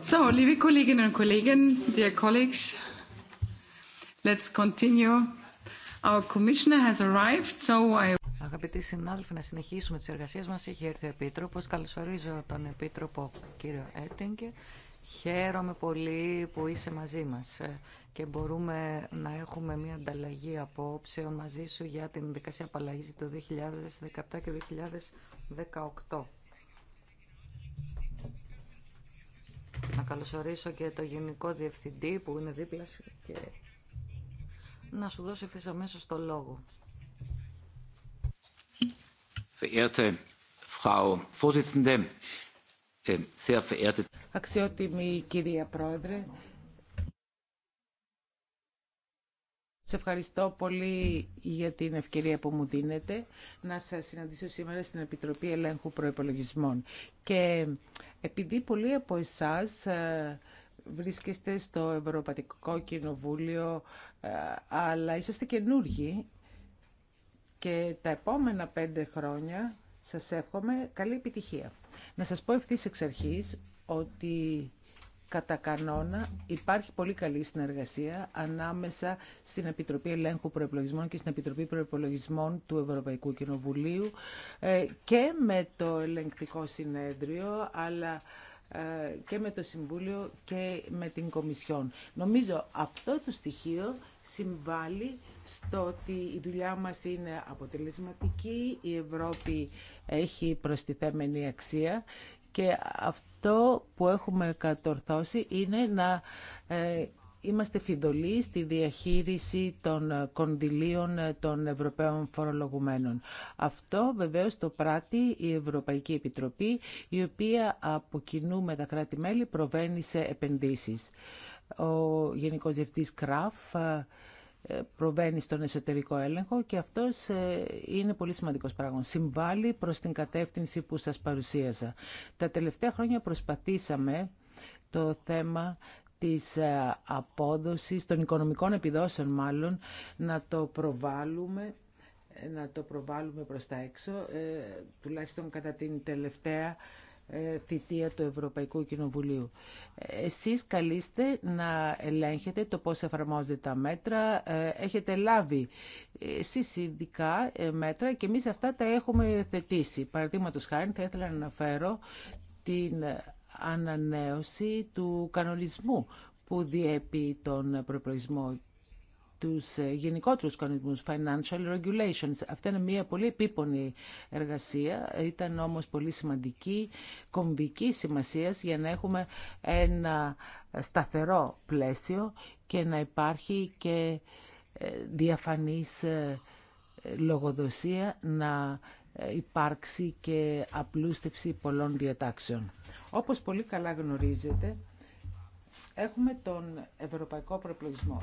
So, liebe Kolleginnen und Kollegen, dear colleagues, let's continue. Our commissioner has arrived, so I... Αγαπητοί συνάδελφοι, να συνεχίσουμε τις εργασίες μας. Έχει έρθει ο Επίτροπος. Καλωσορίζω τον Επίτροπο κύριο Έρτιγκερ. Χαίρομαι πολύ που είσαι μαζί μας ε, και μπορούμε να έχουμε μια ανταλλαγή απόψεων μαζί σου για την δικασία απαλλαγής του 2017 και 2018. Να καλωσορίσω και το Γενικό Διευθυντή που είναι δίπλα σου και να σου δώσω ευθύς αμέσως το λόγο. Verehrte äh, Αξιότιμη κυρία Πρόεδρε, Σε ευχαριστώ πολύ για την ευκαιρία που μου δίνετε να σας συναντήσω σήμερα στην Επιτροπή Ελέγχου Προεπολογισμών. Και επειδή πολλοί από εσάς ε, βρίσκεστε στο Ευρωπαϊκό Κοινοβούλιο, ε, αλλά είσαστε καινούργοι και τα επόμενα πέντε χρόνια σας εύχομαι καλή επιτυχία. Να σας πω ευθύς εξ αρχής ότι Κατά κανόνα υπάρχει πολύ καλή συνεργασία ανάμεσα στην Επιτροπή Ελέγχου Προεπολογισμών και στην Επιτροπή Προεπολογισμών του Ευρωπαϊκού Κοινοβουλίου ε, και με το ελεγκτικό συνέδριο, αλλά ε, και με το Συμβούλιο και με την Κομισιόν. Νομίζω αυτό το στοιχείο συμβάλλει στο ότι η δουλειά μας είναι αποτελεσματική, η Ευρώπη έχει προστιθέμενη αξία και αυτό που έχουμε κατορθώσει είναι να ε, είμαστε φιδωλοί στη διαχείριση των κονδυλίων των Ευρωπαίων φορολογουμένων. Αυτό βεβαίως το πράττει η Ευρωπαϊκή Επιτροπή, η οποία από κοινού με τα κράτη-μέλη προβαίνει σε επενδύσεις. Ο Γενικός Διευθυντής Κραφ ε, προβαίνει στον εσωτερικό έλεγχο και αυτός ε, είναι πολύ σημαντικός πράγμα. Συμβάλλει προς την κατεύθυνση που σας παρουσίασα. Τα τελευταία χρόνια προσπαθήσαμε το θέμα της ε, απόδοσης, των οικονομικών επιδόσεων μάλλον, να το προβάλλουμε να το προβάλλουμε προς τα έξω, τουλάχιστον κατά την τελευταία ε, θητεία του Ευρωπαϊκού Κοινοβουλίου. Εσείς καλείστε να ελέγχετε το πώς εφαρμόζονται τα μέτρα. Ε, έχετε λάβει ε, εσείς ειδικά μέτρα και εμείς αυτά τα έχουμε θετήσει. Παραδείγματος χάρη θα ήθελα να αναφέρω την ανανέωση του κανονισμού που διέπει τον προπολογισμό τους ε, γενικότερους κανονισμούς, financial regulations. Αυτή είναι μια πολύ επίπονη εργασία, ήταν όμως πολύ σημαντική, κομβική σημασίας για να έχουμε ένα σταθερό πλαίσιο και να υπάρχει και ε, διαφανής ε, λογοδοσία να υπάρξει και απλούστευση πολλών διατάξεων. Όπως πολύ καλά γνωρίζετε, Έχουμε τον ευρωπαϊκό προπολογισμό.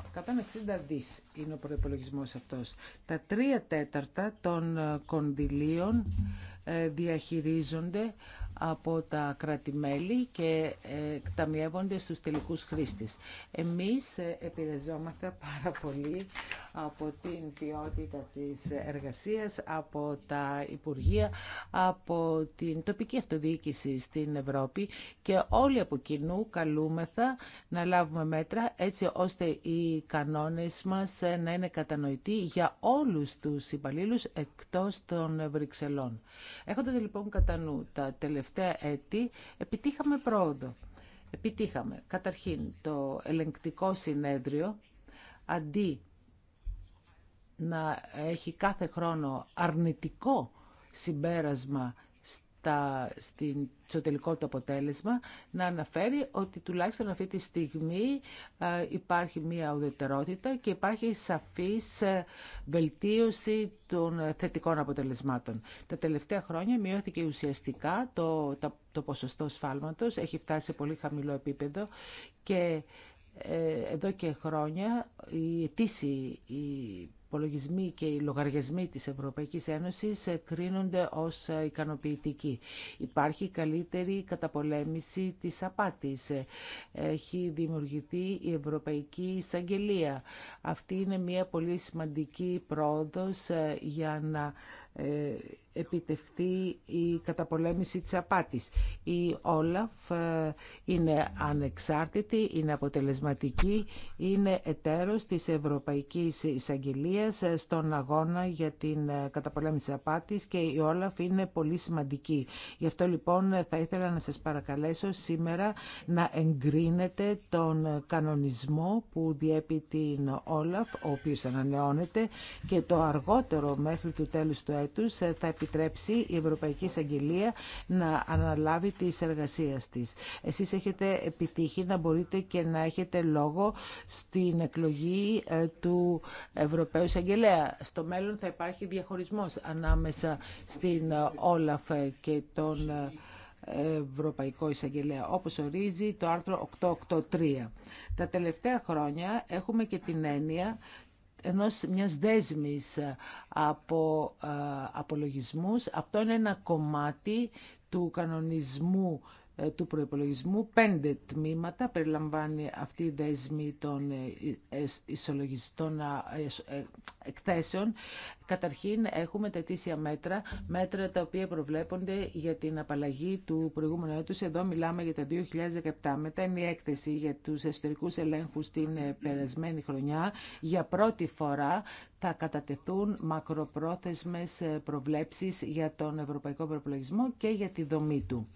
160 δις είναι ο προπολογισμό αυτός. Τα τρία τέταρτα των κονδυλίων ε, διαχειρίζονται από τα κράτη-μέλη και ε, ταμιεύονται στους τελικούς χρήστες. Εμείς ε, επηρεαζόμαστε πάρα πολύ από την ποιότητα της εργασίας, από τα Υπουργεία, από την τοπική αυτοδιοίκηση στην Ευρώπη και όλοι από κοινού καλούμεθα να λάβουμε μέτρα έτσι ώστε οι κανόνες μας ε, να είναι κατανοητοί για όλους τους υπαλλήλους εκτός των Βρυξελών. Έχοντας λοιπόν κατά νου τα τελευταία τελευταία έτη επιτύχαμε πρόοδο. Επιτύχαμε καταρχήν το ελεγκτικό συνέδριο αντί να έχει κάθε χρόνο αρνητικό συμπέρασμα στην, στο τελικό του αποτέλεσμα, να αναφέρει ότι τουλάχιστον αυτή τη στιγμή ε, υπάρχει μία ουδετερότητα και υπάρχει σαφής ε, βελτίωση των θετικών αποτελεσμάτων. Τα τελευταία χρόνια μειώθηκε ουσιαστικά το, το, ποσοστό σφάλματος, έχει φτάσει σε πολύ χαμηλό επίπεδο και ε, εδώ και χρόνια η αιτήση, η υπολογισμοί και οι λογαριασμοί της Ευρωπαϊκής Ένωσης ε, κρίνονται ως ε, ικανοποιητικοί. Υπάρχει καλύτερη καταπολέμηση της απάτης. Ε, έχει δημιουργηθεί η Ευρωπαϊκή Εισαγγελία. Αυτή είναι μια πολύ σημαντική πρόοδος για να ε, επιτευχθεί η καταπολέμηση της απάτης. Η Όλαφ ε, είναι ανεξάρτητη, είναι αποτελεσματική, είναι εταίρος της Ευρωπαϊκής εισαγγελία ε, στον αγώνα για την καταπολέμηση της απάτης και η Όλαφ είναι πολύ σημαντική. Γι' αυτό λοιπόν θα ήθελα να σας παρακαλέσω σήμερα να εγκρίνετε τον κανονισμό που διέπει την Όλαφ, ο οποίος ανανεώνεται και το αργότερο μέχρι του τέλος του έτου θα επιτρέψει η Ευρωπαϊκή Εισαγγελία να αναλάβει τις εργασίες της. Εσείς έχετε επιτύχει να μπορείτε και να έχετε λόγο στην εκλογή ε, του Ευρωπαίου Εισαγγελέα. Στο μέλλον θα υπάρχει διαχωρισμός ανάμεσα στην ε, Όλαφ και τον ε, Ευρωπαϊκό Εισαγγελέα, όπως ορίζει το άρθρο 883. Τα τελευταία χρόνια έχουμε και την έννοια ενός μιας δέσμης ε, από ε, απολογισμούς. Αυτό είναι ένα κομμάτι του κανονισμού ε, του προϋπολογισμού. Πέντε τμήματα περιλαμβάνει αυτή η δέσμη των ε, ε, ισολογιστών εκθέσεων. Καταρχήν έχουμε τα αιτήσια μέτρα, μέτρα τα οποία προβλέπονται για την απαλλαγή του προηγούμενου έτους. Εδώ μιλάμε για το 2017. Μετά είναι η έκθεση για τους εσωτερικούς ελέγχους την περασμένη χρονιά. Για πρώτη φορά θα κατατεθούν μακροπρόθεσμες προβλέψεις για τον ευρωπαϊκό προπολογισμό και για τη δομή του.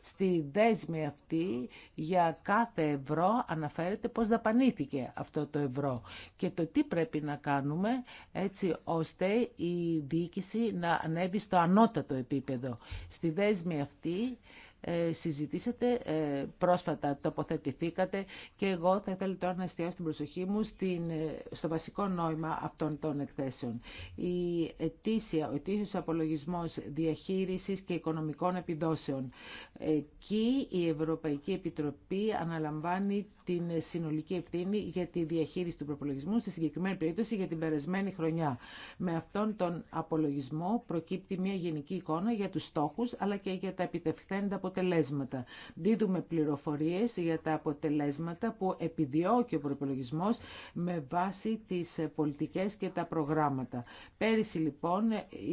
Στη δέσμη αυτή για κάθε ευρώ αναφέρεται πώς δαπανήθηκε αυτό το ευρώ και το τι πρέπει να κάνουμε έτσι ώστε η διοίκηση να ανέβει στο ανώτατο επίπεδο. Στη δέσμη αυτή ε, συζητήσατε, ε, πρόσφατα τοποθετηθήκατε και εγώ θα ήθελα τώρα να εστιάσω την προσοχή μου στην, ε, στο βασικό νόημα αυτών των εκθέσεων. Η ετήσια, ο ετήσιος απολογισμός διαχείρισης και οικονομικών επιδόσεων. Εκεί η Ευρωπαϊκή Επιτροπή αναλαμβάνει την συνολική ευθύνη για τη διαχείριση του προπολογισμού, στη συγκεκριμένη περίπτωση για την περασμένη χρονιά. Με αυτόν τον απολογισμό προκύπτει μια γενική εικόνα για τους στόχους αλλά και για τα επιτευχθέντα αποτελέσματα. Δίδουμε πληροφορίες για τα αποτελέσματα που επιδιώκει ο προπολογισμό με βάση τι πολιτικές και τα προγράμματα. Πέρυσι λοιπόν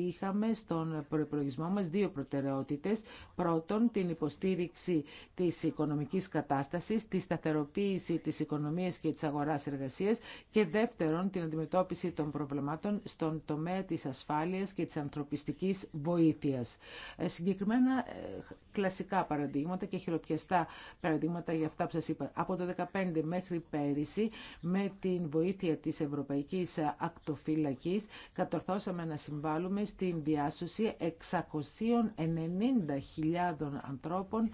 είχαμε στον προπολογισμό μα δύο προτεραιότητε. Πρώτον, την υποστήριξη τη οικονομική κατάσταση, τη σταθεροποίηση της οικονομία και τη αγορά εργασία και δεύτερον, την αντιμετώπιση των προβλημάτων στον τομέα της ασφάλειας και της ανθρωπιστικής βοήθειας. Ε, συγκεκριμένα, ε, κλασικά παραδείγματα και χειροπιαστά παραδείγματα για αυτά που σας είπα. Από το 2015 μέχρι πέρυσι, με την βοήθεια της Ευρωπαϊκής Ακτοφύλακης, κατορθώσαμε να συμβάλλουμε στην διάσωση 690.000 ανθρώπων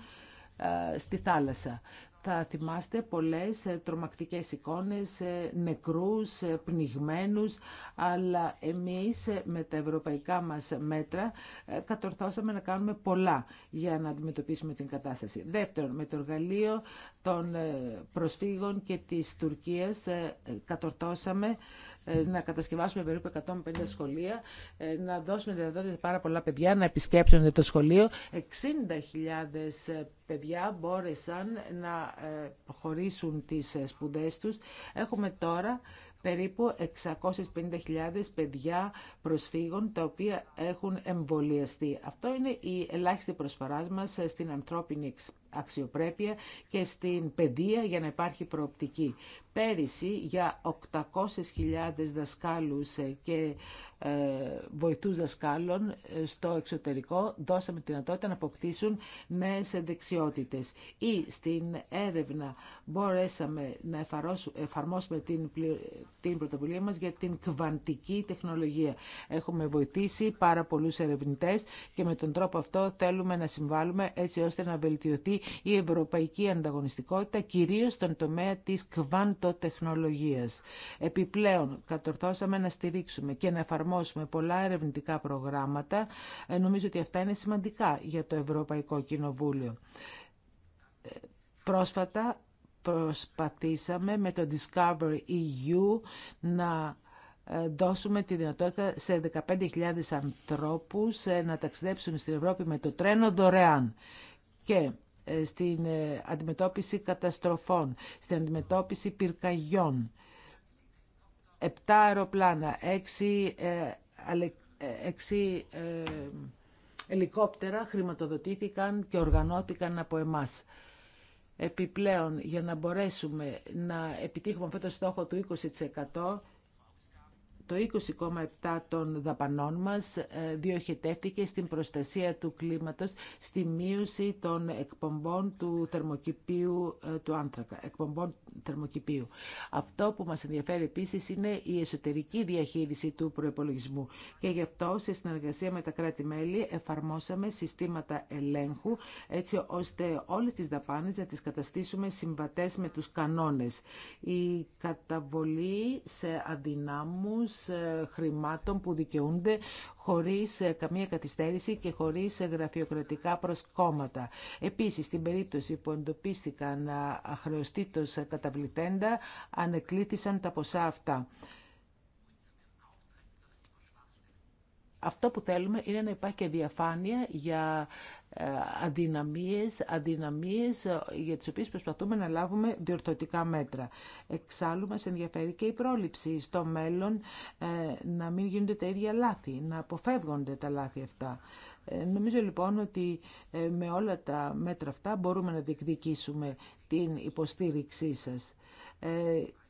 ε, στη θάλασσα θα θυμάστε πολλές ε, τρομακτικές εικόνες, ε, νεκρούς, ε, πνιγμένους, αλλά εμείς με τα ευρωπαϊκά μας μέτρα κατορθώσαμε να κάνουμε πολλά για να αντιμετωπίσουμε την κατάσταση. Δεύτερον, με το εργαλείο των προσφύγων και της Τουρκίας κατορθώσαμε ε, να κατασκευάσουμε περίπου 150 σχολεία, ε, να δώσουμε δυνατότητα πάρα πολλά παιδιά να επισκέψουν το σχολείο. 60.000 ε, παιδιά μπόρεσαν να χωρίσουν τις σπουδές τους. Έχουμε τώρα περίπου 650.000 παιδιά προσφύγων τα οποία έχουν εμβολιαστεί. Αυτό είναι η ελάχιστη προσφορά μας στην ανθρώπινη αξιοπρέπεια και στην παιδεία για να υπάρχει προοπτική. Πέρυσι για 800.000 δασκάλους ε, και ε, βοηθούς δασκάλων ε, στο εξωτερικό δώσαμε τη δυνατότητα να αποκτήσουν νέες δεξιότητες. Ή στην έρευνα μπορέσαμε να εφαρμόσουμε την πρωτοβουλία μας για την κβαντική τεχνολογία. Έχουμε βοηθήσει πάρα πολλούς ερευνητές και με τον τρόπο αυτό θέλουμε να συμβάλλουμε έτσι ώστε να βελτιωθεί η ευρωπαϊκή ανταγωνιστικότητα, κυρίως στον τομέα της κβαντοτεχνολογίας. Επιπλέον, κατορθώσαμε να στηρίξουμε και να εφαρμόσουμε πολλά ερευνητικά προγράμματα. Ε, νομίζω ότι αυτά είναι σημαντικά για το Ευρωπαϊκό Κοινοβούλιο. Πρόσφατα προσπαθήσαμε με το Discover EU να ε, δώσουμε τη δυνατότητα σε 15.000 ανθρώπους ε, να ταξιδέψουν στην Ευρώπη με το τρένο δωρεάν. Και ε, στην ε, αντιμετώπιση καταστροφών, στην αντιμετώπιση πυρκαγιών. Επτά αεροπλάνα, έξι, ε, έξι ελικόπτερα χρηματοδοτήθηκαν και οργανώθηκαν από εμάς. Επιπλέον, για να μπορέσουμε να επιτύχουμε αυτό το στόχο του 20%, το 20,7 των δαπανών μας ε, διοχετεύτηκε στην προστασία του κλίματος, στη μείωση των εκπομπών του θερμοκηπίου ε, του άνθρακα, εκπομπών θερμοκηπίου. Αυτό που μας ενδιαφέρει επίσης είναι η εσωτερική διαχείριση του προϋπολογισμού και γι' αυτό σε συνεργασία με τα κράτη-μέλη εφαρμόσαμε συστήματα ελέγχου έτσι ώστε όλες τις δαπάνες να τις καταστήσουμε συμβατές με τους κανόνες. Η καταβολή σε αδυνάμους ε, χρημάτων που δικαιούνται χωρίς ε, καμία καθυστέρηση και χωρίς ε, γραφειοκρατικά προσκόμματα. Επίσης, στην περίπτωση που εντοπίστηκαν αχρεωστήτως καταβλητέντα, ανεκλήθησαν τα ποσά αυτά. Αυτό που θέλουμε είναι να υπάρχει και διαφάνεια για ε, αδυναμίες, αδυναμίες ε, για τις οποίες προσπαθούμε να λάβουμε διορθωτικά μέτρα. Εξάλλου μας ενδιαφέρει και η πρόληψη στο μέλλον ε, να μην γίνονται τα ίδια λάθη, να αποφεύγονται τα λάθη αυτά. Νομίζω λοιπόν ότι με όλα τα μέτρα αυτά μπορούμε να διεκδικήσουμε την υποστήριξή σας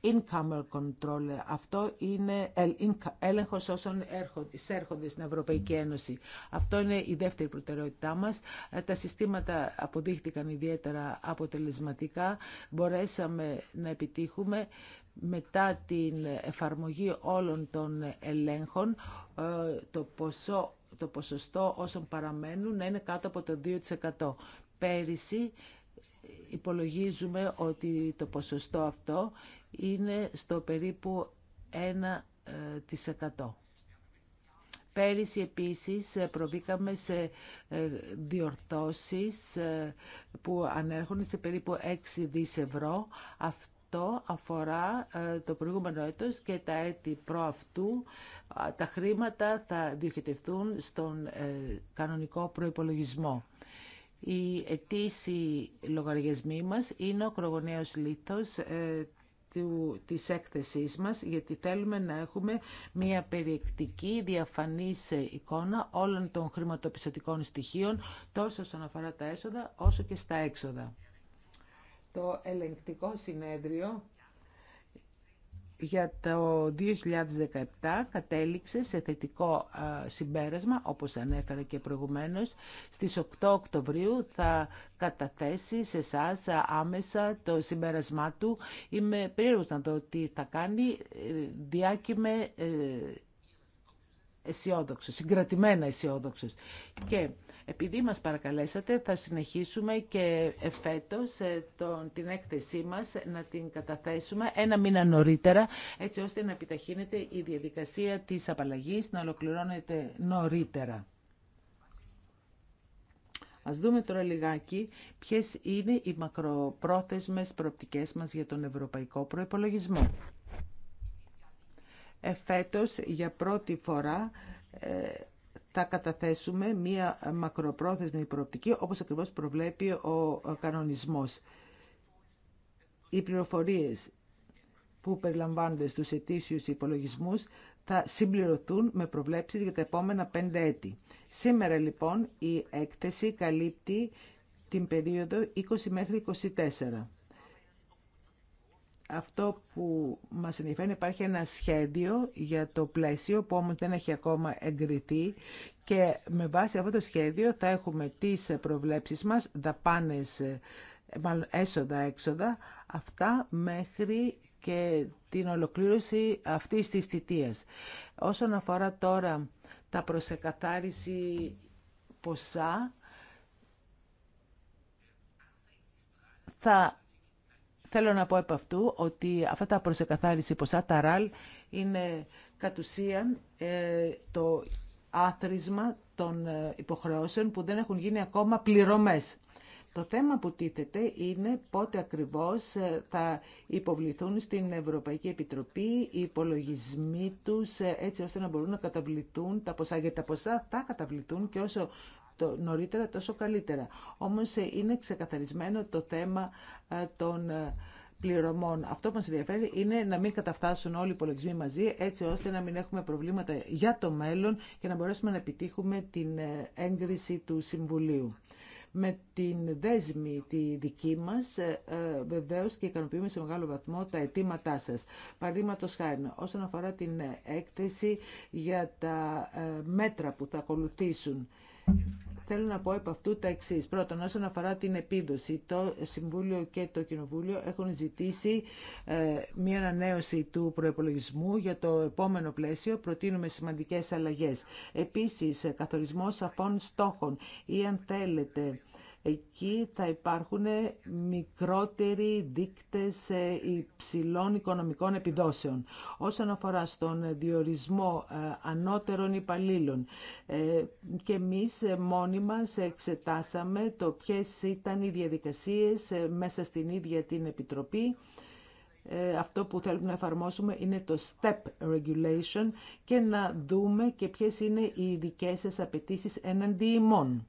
in-camera control. Αυτό είναι έλεγχος όσων εισέρχονται στην Ευρωπαϊκή Ένωση. Αυτό είναι η δεύτερη προτεραιότητά μας. Ε, τα συστήματα αποδείχτηκαν ιδιαίτερα αποτελεσματικά. Μπορέσαμε να επιτύχουμε μετά την εφαρμογή όλων των ελέγχων ε, το, ποσό, το ποσοστό όσων παραμένουν να είναι κάτω από το 2%. Πέρυσι υπολογίζουμε ότι το ποσοστό αυτό είναι στο περίπου 1%. Ε, Πέρυσι επίσης ε, προβήκαμε σε ε, διορθώσεις που ανέρχονται σε περίπου 6 δις ευρώ. Αυτό αφορά το προηγούμενο έτος και τα έτη αυτού. Τα χρήματα θα διοχετευτούν στον κανονικό προϋπολογισμό. Οι αιτήσιοι λογαριασμοί μας είναι ο κρογονέος λίθος του, της έκθεσής μας, γιατί θέλουμε να έχουμε μια περιεκτική, διαφανής εικόνα όλων των χρηματοπιστωτικών στοιχείων, τόσο όσον αφορά τα έσοδα, όσο και στα έξοδα. Το ελεγκτικό συνέδριο για το 2017 κατέληξε σε θετικό συμπέρασμα, όπως ανέφερα και προηγουμένως. Στις 8 Οκτωβρίου θα καταθέσει σε εσά άμεσα το συμπέρασμά του. Είμαι περίεργος να δω τι θα κάνει. Ε, διάκυμε ε, αισιόδοξο, συγκρατημένα αισιόδοξο. Και επειδή μας παρακαλέσατε θα συνεχίσουμε και φέτος ε, τον, την έκθεσή μας να την καταθέσουμε ένα μήνα νωρίτερα έτσι ώστε να επιταχύνεται η διαδικασία της απαλλαγής να ολοκληρώνεται νωρίτερα. Ας δούμε τώρα λιγάκι ποιες είναι οι μακροπρόθεσμες προοπτικές μας για τον ευρωπαϊκό προϋπολογισμό. Εφέτος για πρώτη φορά ε, θα καταθέσουμε μία μακροπρόθεσμη προοπτική, όπως ακριβώς προβλέπει ο κανονισμός. Οι πληροφορίες που περιλαμβάνονται στους ετήσιους υπολογισμούς θα συμπληρωθούν με προβλέψεις για τα επόμενα πέντε έτη. Σήμερα λοιπόν η έκθεση καλύπτει την περίοδο 20 μέχρι 24 αυτό που μας ενδιαφέρει υπάρχει ένα σχέδιο για το πλαίσιο που όμως δεν έχει ακόμα εγκριθεί και με βάση αυτό το σχέδιο θα έχουμε τις προβλέψεις μας, δαπάνες, μάλλον έσοδα, έξοδα, αυτά μέχρι και την ολοκλήρωση αυτής της θητείας. Όσον αφορά τώρα τα προσεκαθάριση ποσά, θα Θέλω να πω επ' αυτού ότι αυτά τα προσεκαθάριση ποσά, τα ραλ, είναι κατ' ουσίαν ε, το άθροισμα των ε, υποχρεώσεων που δεν έχουν γίνει ακόμα πληρωμές. Το θέμα που τίθεται είναι πότε ακριβώς ε, θα υποβληθούν στην Ευρωπαϊκή Επιτροπή οι υπολογισμοί τους έτσι ώστε να μπορούν να καταβληθούν τα ποσά. Γιατί τα ποσά θα καταβληθούν και όσο το νωρίτερα τόσο καλύτερα. Όμως ε, είναι ξεκαθαρισμένο το θέμα ε, των ε, πληρωμών. Αυτό που μας ενδιαφέρει είναι να μην καταφτάσουν όλοι οι υπολογισμοί μαζί, έτσι ώστε να μην έχουμε προβλήματα για το μέλλον και να μπορέσουμε να επιτύχουμε την έγκριση του Συμβουλίου. Με την δέσμη τη δική μας, ε, βεβαίως και ικανοποιούμε σε μεγάλο βαθμό τα αιτήματά σας. Παραδείγματο χάρη, όσον αφορά την έκθεση για τα μέτρα που θα ακολουθήσουν Θέλω να πω επ' αυτού τα εξή. Πρώτον, όσον αφορά την επίδοση, το Συμβούλιο και το Κοινοβούλιο έχουν ζητήσει ε, μια ανανέωση του προπολογισμού για το επόμενο πλαίσιο. Προτείνουμε σημαντικέ αλλαγέ. Επίση, ε, καθορισμό σαφών στόχων ή αν θέλετε Εκεί θα υπάρχουν μικρότεροι δείκτες ε, υψηλών οικονομικών επιδόσεων. Όσον αφορά στον διορισμό ε, ανώτερων υπαλλήλων, ε, και εμείς μόνοι μας εξετάσαμε το ποιες ήταν οι διαδικασίες μέσα στην ίδια την Επιτροπή. Αυτό που θέλουμε να εφαρμόσουμε είναι το STEP Regulation και να δούμε και ποιες είναι οι ειδικές σας απαιτήσει έναντι ημών.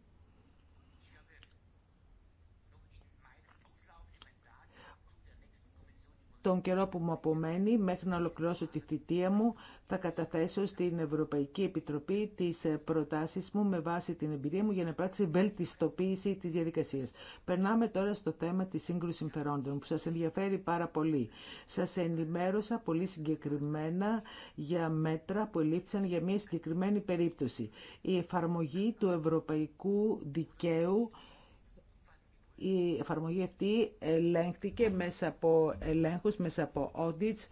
τον καιρό που μου απομένει μέχρι να ολοκληρώσω τη θητεία μου θα καταθέσω στην Ευρωπαϊκή Επιτροπή τις ε, προτάσεις μου με βάση την εμπειρία μου για να υπάρξει βελτιστοποίηση της διαδικασίας. Περνάμε τώρα στο θέμα της σύγκρουσης συμφερόντων που σας ενδιαφέρει πάρα πολύ. Σας ενημέρωσα πολύ συγκεκριμένα για μέτρα που ελήφθησαν για μια συγκεκριμένη περίπτωση. Η εφαρμογή του ευρωπαϊκού δικαίου η εφαρμογή αυτή ελέγχθηκε μέσα από ελέγχους, μέσα από audits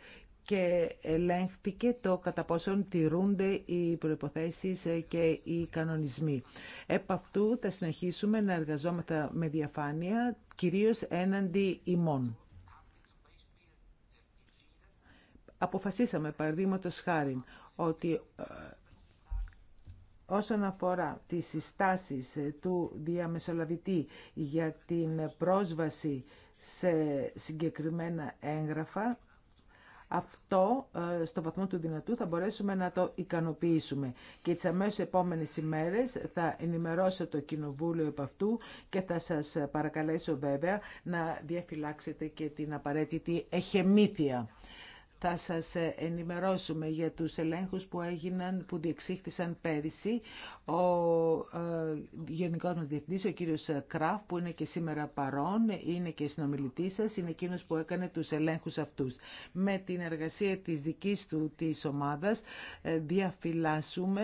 και ελέγχθηκε το κατά πόσον τηρούνται οι προϋποθέσεις και οι κανονισμοί. Επ' αυτού θα συνεχίσουμε να εργαζόμαστε με διαφάνεια, κυρίως έναντι ημών. Αποφασίσαμε, παραδείγματο χάρη, ότι ε, Όσον αφορά τις συστάσεις ε, του διαμεσολαβητή για την πρόσβαση σε συγκεκριμένα έγγραφα, αυτό ε, στο βαθμό του δυνατού θα μπορέσουμε να το ικανοποιήσουμε. Και τις αμέσως επόμενες ημέρες θα ενημερώσω το Κοινοβούλιο επ' αυτού και θα σας παρακαλέσω βέβαια να διαφυλάξετε και την απαραίτητη εχεμήθεια θα σας ενημερώσουμε για τους ελέγχους που έγιναν, που διεξήχθησαν πέρυσι. Ο ε, Γενικός μας Διευθυντής, ο κύριος Κραφ, που είναι και σήμερα παρόν, είναι και συνομιλητής σας, είναι εκείνο που έκανε τους ελέγχους αυτούς. Με την εργασία της δικής του της ομάδας ε, διαφυλάσσουμε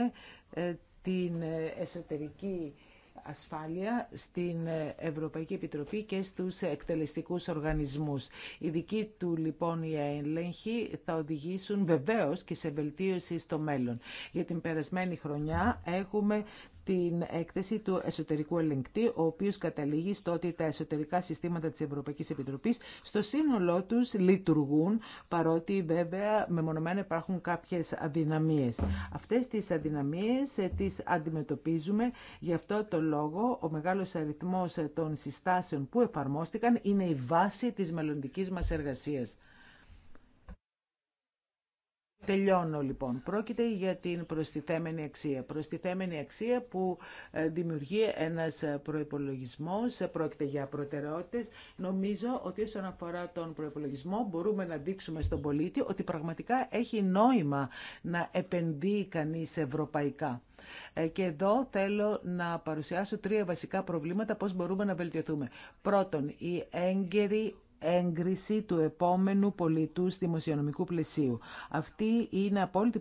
ε, την ε, εσωτερική ασφάλεια στην Ευρωπαϊκή Επιτροπή και στους εκτελεστικούς οργανισμούς. Οι δική του λοιπόν οι έλεγχοι θα οδηγήσουν βεβαίως και σε βελτίωση στο μέλλον. Για την περασμένη χρονιά έχουμε την έκθεση του εσωτερικού ελεγκτή, ο οποίος καταλήγει στο ότι τα εσωτερικά συστήματα της Ευρωπαϊκής Επιτροπής στο σύνολό τους λειτουργούν, παρότι βέβαια μεμονωμένα υπάρχουν κάποιες αδυναμίες. Αυτές τις αδυναμίες ε, τις αντιμετωπίζουμε, γι' αυτό το λόγο ο μεγάλος αριθμός των συστάσεων που εφαρμόστηκαν είναι η βάση τη μελλοντική μας εργασίας. Τελειώνω λοιπόν. Πρόκειται για την προστιθέμενη αξία. Προστιθέμενη αξία που ε, δημιουργεί ένας ε, προϋπολογισμός, ε, πρόκειται για προτεραιότητες. Νομίζω ότι όσον αφορά τον προϋπολογισμό μπορούμε να δείξουμε στον πολίτη ότι πραγματικά έχει νόημα να επενδύει κανείς ευρωπαϊκά. Και εδώ θέλω να παρουσιάσω τρία βασικά προβλήματα πώς μπορούμε να βελτιωθούμε. Πρώτον, η έγκαιρη έγκριση του επόμενου πολιτού δημοσιονομικού πλαισίου. Αυτή είναι απόλυτη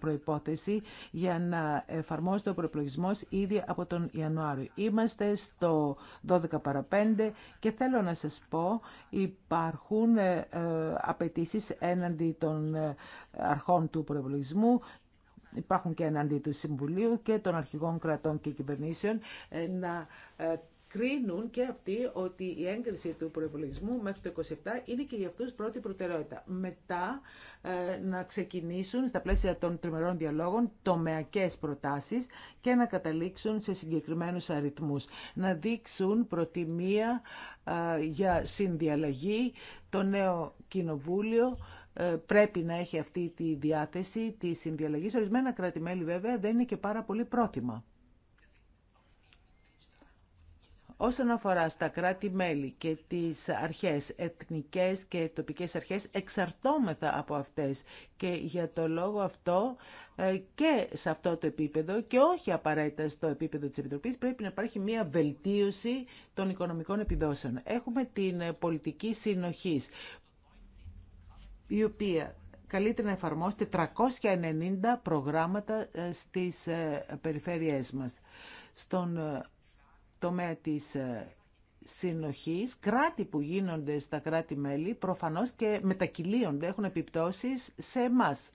προϋπόθεση για να εφαρμόζεται ο προεπλογισμό ήδη από τον Ιανουάριο. Είμαστε στο 12 παρα 5 και θέλω να σας πω υπάρχουν ε, ε, απαιτήσει έναντι των ε, αρχών του προεπλογισμού υπάρχουν και εναντί του Συμβουλίου και των αρχηγών κρατών και κυβερνήσεων να κρίνουν και αυτοί ότι η έγκριση του προπολογισμού μέχρι το 27 είναι και για αυτούς πρώτη προτεραιότητα. Μετά ε, να ξεκινήσουν στα πλαίσια των τριμερών διαλόγων τομεακές προτάσεις και να καταλήξουν σε συγκεκριμένους αριθμούς. Να δείξουν προτιμία ε, για συνδιαλλαγή το νέο κοινοβούλιο ε, πρέπει να έχει αυτή τη διάθεση τη συνδιαλλαγή. Ορισμένα κράτη-μέλη βέβαια δεν είναι και πάρα πολύ πρόθυμα. Όσον αφορά στα κράτη-μέλη και τις αρχές, εθνικές και τοπικές αρχές, εξαρτώμεθα από αυτές και για το λόγο αυτό ε, και σε αυτό το επίπεδο και όχι απαραίτητα στο επίπεδο της Επιτροπής πρέπει να υπάρχει μια βελτίωση των οικονομικών επιδόσεων. Έχουμε την ε, πολιτική συνοχής η οποία καλείται να εφαρμόσει 390 προγράμματα ε, στις περιφέρειές μας. Στον τομέα της ε, συνοχής, κράτη που γίνονται στα κράτη-μέλη, προφανώς και μετακυλίονται, έχουν επιπτώσεις σε εμάς.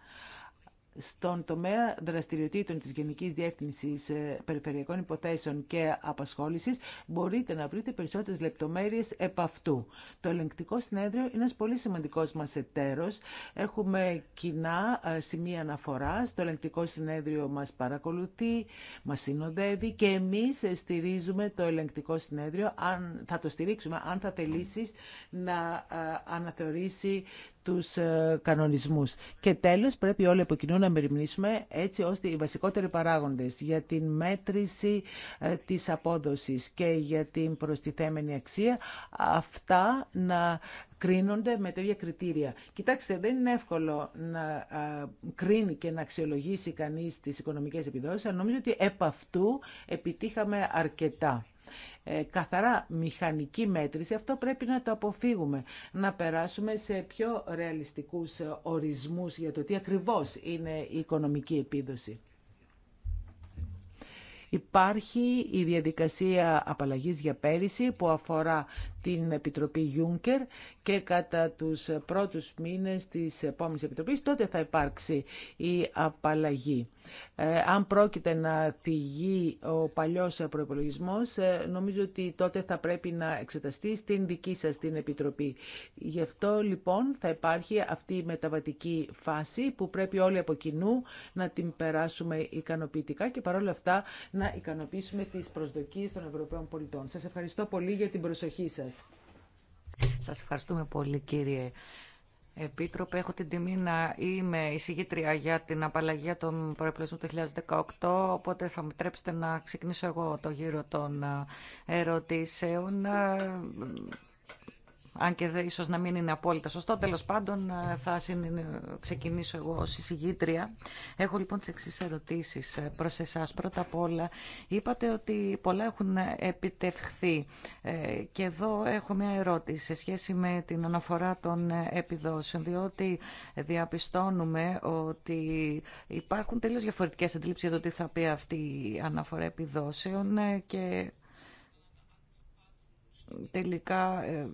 Στον τομέα δραστηριοτήτων της Γενικής Διεύθυνσης ε, Περιφερειακών Υποθέσεων και Απασχόλησης μπορείτε να βρείτε περισσότερες λεπτομέρειες επ' αυτού. Το ελεγκτικό συνέδριο είναι ένας πολύ σημαντικός μας εταίρος. Έχουμε κοινά ε, σημεία αναφοράς. Το ελεγκτικό συνέδριο μας παρακολουθεί, μας συνοδεύει και εμείς στηρίζουμε το ελεγκτικό συνέδριο. Αν, θα το στηρίξουμε αν θα θελήσεις να ε, αναθεωρήσει τους ε, κανονισμούς. Και τέλος πρέπει όλοι από κοινού να μεριμνήσουμε έτσι ώστε οι βασικότεροι παράγοντες για την μέτρηση ε, της απόδοσης και για την προστιθέμενη αξία αυτά να κρίνονται με τέτοια κριτήρια. Κοιτάξτε, δεν είναι εύκολο να ε, κρίνει και να αξιολογήσει κανείς τις οικονομικές επιδόσεις, αλλά νομίζω ότι επ' αυτού επιτύχαμε αρκετά. Ε, καθαρά μηχανική μέτρηση, αυτό πρέπει να το αποφύγουμε. Να περάσουμε σε πιο ρεαλιστικούς ορισμούς για το τι ακριβώς είναι η οικονομική επίδοση. Υπάρχει η διαδικασία απαλλαγής για πέρυσι που αφορά την Επιτροπή Juncker και κατά τους πρώτους μήνες της επόμενης Επιτροπής, τότε θα υπάρξει η απαλλαγή. Ε, αν πρόκειται να θυγεί ο παλιός προϋπολογισμός, ε, νομίζω ότι τότε θα πρέπει να εξεταστεί στην δική σας την Επιτροπή. Γι' αυτό λοιπόν θα υπάρχει αυτή η μεταβατική φάση που πρέπει όλοι από κοινού να την περάσουμε ικανοποιητικά και παρόλα αυτά να ικανοποιήσουμε τις προσδοκίες των Ευρωπαίων πολιτών. Σας ευχαριστώ πολύ για την προσοχή σας. Σας ευχαριστούμε πολύ κύριε Επίτροπε, έχω την τιμή να είμαι εισηγήτρια για την απαλλαγή των προεπλογισμών του 2018, οπότε θα μου τρέψετε να ξεκινήσω εγώ το γύρο των ερωτήσεων αν και ίσως να μην είναι απόλυτα σωστό, τέλος πάντων ε, θα ξεκινήσω εγώ ως εισηγήτρια. Έχω λοιπόν τις εξής ερωτήσεις ε, προς εσάς. Πρώτα απ' όλα, είπατε ότι πολλά έχουν επιτευχθεί ε, και εδώ έχω μια ερώτηση σε σχέση με την αναφορά των επιδόσεων, διότι διαπιστώνουμε ότι υπάρχουν τελείως διαφορετικές αντιλήψεις για το τι θα πει αυτή η αναφορά επιδόσεων και τελικά ε,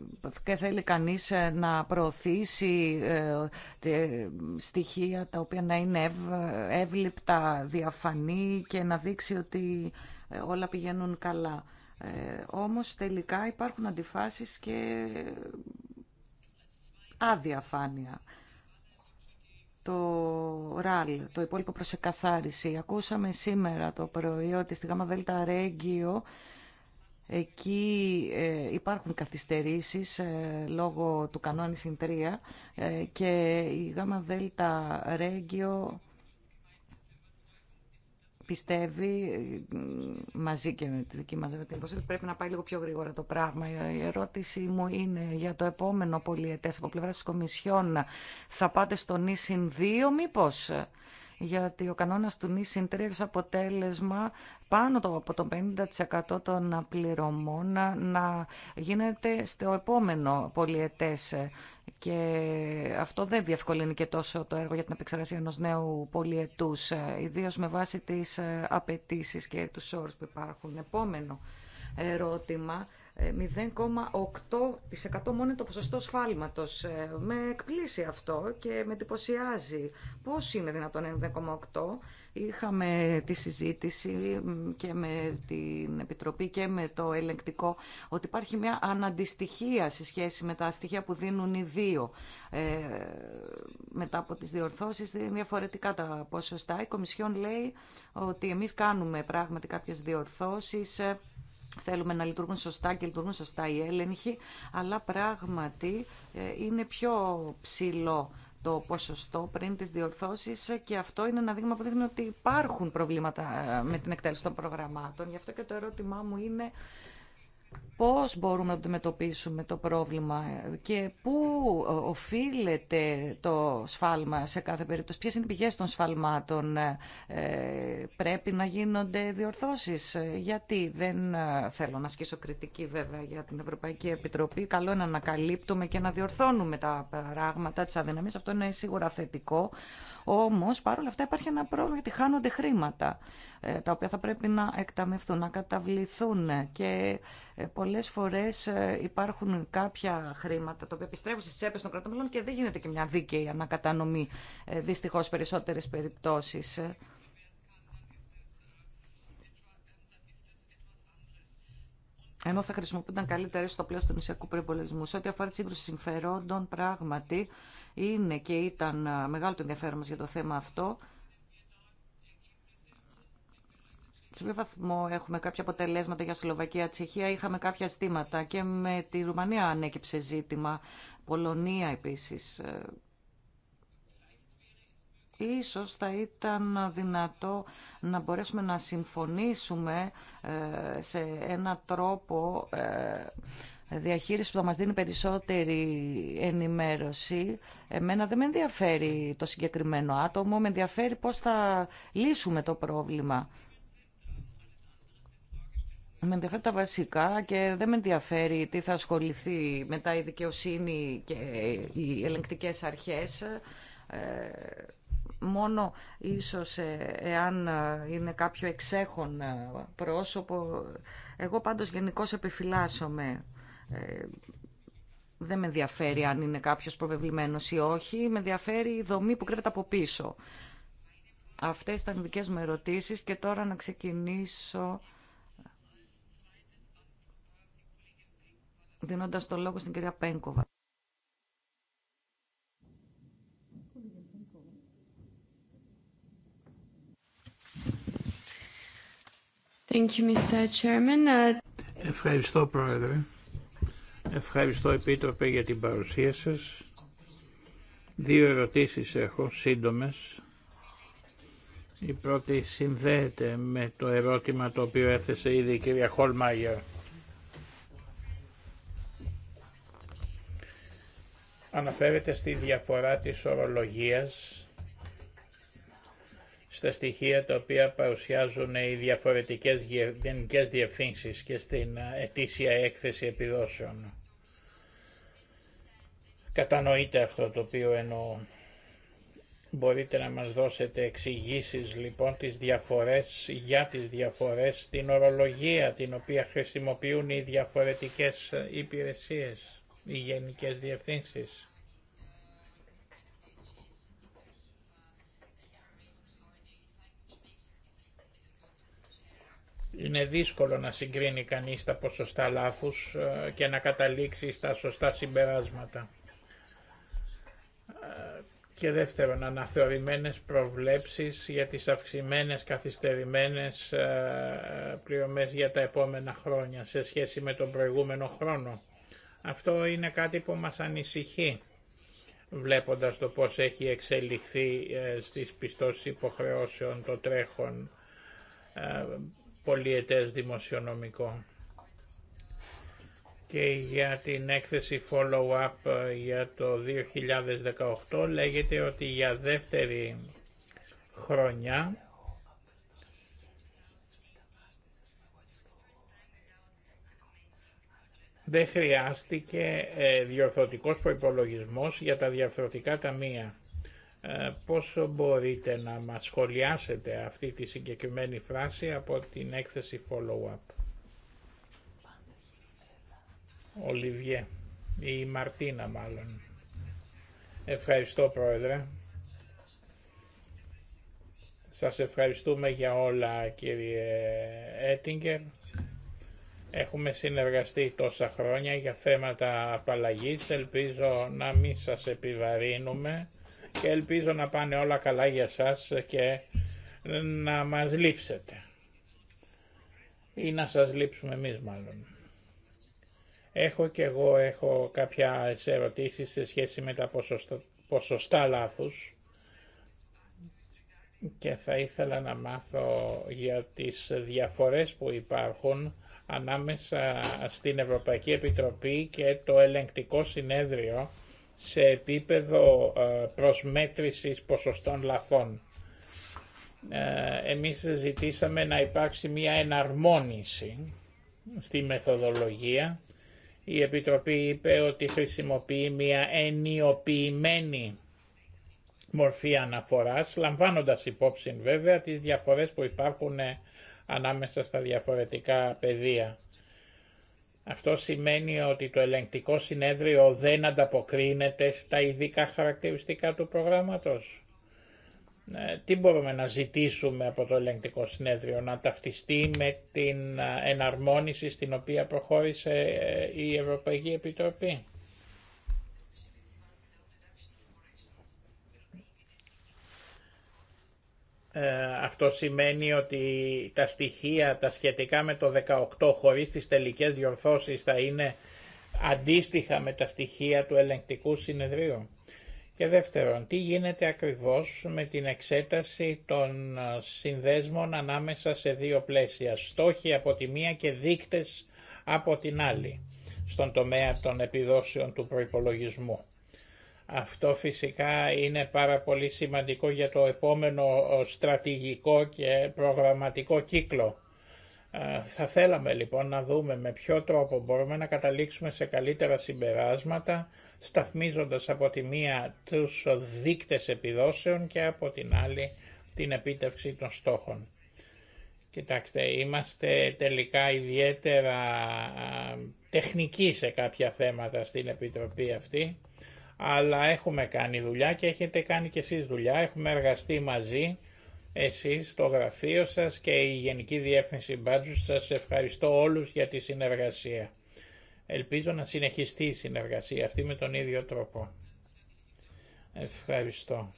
και θέλει κανείς ε, να προωθήσει ε, στοιχεία τα οποία να είναι εύληπτα, διαφανή και να δείξει ότι όλα πηγαίνουν καλά. Όμως τελικά υπάρχουν αντιφάσεις και αδιαφάνεια. Το ΡΑΛ, το υπόλοιπο προσεκαθάριση. Ακούσαμε σήμερα το πρωί ότι στη ΓΔΡΕΓΙΟ... ΡΕΓΙΟ... Εκεί ε, υπάρχουν καθυστερήσεις ε, λόγω του κανόνα συντρία ε, και η γάμα δέλτα Ρέγγιο πιστεύει μαζί και με τη δική μας την πρέπει να πάει λίγο πιο γρήγορα το πράγμα. Η ερώτηση μου είναι για το επόμενο πολιετές από πλευρά της Κομισιόν θα πάτε στο νησιν 2 μήπως γιατί ο κανόνας του νησιν 3 αποτέλεσμα πάνω από το 50% των πληρωμών να, να γίνεται στο επόμενο πολιετές και αυτό δεν διευκολύνει και τόσο το έργο για την επεξεργασία ενός νέου πολιετούς, ε, ιδίως με βάση τις ε, απαιτήσει και τους όρους που υπάρχουν. Επόμενο ερώτημα. 0,8% ε, μόνο είναι το ποσοστό σφάλματος. Με εκπλήσει αυτό και με εντυπωσιάζει. Πώς είναι δυνατόν 0,8% Είχαμε τη συζήτηση και με την Επιτροπή και με το ελεγκτικό ότι υπάρχει μια αναντιστοιχία σε σχέση με τα στοιχεία που δίνουν οι δύο. Ε, μετά από τις διορθώσεις διαφορετικά τα ποσοστά. Η Κομισιόν λέει ότι εμείς κάνουμε πράγματι κάποιες διορθώσεις ε, Θέλουμε να λειτουργούν σωστά και λειτουργούν σωστά οι έλεγχοι, αλλά πράγματι ε, είναι πιο ψηλό το ποσοστό πριν τις διορθώσεις και αυτό είναι ένα δείγμα που δείχνει ότι υπάρχουν προβλήματα ε, με την εκτέλεση των προγραμμάτων. Γι' αυτό και το ερώτημά μου είναι πώς μπορούμε να αντιμετωπίσουμε το πρόβλημα και πού ε, οφείλεται το σφάλμα σε κάθε περίπτωση, ποιες είναι οι πηγές των σφαλμάτων, ε, πρέπει να γίνονται διορθώσεις, ε, γιατί δεν θέλω να ασκήσω κριτική βέβαια για την Ευρωπαϊκή Επιτροπή, καλό είναι να ανακαλύπτουμε και να διορθώνουμε τα πράγματα, της αδυναμίας, αυτό είναι σίγουρα θετικό, όμως παρόλα αυτά υπάρχει ένα πρόβλημα γιατί χάνονται χρήματα. Ε, τα οποία θα πρέπει να εκταμευθούν, να καταβληθούν και ε, πολλές φορές ε, υπάρχουν κάποια χρήματα τα οποία επιστρέφουν στις τσέπες των κρατών και δεν γίνεται και μια δίκαιη ανακατανομή δυστυχώς περισσότερες περιπτώσεις. ενώ θα χρησιμοποιούνταν καλύτερα στο πλαίσιο του νησιακού προπολογισμού. Σε ό,τι αφορά τη σύγκρουση συμφερόντων, πράγματι είναι και ήταν μεγάλο το ενδιαφέρον μα για το θέμα αυτό. Σε ποιο βαθμό έχουμε κάποια αποτελέσματα για Σλοβακία, Τσεχία, είχαμε κάποια ζητήματα και με τη Ρουμανία ανέκυψε ζήτημα, Πολωνία επίσης. Ε, ίσως θα ήταν δυνατό να μπορέσουμε να συμφωνήσουμε ε, σε ένα τρόπο ε, διαχείριση που θα μας δίνει περισσότερη ενημέρωση. Εμένα δεν με ενδιαφέρει το συγκεκριμένο άτομο, με ενδιαφέρει πώς θα λύσουμε το πρόβλημα με ενδιαφέρει τα βασικά και δεν με ενδιαφέρει τι θα ασχοληθεί μετά η δικαιοσύνη και οι ελεγκτικές αρχές. Ε, μόνο ίσως ε, εάν ε, είναι κάποιο εξέχον πρόσωπο. Εγώ πάντως γενικώς επιφυλάσσομαι. Δεν με ενδιαφέρει αν είναι κάποιος προβεβλημένος ή όχι. Με ενδιαφέρει η δομή που κρύβεται από πίσω. Αυτές ήταν οι δικές μου ερωτήσεις και τώρα να ξεκινήσω δίνοντας το λόγο στην κυρία Πένκοβα. Thank you, Mr. Chairman. Uh, Ευχαριστώ Πρόεδρε. Ευχαριστώ Επίτροπε για την παρουσία σας. Δύο ερωτήσεις έχω, σύντομες. Η πρώτη συνδέεται με το ερώτημα το οποίο έθεσε ήδη η κυρία Χολμάγερ αναφέρεται στη διαφορά της ορολογίας στα στοιχεία τα οποία παρουσιάζουν οι διαφορετικές γενικές διευθύνσεις και στην ε, ετήσια έκθεση επιδόσεων. Κατανοείτε αυτό το οποίο εννοώ. Μπορείτε να μας δώσετε εξηγήσεις λοιπόν τις διαφορές, για τις διαφορές, στην ορολογία την οποία χρησιμοποιούν οι διαφορετικές ε, υπηρεσίες οι γενικές διευθύνσεις. Είναι δύσκολο να συγκρίνει κανείς τα ποσοστά λάθους ε, και να καταλήξει στα σωστά συμπεράσματα. Ε, και δεύτερον, αναθεωρημένες προβλέψεις για τις αυξημένες καθυστερημένες ε, πληρωμές για τα επόμενα χρόνια σε σχέση με τον προηγούμενο χρόνο. Αυτό είναι κάτι που μας ανησυχεί βλέποντας το πώς έχει εξελιχθεί ε, στις πιστώσεις υποχρεώσεων το τρέχον ε, πολιετές δημοσιονομικό. Και για την έκθεση follow-up ε, για το 2018 λέγεται ότι για δεύτερη χρονιά δεν χρειάστηκε ε, διορθωτικός προϋπολογισμός για τα τα ταμεία. Ε, πόσο μπορείτε να μας σχολιάσετε αυτή τη συγκεκριμένη φράση από την έκθεση follow-up. Ολιβιέ ή η Μαρτίνα μάλλον. Ευχαριστώ Πρόεδρε. Σας ευχαριστούμε για όλα κύριε Έτιγκερ. Έχουμε συνεργαστεί τόσα χρόνια για θέματα απαλλαγής, ελπίζω να μην σας επιβαρύνουμε και ελπίζω να πάνε όλα καλά για σας και να μας λείψετε. Ή να σας λείψουμε εμείς μάλλον. Έχω και εγώ έχω κάποια ερωτήσεις σε σχέση με τα ποσοστα, ποσοστά λάθους και θα ήθελα να μάθω για τις διαφορές που υπάρχουν ανάμεσα στην Ευρωπαϊκή Επιτροπή και το ελεγκτικό συνέδριο σε επίπεδο ε, προσμέτρησης ποσοστών λαθών. Ε, εμείς ζητήσαμε να υπάρξει μια εναρμόνιση στη μεθοδολογία. Η Επιτροπή είπε ότι χρησιμοποιεί μια ενιοποιημένη μορφή αναφοράς, λαμβάνοντας υπόψη βέβαια τις διαφορές που υπάρχουν ε, ανάμεσα στα διαφορετικά πεδία. Αυτό σημαίνει ότι το ελεγκτικό συνέδριο δεν ανταποκρίνεται στα ειδικά χαρακτηριστικά του προγράμματος. Ε, τι μπορούμε να ζητήσουμε από το ελεγκτικό συνέδριο, να ταυτιστεί με την ε, εναρμόνιση στην οποία προχώρησε ε, η Ευρωπαϊκή Επιτροπή. Ε, αυτό σημαίνει ότι τα στοιχεία τα σχετικά με το 18 χωρίς τις τελικές διορθώσεις θα είναι αντίστοιχα με τα στοιχεία του ελεγκτικού συνεδρίου. Και δεύτερον, τι γίνεται ακριβώς με την εξέταση των ε, συνδέσμων ανάμεσα σε δύο πλαίσια, στόχοι από τη μία και δείκτες από την άλλη, στον τομέα των επιδόσεων του προϋπολογισμού. Αυτό φυσικά είναι πάρα πολύ σημαντικό για το επόμενο στρατηγικό και προγραμματικό κύκλο. Ε, θα θέλαμε λοιπόν να δούμε με ποιο τρόπο μπορούμε να καταλήξουμε σε καλύτερα συμπεράσματα, σταθμίζοντας από τη μία τους δείκτες επιδόσεων και από την άλλη την επίτευξη των στόχων. Κοιτάξτε, είμαστε τελικά ιδιαίτερα τεχνικοί σε κάποια θέματα στην Επιτροπή αυτή αλλά έχουμε κάνει δουλειά και έχετε κάνει και εσείς δουλειά, έχουμε εργαστεί μαζί εσείς, το γραφείο σας και η Γενική Διεύθυνση Μπάντζου. σας ευχαριστώ όλους για τη συνεργασία. Ελπίζω να συνεχιστεί η συνεργασία αυτή με τον ίδιο τρόπο. Ευχαριστώ.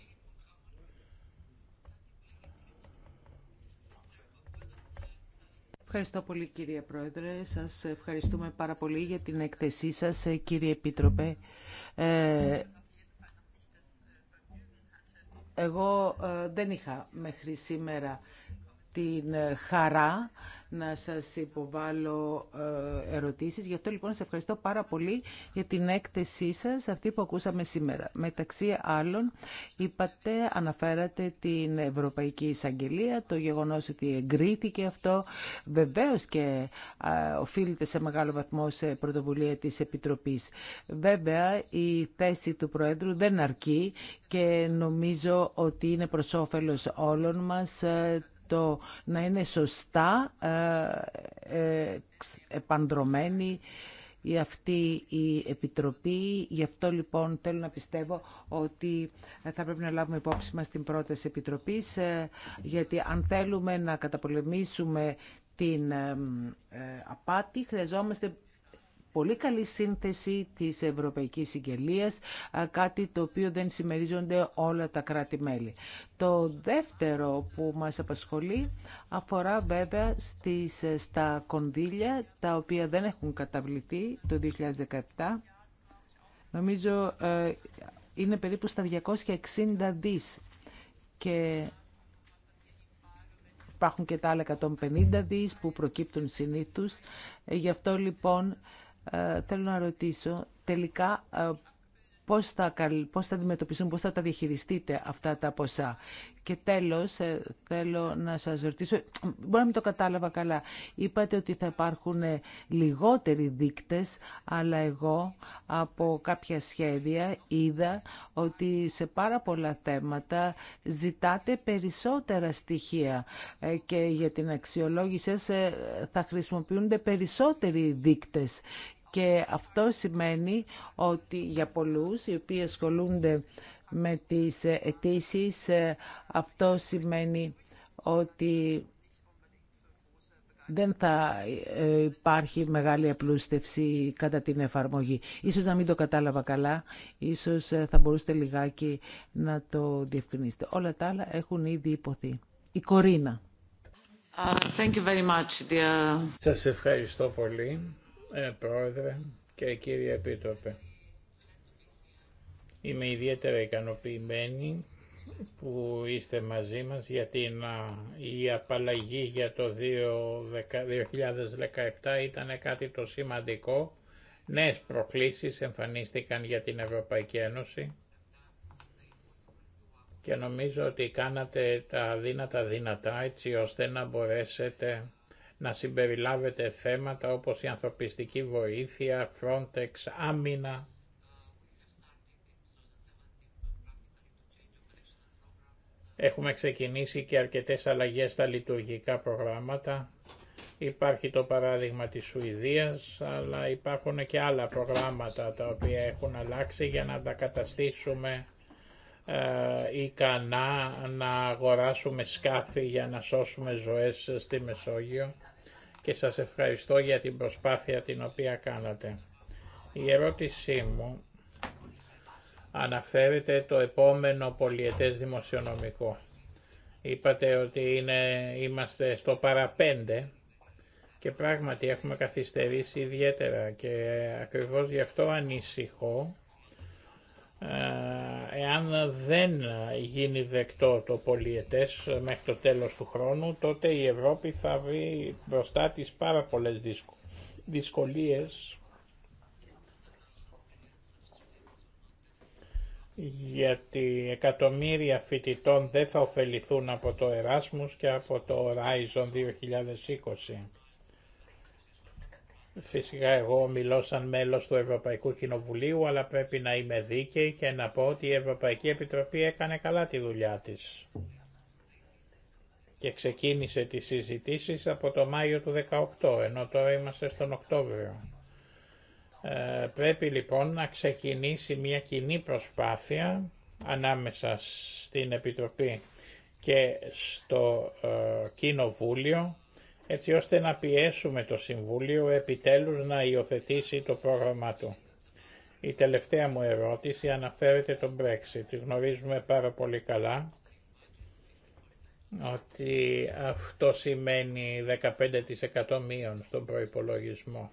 Ευχαριστώ πολύ κύριε Πρόεδρε. Σας ευχαριστούμε πάρα πολύ για την εκθεσή σας κύριε Επίτροπε. Ε, εγώ ε, δεν είχα μέχρι σήμερα την ε, χαρά να σας υποβάλω ε, ερωτήσεις. Γι' αυτό λοιπόν σας ευχαριστώ πάρα πολύ για την έκθεσή σας, αυτή που ακούσαμε σήμερα. Μεταξύ άλλων, είπατε, αναφέρατε την Ευρωπαϊκή Εισαγγελία, το γεγονός ότι εγκρίθηκε αυτό. Βεβαίως και ε, οφείλεται σε μεγάλο βαθμό σε πρωτοβουλία της Επιτροπής. Βέβαια, η θέση του Προέδρου δεν αρκεί και νομίζω ότι είναι προς όφελος όλων μας το να είναι σωστά ε, ε, επανδρομένη η αυτή η Επιτροπή. Γι' αυτό λοιπόν θέλω να πιστεύω ότι θα πρέπει να λάβουμε υπόψη μας την πρόταση Επιτροπής, ε, γιατί αν θέλουμε να καταπολεμήσουμε την απάτη, χρειαζόμαστε πολύ καλή σύνθεση της Ευρωπαϊκής Συγγελίας, κάτι το οποίο δεν συμμερίζονται όλα τα κράτη-μέλη. Το δεύτερο που μας απασχολεί αφορά βέβαια στις, ε, στα κονδύλια, τα οποία δεν έχουν καταβληθεί το 2017. Νομίζω ε, είναι περίπου στα 260 δις και υπάρχουν και τα άλλα 150 δις που προκύπτουν συνήθως. Ε, γι' αυτό λοιπόν ε, θέλω να ρωτήσω τελικά ε, πώς θα, πώς θα αντιμετωπιστούν, πώς θα τα διαχειριστείτε αυτά τα ποσά. Και τέλος, ε, θέλω να σας ρωτήσω, μπορεί να μην το κατάλαβα καλά, είπατε ότι θα υπάρχουν λιγότεροι δείκτες, αλλά εγώ από κάποια σχέδια είδα ότι σε πάρα πολλά θέματα ζητάτε περισσότερα στοιχεία και για την αξιολόγηση θα χρησιμοποιούνται περισσότεροι δείκτες. Και αυτό σημαίνει ότι για πολλούς οι οποίοι ασχολούνται με τις αιτήσει, ε, αυτό σημαίνει ότι δεν θα ε, υπάρχει μεγάλη απλούστευση κατά την εφαρμογή. Ίσως να μην το κατάλαβα καλά, ίσως ε, θα μπορούσατε λιγάκι να το διευκρινίσετε. Όλα τα άλλα έχουν ήδη υποθεί. Η Κορίνα. Uh, thank you very much, dear. Σας ευχαριστώ πολύ ε, Πρόεδρε και κύριε Επίτροπε. Είμαι ιδιαίτερα ικανοποιημένη που είστε μαζί μας γιατί η απαλλαγή για το 2017 ήταν κάτι το σημαντικό. Νέες προκλήσεις εμφανίστηκαν για την Ευρωπαϊκή Ένωση και νομίζω ότι κάνατε τα δύνατα δυνατά έτσι ώστε να μπορέσετε να συμπεριλάβετε θέματα όπως η ανθρωπιστική βοήθεια, Frontex, άμυνα. Έχουμε ξεκινήσει και αρκετές αλλαγές στα λειτουργικά προγράμματα. Υπάρχει το παράδειγμα της Σουηδίας, αλλά υπάρχουν και άλλα προγράμματα τα οποία έχουν αλλάξει για να τα καταστήσουμε ε, ικανά να αγοράσουμε σκάφη για να σώσουμε ζωές στη Μεσόγειο και σας ευχαριστώ για την προσπάθεια την οποία κάνατε. Η ερώτησή μου αναφέρεται το επόμενο πολιετές δημοσιονομικό. Είπατε ότι είναι, είμαστε στο παραπέντε και πράγματι έχουμε καθυστερήσει ιδιαίτερα και ακριβώς γι' αυτό ανησυχώ ε, αν δεν γίνει δεκτό το πολιετές μέχρι το τέλος του χρόνου, τότε η Ευρώπη θα βρει μπροστά της πάρα πολλές δυσκολίες γιατί εκατομμύρια φοιτητών δεν θα ωφεληθούν από το Εράσμους και από το Horizon 2020. Φυσικά εγώ μιλώ σαν μέλος του Ευρωπαϊκού Κοινοβουλίου, αλλά πρέπει να είμαι δίκαιη και να πω ότι η Ευρωπαϊκή Επιτροπή έκανε καλά τη δουλειά της και ξεκίνησε τις συζητήσεις από το Μάιο του 18, ενώ τώρα είμαστε στον Οκτώβριο. Ε, πρέπει λοιπόν να ξεκινήσει μια κοινή προσπάθεια ανάμεσα στην Επιτροπή και στο ε, Κοινοβούλιο έτσι ώστε να πιέσουμε το Συμβούλιο επιτέλους να υιοθετήσει το πρόγραμμά του. Η τελευταία μου ερώτηση αναφέρεται τον Brexit. Γνωρίζουμε πάρα πολύ καλά ότι αυτό σημαίνει 15% μείον στον προϋπολογισμό.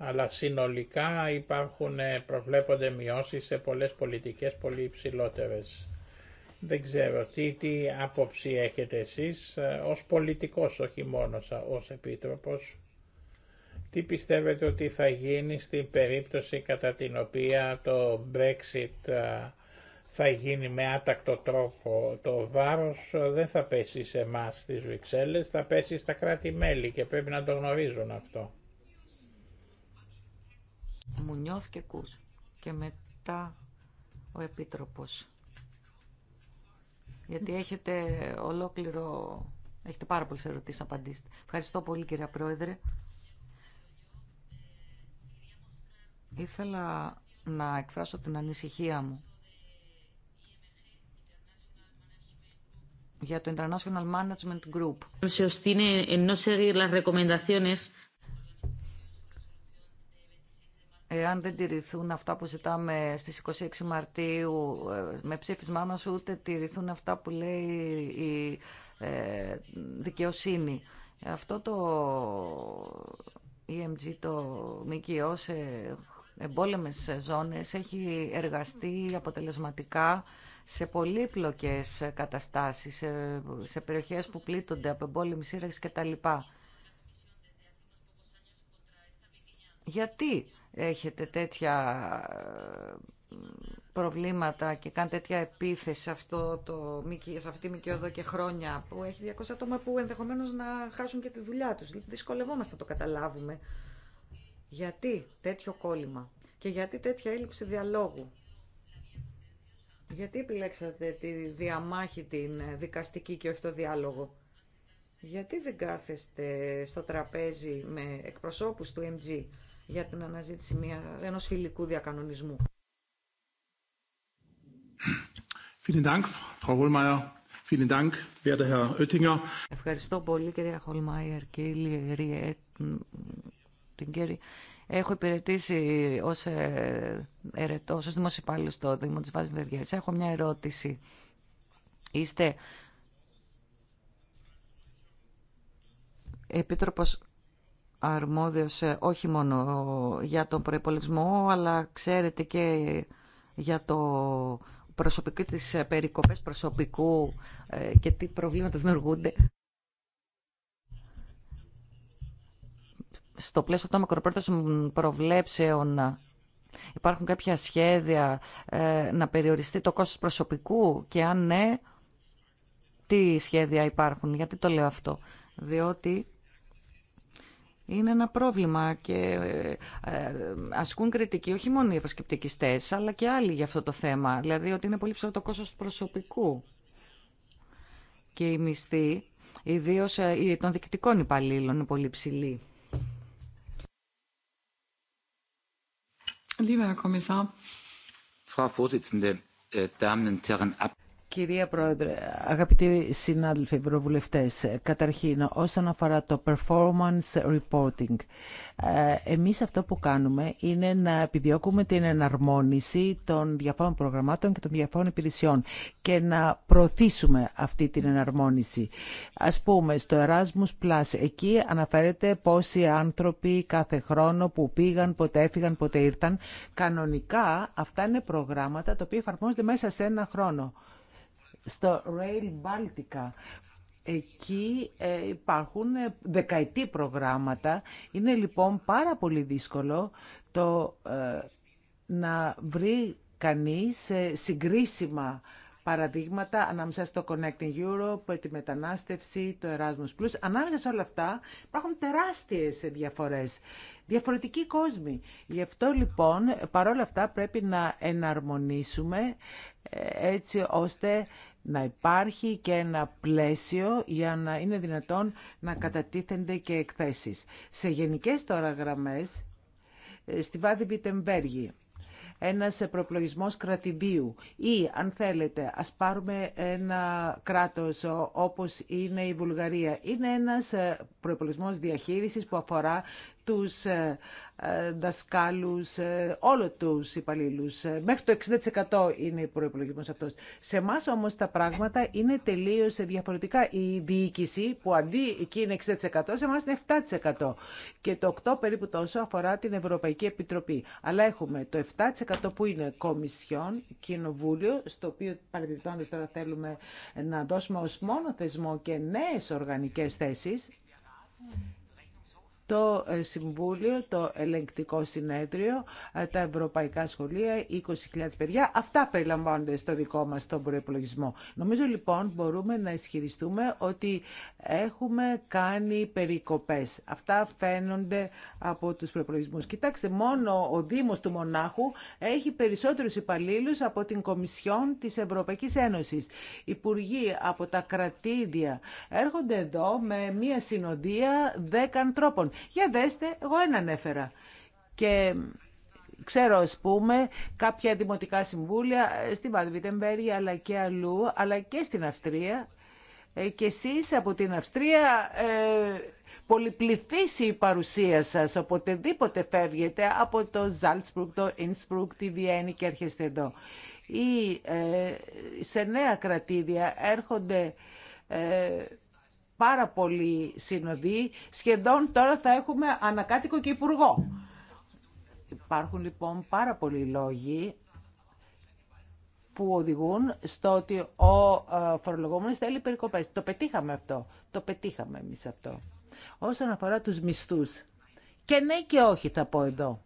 Αλλά συνολικά υπάρχουν, ε, προβλέπονται μειώσεις σε πολλές πολιτικές πολύ υψηλότερες. Δεν ξέρω τι, τι άποψη έχετε εσείς ε, ως πολιτικός, όχι μόνο ως επίτροπος. Τι πιστεύετε ότι θα γίνει στην περίπτωση κατά την οποία το Brexit ε, θα γίνει με άτακτο τρόπο. Το βάρος ε, δεν θα πέσει σε εμά στις Βρυξέλλες, θα πέσει στα κράτη-μέλη και πρέπει να το γνωρίζουν αυτό. Μου και Κούς και μετά ο Επίτροπος γιατί έχετε ολόκληρο... Έχετε πάρα πολλές ερωτήσεις, απαντήσετε. Ευχαριστώ πολύ κυρία Πρόεδρε. Ήθελα να εκφράσω την ανησυχία μου για το International Management Group εάν δεν τηρηθούν αυτά που ζητάμε στις 26 Μαρτίου ε, με ψήφισμά μας, ούτε τηρηθούν αυτά που λέει η ε, δικαιοσύνη. Αυτό το EMG, το ΜΚΟ σε εμπόλεμες ζώνες, έχει εργαστεί αποτελεσματικά σε πολύπλοκες καταστάσεις, σε, σε περιοχές που πλήττονται από εμπόλεμη σύραξη κτλ. Γιατί έχετε τέτοια ε, προβλήματα και κάνετε τέτοια επίθεση σε, αυτό το, σε αυτή τη ΜΚΟ εδώ και χρόνια που έχει 200 άτομα που ενδεχομένως να χάσουν και τη δουλειά τους. Δυσκολευόμαστε να το καταλάβουμε. Γιατί τέτοιο κόλλημα και γιατί τέτοια έλλειψη διαλόγου. Γιατί επιλέξατε τη διαμάχη την ε, δικαστική και όχι το διάλογο. Γιατί δεν κάθεστε στο τραπέζι με εκπροσώπους του MG για την αναζήτηση μια, ενός φιλικού διακανονισμού. Ευχαριστώ πολύ κυρία Χολμάιερ, και η ε, την Έχω υπηρετήσει ως ε, ερετός, ω δημοσιοπάλληλος στο Δήμο της Βάσης Βεργέρης. Έχω μια ερώτηση. Είστε Επίτροπος αρμόδιος ε, όχι μόνο για τον προϋπολογισμό, αλλά ξέρετε και για το προσωπικό της ε, περικοπές προσωπικού ε, και τι προβλήματα δημιουργούνται. Στο πλαίσιο των μακροπρόθεσμων προβλέψεων υπάρχουν κάποια σχέδια να περιοριστεί το κόστος προσωπικού και αν ναι, τι σχέδια υπάρχουν. Γιατί το λέω αυτό. Διότι είναι ένα πρόβλημα και ε, ε, ασκούν κριτική όχι μόνο οι ευρωσκεπτικιστές αλλά και άλλοι για αυτό το θέμα. Δηλαδή ότι είναι πολύ ψηλό το κόστος του προσωπικού και η μισθή, ιδίω ε, των διοικητικών υπαλλήλων, είναι πολύ ψηλή. Lieber Herr Kommissar, Frau Vorsitzende, äh, Damen und Herren, Κυρία Πρόεδρε, αγαπητοί συνάδελφοι ευρωβουλευτές, καταρχήν όσον αφορά το performance reporting, ε, εμείς αυτό που κάνουμε είναι να επιδιώκουμε την εναρμόνιση των διαφόρων προγραμμάτων και των διαφόρων υπηρεσιών και να προωθήσουμε αυτή την εναρμόνιση. Ας πούμε, στο Erasmus Plus, εκεί αναφέρεται πόσοι άνθρωποι κάθε χρόνο που πήγαν, ποτέ έφυγαν, ποτέ ήρθαν. Κανονικά αυτά είναι προγράμματα τα οποία εφαρμόζονται μέσα σε ένα χρόνο στο Rail Baltica Εκεί ε, υπάρχουν ε, δεκαετή προγράμματα. Είναι λοιπόν πάρα πολύ δύσκολο το ε, να βρει κανείς συγκρίσιμα παραδείγματα ανάμεσα στο Connecting Europe, τη μετανάστευση, το Erasmus Plus. Ανάμεσα σε όλα αυτά υπάρχουν τεράστιες διαφορές, διαφορετικοί κόσμοι. Γι' αυτό λοιπόν παρόλα αυτά πρέπει να εναρμονίσουμε ε, έτσι ώστε να υπάρχει και ένα πλαίσιο για να είναι δυνατόν να κατατίθενται και εκθέσεις. Σε γενικές τώρα γραμμές, ε, στη Βάδη Βιτεμβέργη, ένας προπλογισμός κρατηδίου ή αν θέλετε ας πάρουμε ένα κράτος όπως είναι η Βουλγαρία. Είναι ένας ε, προπλογισμός διαχείρισης που αφορά τους ε, ε, δασκάλους, ε, όλο τους υπαλλήλους. Μέχρι το 60% είναι ο προπολογισμό αυτός. Σε εμά όμως τα πράγματα είναι τελείως διαφορετικά. Η διοίκηση που αντί εκεί είναι 60% σε εμά είναι 7%. Και το 8% περίπου τόσο αφορά την Ευρωπαϊκή Επιτροπή. Αλλά έχουμε το 7% που είναι κομισιόν, κοινοβούλιο, στο οποίο παρεμπιπτόντως τώρα θέλουμε να δώσουμε ως μόνο θεσμό και νέες οργανικές θέσεις το ε, Συμβούλιο, το Ελεγκτικό Συνέδριο, ε, τα Ευρωπαϊκά Σχολεία, 20.000 παιδιά. Αυτά περιλαμβάνονται στο δικό μας τον προϋπολογισμό. Νομίζω λοιπόν μπορούμε να ισχυριστούμε ότι έχουμε κάνει περικοπές. Αυτά φαίνονται από τους προϋπολογισμούς. Κοιτάξτε, μόνο ο Δήμος του Μονάχου έχει περισσότερους υπαλλήλου από την Κομισιόν της Ευρωπαϊκής Ένωσης. Υπουργοί από τα κρατήδια έρχονται εδώ με μία συνοδεία 10 ανθρώπων. Για δέστε, εγώ έναν έφερα. Και ξέρω, α πούμε, κάποια δημοτικά συμβούλια ε, στη Βαδβιτεμπέργη, αλλά και αλλού, αλλά και στην Αυστρία. Ε, και εσείς από την Αυστρία ε, πολυπληθήσει η παρουσία σας οποτεδήποτε φεύγετε από το Ζάλτσπρουκ, το Ινσπρουκ, τη Βιέννη και έρχεστε εδώ. Ή ε, σε νέα κρατήδια έρχονται πάρα πολλοί σύνοδοι. Σχεδόν τώρα θα έχουμε ανακάτοικο και υπουργό. Υπάρχουν λοιπόν πάρα πολλοί λόγοι που οδηγούν στο ότι ο ε, φορολογόμενος θέλει περικοπές. Το πετύχαμε αυτό. Το πετύχαμε εμείς αυτό. Όσον αφορά τους μισθούς. Και ναι και όχι θα πω εδώ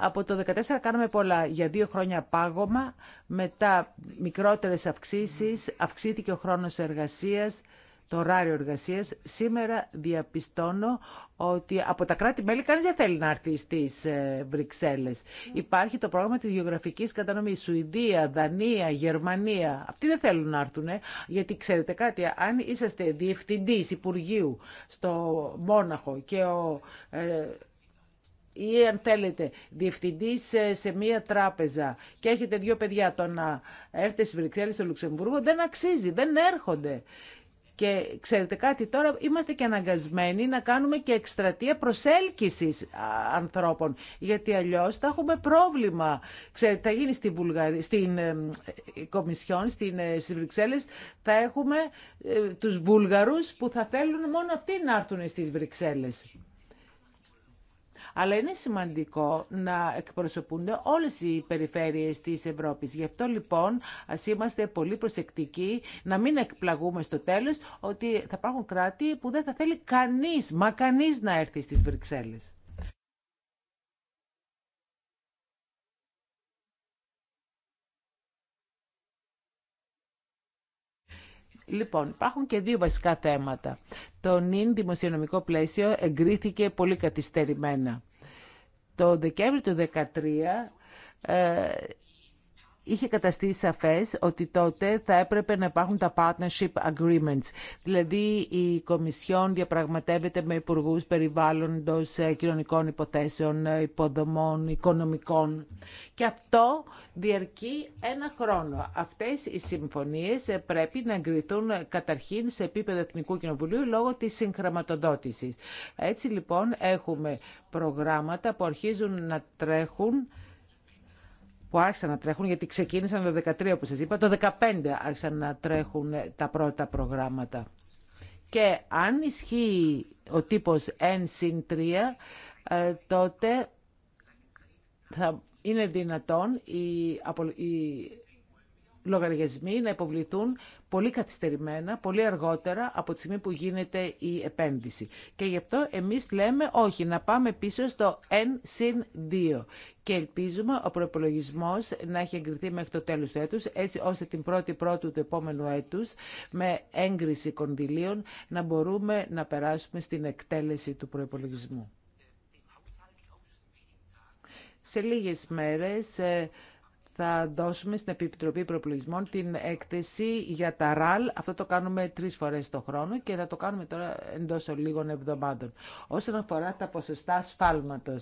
από το 2014 κάναμε πολλά. Για δύο χρόνια πάγωμα, μετά μικρότερες αυξήσεις, αυξήθηκε ο χρόνος εργασίας, το ωράριο εργασίας. Σήμερα διαπιστώνω ότι από τα κράτη-μέλη κανείς δεν θέλει να έρθει στις ε, Βρυξέλλες. Υπάρχει το πρόγραμμα της γεωγραφικής κατανομής. Σουηδία, Δανία, Γερμανία. Αυτοί δεν θέλουν να έρθουν, ε. γιατί ξέρετε κάτι, αν είσαστε διευθυντής Υπουργείου στο Μόναχο και ο ε, ή αν θέλετε διευθυντή σε, μία τράπεζα και έχετε δύο παιδιά, το να έρθετε στις Βρυξέλλες στο Λουξεμβούργο δεν αξίζει, δεν έρχονται. Και ξέρετε κάτι, τώρα είμαστε και αναγκασμένοι να κάνουμε και εκστρατεία προσέλκυσης ανθρώπων, γιατί αλλιώς θα έχουμε πρόβλημα. Ξέρετε, θα γίνει στη Βουλγαρία, στην ε, Κομισιόν, στην, ε, στις Βρυξέλλες, θα έχουμε ε, τους Βούλγαρους που θα θέλουν μόνο αυτοί να έρθουν στις Βρυξέλλες αλλά είναι σημαντικό να εκπροσωπούνται όλες οι περιφέρειες της Ευρώπης. Γι' αυτό λοιπόν ας είμαστε πολύ προσεκτικοί, να μην εκπλαγούμε στο τέλος ότι θα υπάρχουν κράτη που δεν θα θέλει κανείς, μα κανείς να έρθει στις Βρυξέλλες. Λοιπόν, υπάρχουν και δύο βασικά θέματα. Το νυν δημοσιονομικό πλαίσιο εγκρίθηκε πολύ κατηστερημένα. Το Δεκέμβριο του 2013 ε, είχε καταστεί σαφές ότι τότε θα έπρεπε να υπάρχουν τα partnership agreements. Δηλαδή η Κομισιόν διαπραγματεύεται με υπουργού περιβάλλοντος, ε, κοινωνικών υποθέσεων, ε, υποδομών, οικονομικών. Και αυτό διαρκεί ένα χρόνο. Αυτές οι συμφωνίες ε, πρέπει να εγκριθούν καταρχήν σε επίπεδο Εθνικού Κοινοβουλίου λόγω της συγχραματοδότησης. Έτσι λοιπόν έχουμε προγράμματα που αρχίζουν να τρέχουν που άρχισαν να τρέχουν, γιατί ξεκίνησαν το 2013 όπως σας είπα, το 2015 άρχισαν να τρέχουν τα πρώτα προγράμματα. Και αν ισχύει ο τύπος N συν 3, ε, τότε θα είναι δυνατόν η η λογαριασμοί να υποβληθούν πολύ καθυστερημένα, πολύ αργότερα από τη στιγμή που γίνεται η επένδυση. Και γι' αυτό εμείς λέμε όχι, να πάμε πίσω στο 1 συν 2 και ελπίζουμε ο προπολογισμό να έχει εγκριθεί μέχρι το τέλο του έτου, έτσι ώστε την πρώτη η του επόμενου έτου, με έγκριση κονδυλίων, να μπορούμε να περάσουμε στην εκτέλεση του προπολογισμού. Σε λίγες μέρες ε, θα δώσουμε στην Επιτροπή Προπολογισμών την έκθεση για τα ραλ. Αυτό το κάνουμε τρεις φορές το χρόνο και θα το κάνουμε τώρα εντός λίγων εβδομάδων. Όσον αφορά τα ποσοστά σφάλματο.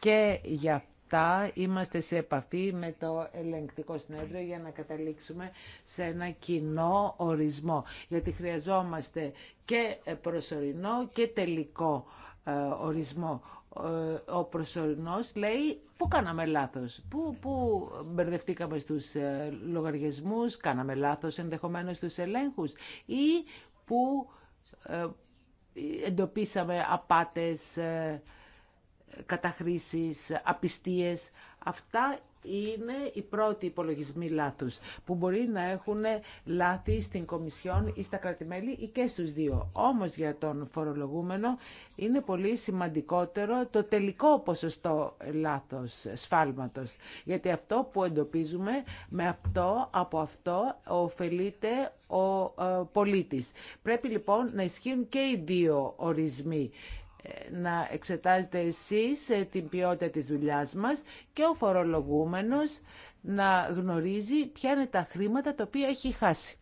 και για αυτά είμαστε σε επαφή με το ελεγκτικό συνέδριο για να καταλήξουμε σε ένα κοινό ορισμό. Γιατί χρειαζόμαστε και προσωρινό και τελικό ε, ορισμό ο προσωρινός λέει πού κάναμε λάθος, πού, πού μπερδευτήκαμε στους ε, λογαριασμούς, κάναμε λάθος ενδεχομένως στους ελέγχους ή πού ε, εντοπίσαμε απάτες, ε, καταχρήσεις, απιστίες. Αυτά είναι οι πρώτοι υπολογισμοί λάθους που μπορεί να έχουν λάθη στην Κομισιόν ή στα κρατημέλη ή και στους δύο. Όμως για τον φορολογούμενο είναι πολύ σημαντικότερο το τελικό ποσοστό λάθος σφάλματος. Γιατί αυτό που εντοπίζουμε με αυτό, από αυτό ωφελείται ο ε, πολίτης. Πρέπει λοιπόν να ισχύουν και οι δύο ορισμοί να εξετάζετε εσείς ε, την ποιότητα της δουλειάς μας και ο φορολογούμενος να γνωρίζει ποια είναι τα χρήματα τα οποία έχει χάσει.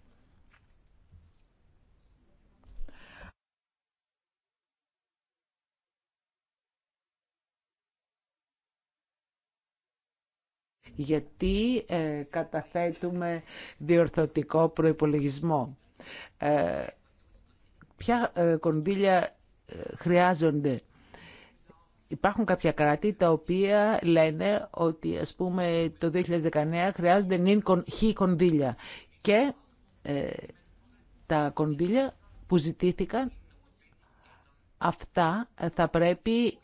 Γιατί ε, καταθέτουμε διορθωτικό προϋπολογισμό. Ε, ποια ε, κονδύλια χρειάζονται. Υπάρχουν κάποια κράτη τα οποία λένε ότι ας πούμε το 2019 χρειάζονται νυν χι κονδύλια και ε, τα κονδύλια που ζητήθηκαν αυτά θα πρέπει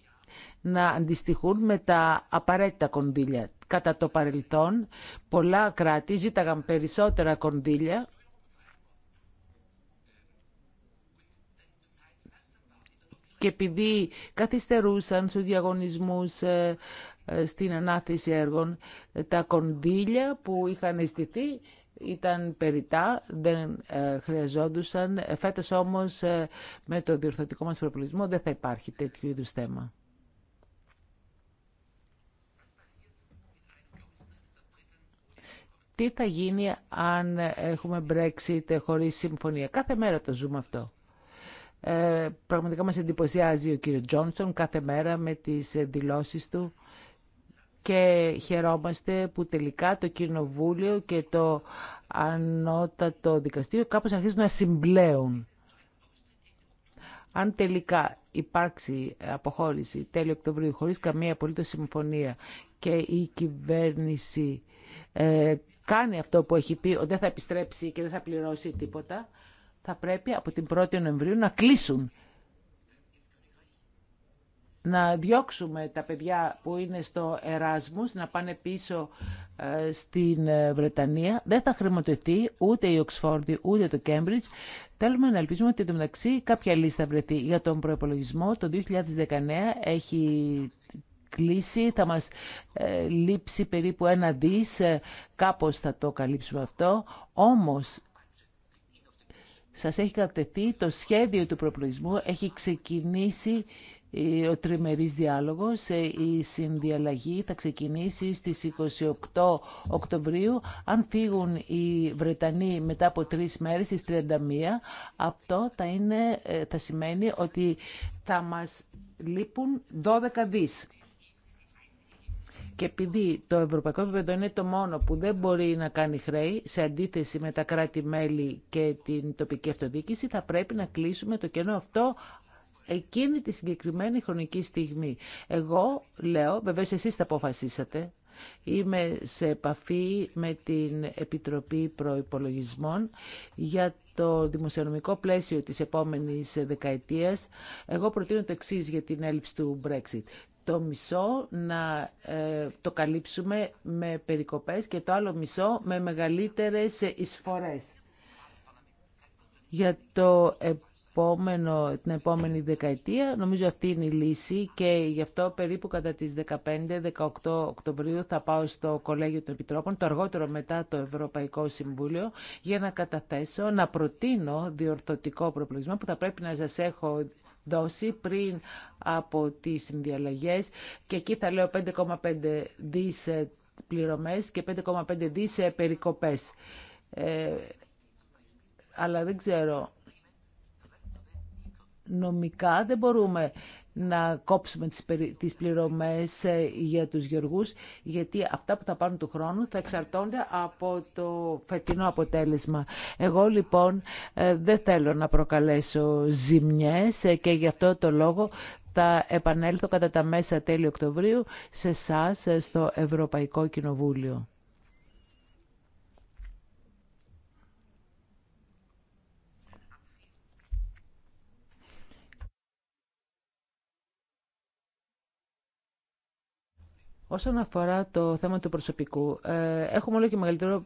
να αντιστοιχούν με τα απαραίτητα κονδύλια. Κατά το παρελθόν πολλά κράτη ζήταγαν περισσότερα κονδύλια και επειδή καθυστερούσαν στους διαγωνισμούς ε, ε, στην ανάθεση έργων, ε, τα κονδύλια που είχαν αισθηθεί ήταν περιτά, δεν χρειαζόντουσαν. Φέτος όμως με το διορθωτικό μας προπολισμό δεν θα υπάρχει τέτοιου είδους θέμα. Τι θα γίνει αν έχουμε Brexit χωρίς συμφωνία. Κάθε μέρα το ζούμε αυτό. Ε, πραγματικά μας εντυπωσιάζει ο κύριος Τζόνσον κάθε μέρα με τις δηλώσεις του και χαιρόμαστε που τελικά το Κοινοβούλιο και το Ανώτατο Δικαστήριο κάπως αρχίζουν να συμπλέουν. Αν τελικά υπάρξει αποχώρηση τέλειο Οκτωβρίου χωρίς καμία απολύτως συμφωνία και η κυβέρνηση ε, κάνει αυτό που έχει πει ότι δεν θα επιστρέψει και δεν θα πληρώσει τίποτα, θα πρέπει από την 1η Νοεμβρίου να κλείσουν. Να διώξουμε τα παιδιά που είναι στο Εράσμους να πάνε πίσω ε, στην ε, Βρετανία. Δεν θα χρηματοδοτεί ούτε η Οξφόρδη ούτε το Κέμπριτζ. Θέλουμε να ελπίζουμε ότι μεταξύ κάποια λύση θα βρεθεί για τον προπολογισμό. Το 2019 έχει κλείσει, θα μας ε, λείψει περίπου ένα δις, ε, κάπως θα το καλύψουμε αυτό. Όμως σας έχει κατατεθεί το σχέδιο του προπλογισμού, έχει ξεκινήσει ε, ο τριμερής διάλογος, ε, η συνδιαλλαγή θα ξεκινήσει στις 28 Οκτωβρίου. Αν φύγουν οι Βρετανοί μετά από τρεις μέρες, στις 31, αυτό θα, είναι, ε, θα σημαίνει ότι θα μας λείπουν 12 δις. Και επειδή το ευρωπαϊκό επίπεδο είναι το μόνο που δεν μπορεί να κάνει χρέη, σε αντίθεση με τα κράτη-μέλη και την τοπική αυτοδιοίκηση, θα πρέπει να κλείσουμε το κενό αυτό εκείνη τη συγκεκριμένη χρονική στιγμή. Εγώ λέω, βεβαίως εσείς τα αποφασίσατε, Είμαι σε επαφή με την Επιτροπή Προϋπολογισμών για το δημοσιονομικό πλαίσιο της επόμενης δεκαετίας, εγώ προτείνω το εξή για την έλλειψη του Brexit. Το μισό να ε, το καλύψουμε με περικοπές και το άλλο μισό με μεγαλύτερες εισφορές. Για το επόμενο, την επόμενη δεκαετία. Νομίζω αυτή είναι η λύση και γι' αυτό περίπου κατά τις 15-18 Οκτωβρίου θα πάω στο Κολέγιο των Επιτρόπων, το αργότερο μετά το Ευρωπαϊκό Συμβούλιο, για να καταθέσω, να προτείνω διορθωτικό προπολογισμό που θα πρέπει να σας έχω δώσει πριν από τις συνδιαλλαγές και εκεί θα λέω 5,5 δις ε, πληρωμές και 5,5 δις ε, περικοπές. Ε, αλλά δεν ξέρω νομικά δεν μπορούμε να κόψουμε τις πληρωμές ε, για τους γεωργούς, γιατί αυτά που θα πάρουν του χρόνου θα εξαρτώνται από το φετινό αποτέλεσμα. Εγώ λοιπόν ε, δεν θέλω να προκαλέσω ζημιές ε, και γι' αυτό το λόγο θα επανέλθω κατά τα μέσα τέλη Οκτωβρίου σε εσά στο Ευρωπαϊκό Κοινοβούλιο. Όσον αφορά το θέμα του προσωπικού, ε, έχουμε όλο και μεγαλύτερο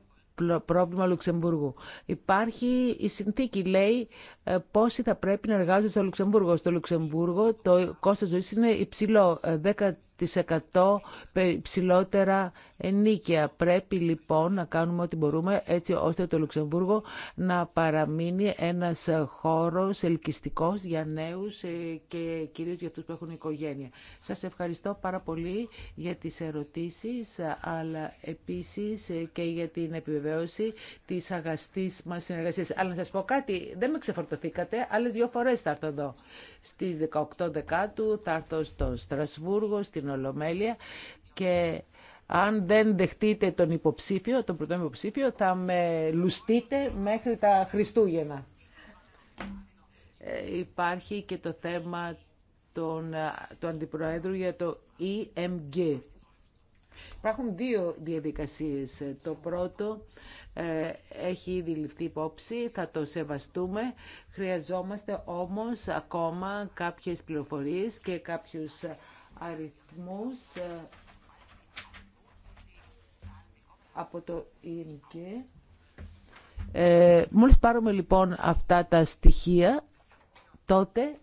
πρόβλημα Λουξεμβούργου. Υπάρχει η συνθήκη, λέει ε, πόσοι θα πρέπει να εργάζονται στο Λουξεμβούργο. Στο Λουξεμβούργο το κόστος ζωής είναι υψηλό, 10% ε, 100 ψηλότερα ενίκεια. Πρέπει λοιπόν να κάνουμε ό,τι μπορούμε έτσι ώστε το Λουξεμβούργο να παραμείνει ένας χώρος ελκυστικός για νέους ε, και κυρίως για αυτούς που έχουν οικογένεια. Σας ευχαριστώ πάρα πολύ για τις ερωτήσεις αλλά επίσης ε, και για την επιβεβαίωση της αγαστής μας συνεργασίας. Αλλά να σας πω κάτι, δεν με ξεφορτωθήκατε, άλλες δύο φορές θα έρθω εδώ. Στις 18 Δεκάτου θα έρθω στο Στρασβούργο, στην και αν δεν δεχτείτε τον υποψήφιο, τον πρωτό υποψήφιο, θα με λουστείτε μέχρι τα Χριστούγεννα. Ε, υπάρχει και το θέμα των, του Αντιπροέδρου για το EMG. Υπάρχουν δύο διαδικασίες. Το πρώτο ε, έχει ήδη ληφθεί υπόψη, θα το σεβαστούμε. Χρειαζόμαστε όμως ακόμα κάποιες πληροφορίες και κάποιους αριθμούς ε, από το ΙΝΚΕ. Ε, μόλις πάρουμε λοιπόν αυτά τα στοιχεία, τότε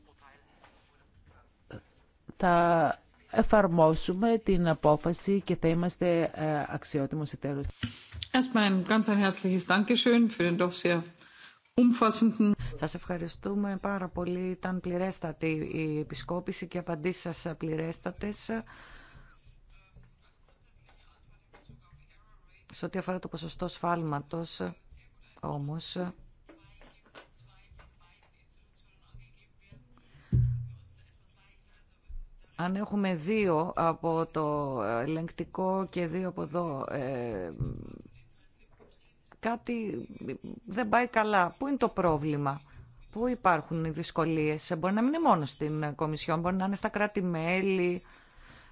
θα εφαρμόσουμε την απόφαση και θα είμαστε ε, αξιότιμος εταίρος. Erstmal ein ganz herzliches Dankeschön σας ευχαριστούμε πάρα πολύ. Ήταν πληρέστατη η επισκόπηση και απαντήσεις σας πληρέστατες. Σε ό,τι αφορά το ποσοστό σφάλματος, όμως, αν έχουμε δύο από το ελεγκτικό και δύο από εδώ, ε, κάτι δεν πάει καλά. Πού είναι το πρόβλημα, πού υπάρχουν οι δυσκολίες. Μπορεί να μην είναι μόνο στην Κομισιόν, μπορεί να είναι στα κράτη-μέλη,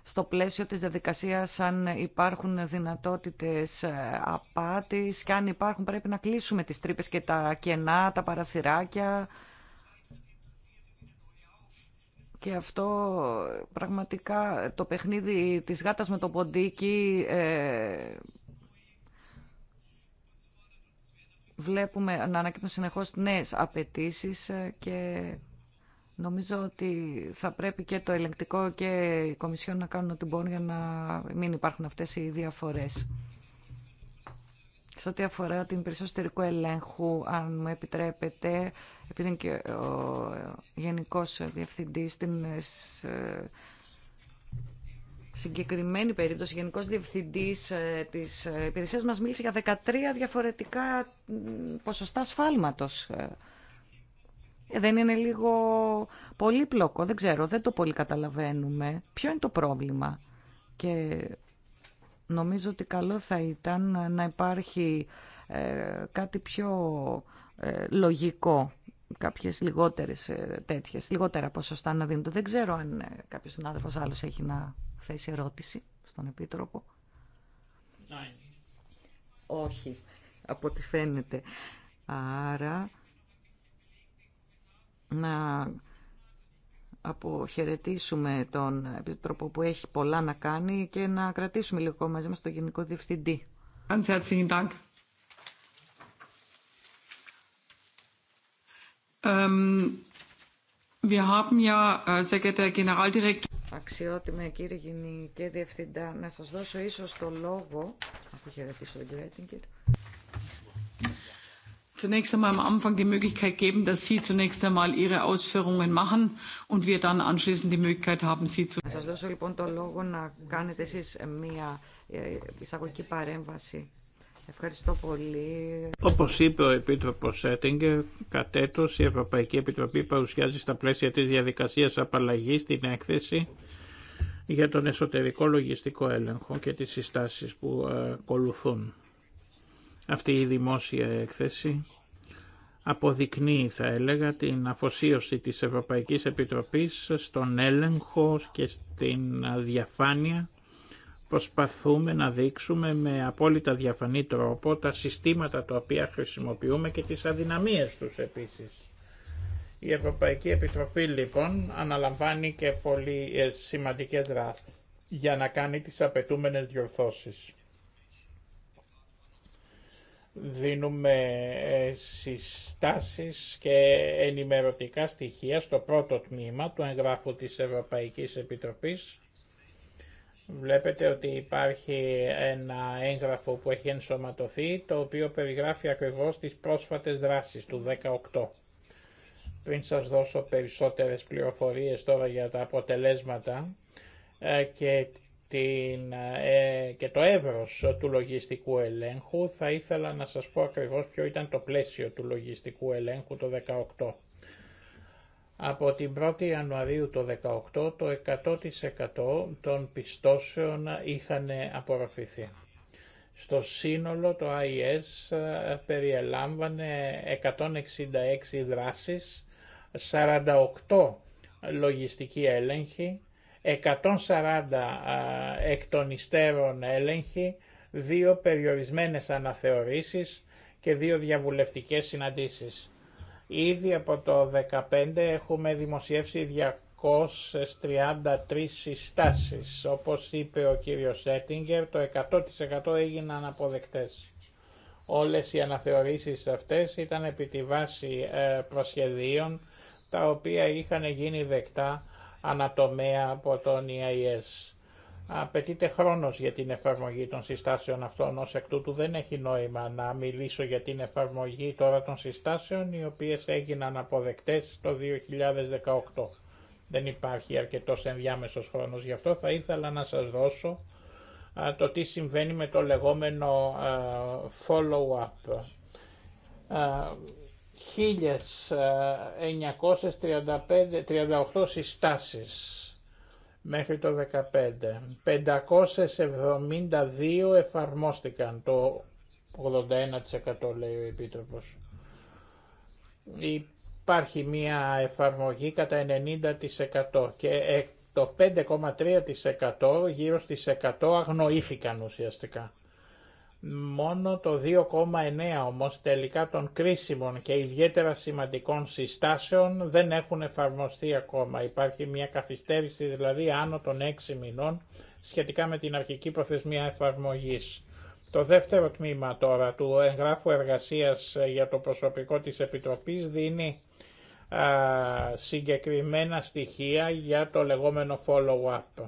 στο πλαίσιο της διαδικασίας αν υπάρχουν δυνατότητες ε, απάτης και αν υπάρχουν πρέπει να κλείσουμε τις τρύπε και τα κενά, τα παραθυράκια. Και αυτό πραγματικά το παιχνίδι της γάτας με το ποντίκι ε, βλέπουμε να ανακύπτουν συνεχώς νέες απαιτήσει ε, και νομίζω ότι θα πρέπει και το ελεγκτικό και η Κομισιόν να κάνουν ό,τι μπορούν για να μην υπάρχουν αυτές οι διαφορές. Σε ό,τι αφορά την περισσότερικού ελέγχου, αν μου επιτρέπετε, επειδή είναι και ο ε, Γενικός Διευθυντής, στην ε, συγκεκριμένη περίπτωση, Γενικό Διευθυντή ε, τη ε, υπηρεσία μα μίλησε για 13 διαφορετικά ποσοστά σφάλματο. Ε, δεν είναι λίγο πολύπλοκο, δεν ξέρω, δεν το πολύ καταλαβαίνουμε. Ποιο είναι το πρόβλημα. Και νομίζω ότι καλό θα ήταν να υπάρχει κάτι πιο λογικό κάποιες λιγότερες ε, τέτοιες, λιγότερα ποσοστά να δίνονται. Δεν ξέρω αν κάποιος συνάδελφος άλλος έχει να είσαι ερώτηση στον Επίτροπο. Όχι, από ό,τι φαίνεται. Άρα, να αποχαιρετήσουμε τον Επίτροπο που έχει πολλά να κάνει και να κρατήσουμε λίγο μαζί μας τον Γενικό Διευθυντή. Ähm, wir haben ja, äh, Generaldirektor, Αξιότιμε κύριε και Διευθυντά, να σας δώσω ίσως το λόγο, αφού χαιρετήσω τον κύριο Έτιγκερ, zunächst einmal am Anfang die Möglichkeit geben, dass Sie zunächst einmal Ihre Ausführungen machen und wir dann anschließend die Möglichkeit haben, Sie zu. Σας δώσω λοιπόν το λόγο να κάνετε εσείς μια εισαγωγική παρέμβαση. Ευχαριστώ πολύ. Όπως είπε ο Επίτροπο Σέτιγκερ, κατ' η Ευρωπαϊκή Επιτροπή παρουσιάζει στα πλαίσια της διαδικασίας απαλλαγή την έκθεση για τον εσωτερικό λογιστικό έλεγχο και τις συστάσεις που ε, ακολουθούν. Αυτή η δημόσια έκθεση αποδεικνύει, θα έλεγα, την αφοσίωση της Ευρωπαϊκής Επιτροπής στον έλεγχο και στην διαφάνεια προσπαθούμε να δείξουμε με απόλυτα διαφανή τρόπο τα συστήματα τα οποία χρησιμοποιούμε και τις αδυναμίες τους επίσης. Η Ευρωπαϊκή Επιτροπή λοιπόν αναλαμβάνει και πολύ ε, σημαντικές δράσεις για να κάνει τις απαιτούμενες διορθώσεις. Δίνουμε ε, συστάσεις και ενημερωτικά στοιχεία στο πρώτο τμήμα του εγγράφου της Ευρωπαϊκής Επιτροπής Βλέπετε ότι υπάρχει ένα έγγραφο που έχει ενσωματωθεί, το οποίο περιγράφει ακριβώς τις πρόσφατες δράσεις του 18. Πριν σας δώσω περισσότερες πληροφορίες τώρα για τα αποτελέσματα ε, και, την, ε, και το εύρος του λογιστικού ελέγχου, θα ήθελα να σας πω ακριβώς ποιο ήταν το πλαίσιο του λογιστικού ελέγχου το 18. Από την 1η Ιανουαρίου του 18 το 100% των πιστώσεων είχαν απορροφηθεί. Στο σύνολο το IS περιελάμβανε 166 δράσεις, 48 λογιστικοί έλεγχοι, 140 εκ των υστέρων έλεγχοι, δύο περιορισμένες αναθεωρήσεις και δύο διαβουλευτικές συναντήσεις. Ήδη από το 2015 έχουμε δημοσιεύσει 233 συστάσεις. Όπως είπε ο κύριος Σέτιγκερ, το 100% έγιναν αποδεκτές. Όλες οι αναθεωρήσεις αυτές ήταν επί τη βάση ε, προσχεδίων τα οποία είχαν γίνει δεκτά ανατομέα από τον EIS. Απαιτείται χρόνος για την εφαρμογή των συστάσεων αυτών, ω εκ τούτου δεν έχει νόημα να μιλήσω για την εφαρμογή τώρα των συστάσεων, οι οποίε έγιναν αποδεκτές το 2018. Δεν υπάρχει αρκετός ενδιάμεσος χρόνος, γι' αυτό θα ήθελα να σας δώσω το τι συμβαίνει με το λεγόμενο follow-up. 1938 συστάσεις μέχρι το 15. 572 εφαρμόστηκαν, το 81% λέει ο Επίτροπος. Υπάρχει μία εφαρμογή κατά 90% και το 5,3% γύρω στις 100 αγνοήθηκαν ουσιαστικά. Μόνο το 2,9 όμως τελικά των κρίσιμων και ιδιαίτερα σημαντικών συστάσεων δεν έχουν εφαρμοστεί ακόμα. Υπάρχει μια καθυστέρηση δηλαδή άνω των 6 μηνών σχετικά με την αρχική προθεσμία εφαρμογής. Το δεύτερο τμήμα τώρα του εγγράφου εργασίας ε, για το προσωπικό της Επιτροπής δίνει α, συγκεκριμένα στοιχεία για το λεγόμενο follow-up.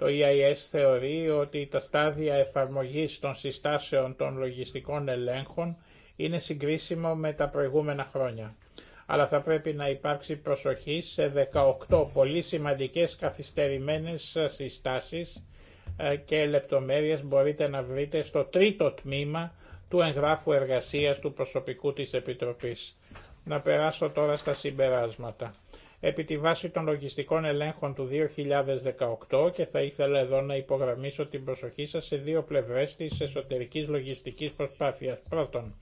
Το EIS θεωρεί ότι τα στάδια εφαρμογής των συστάσεων των λογιστικών ελέγχων είναι συγκρίσιμο με τα προηγούμενα χρόνια. Αλλά θα πρέπει να υπάρξει προσοχή σε 18 πολύ σημαντικές καθυστερημένες συστάσεις ε, και λεπτομέρειες μπορείτε να βρείτε στο τρίτο τμήμα του εγγράφου εργασίας του προσωπικού της Επιτροπής. Να περάσω τώρα στα συμπεράσματα επί τη βάση των λογιστικών ελέγχων του 2018 και θα ήθελα εδώ να υπογραμμίσω την προσοχή σας σε δύο πλευρές της εσωτερικής λογιστικής προσπάθειας. Πρώτον,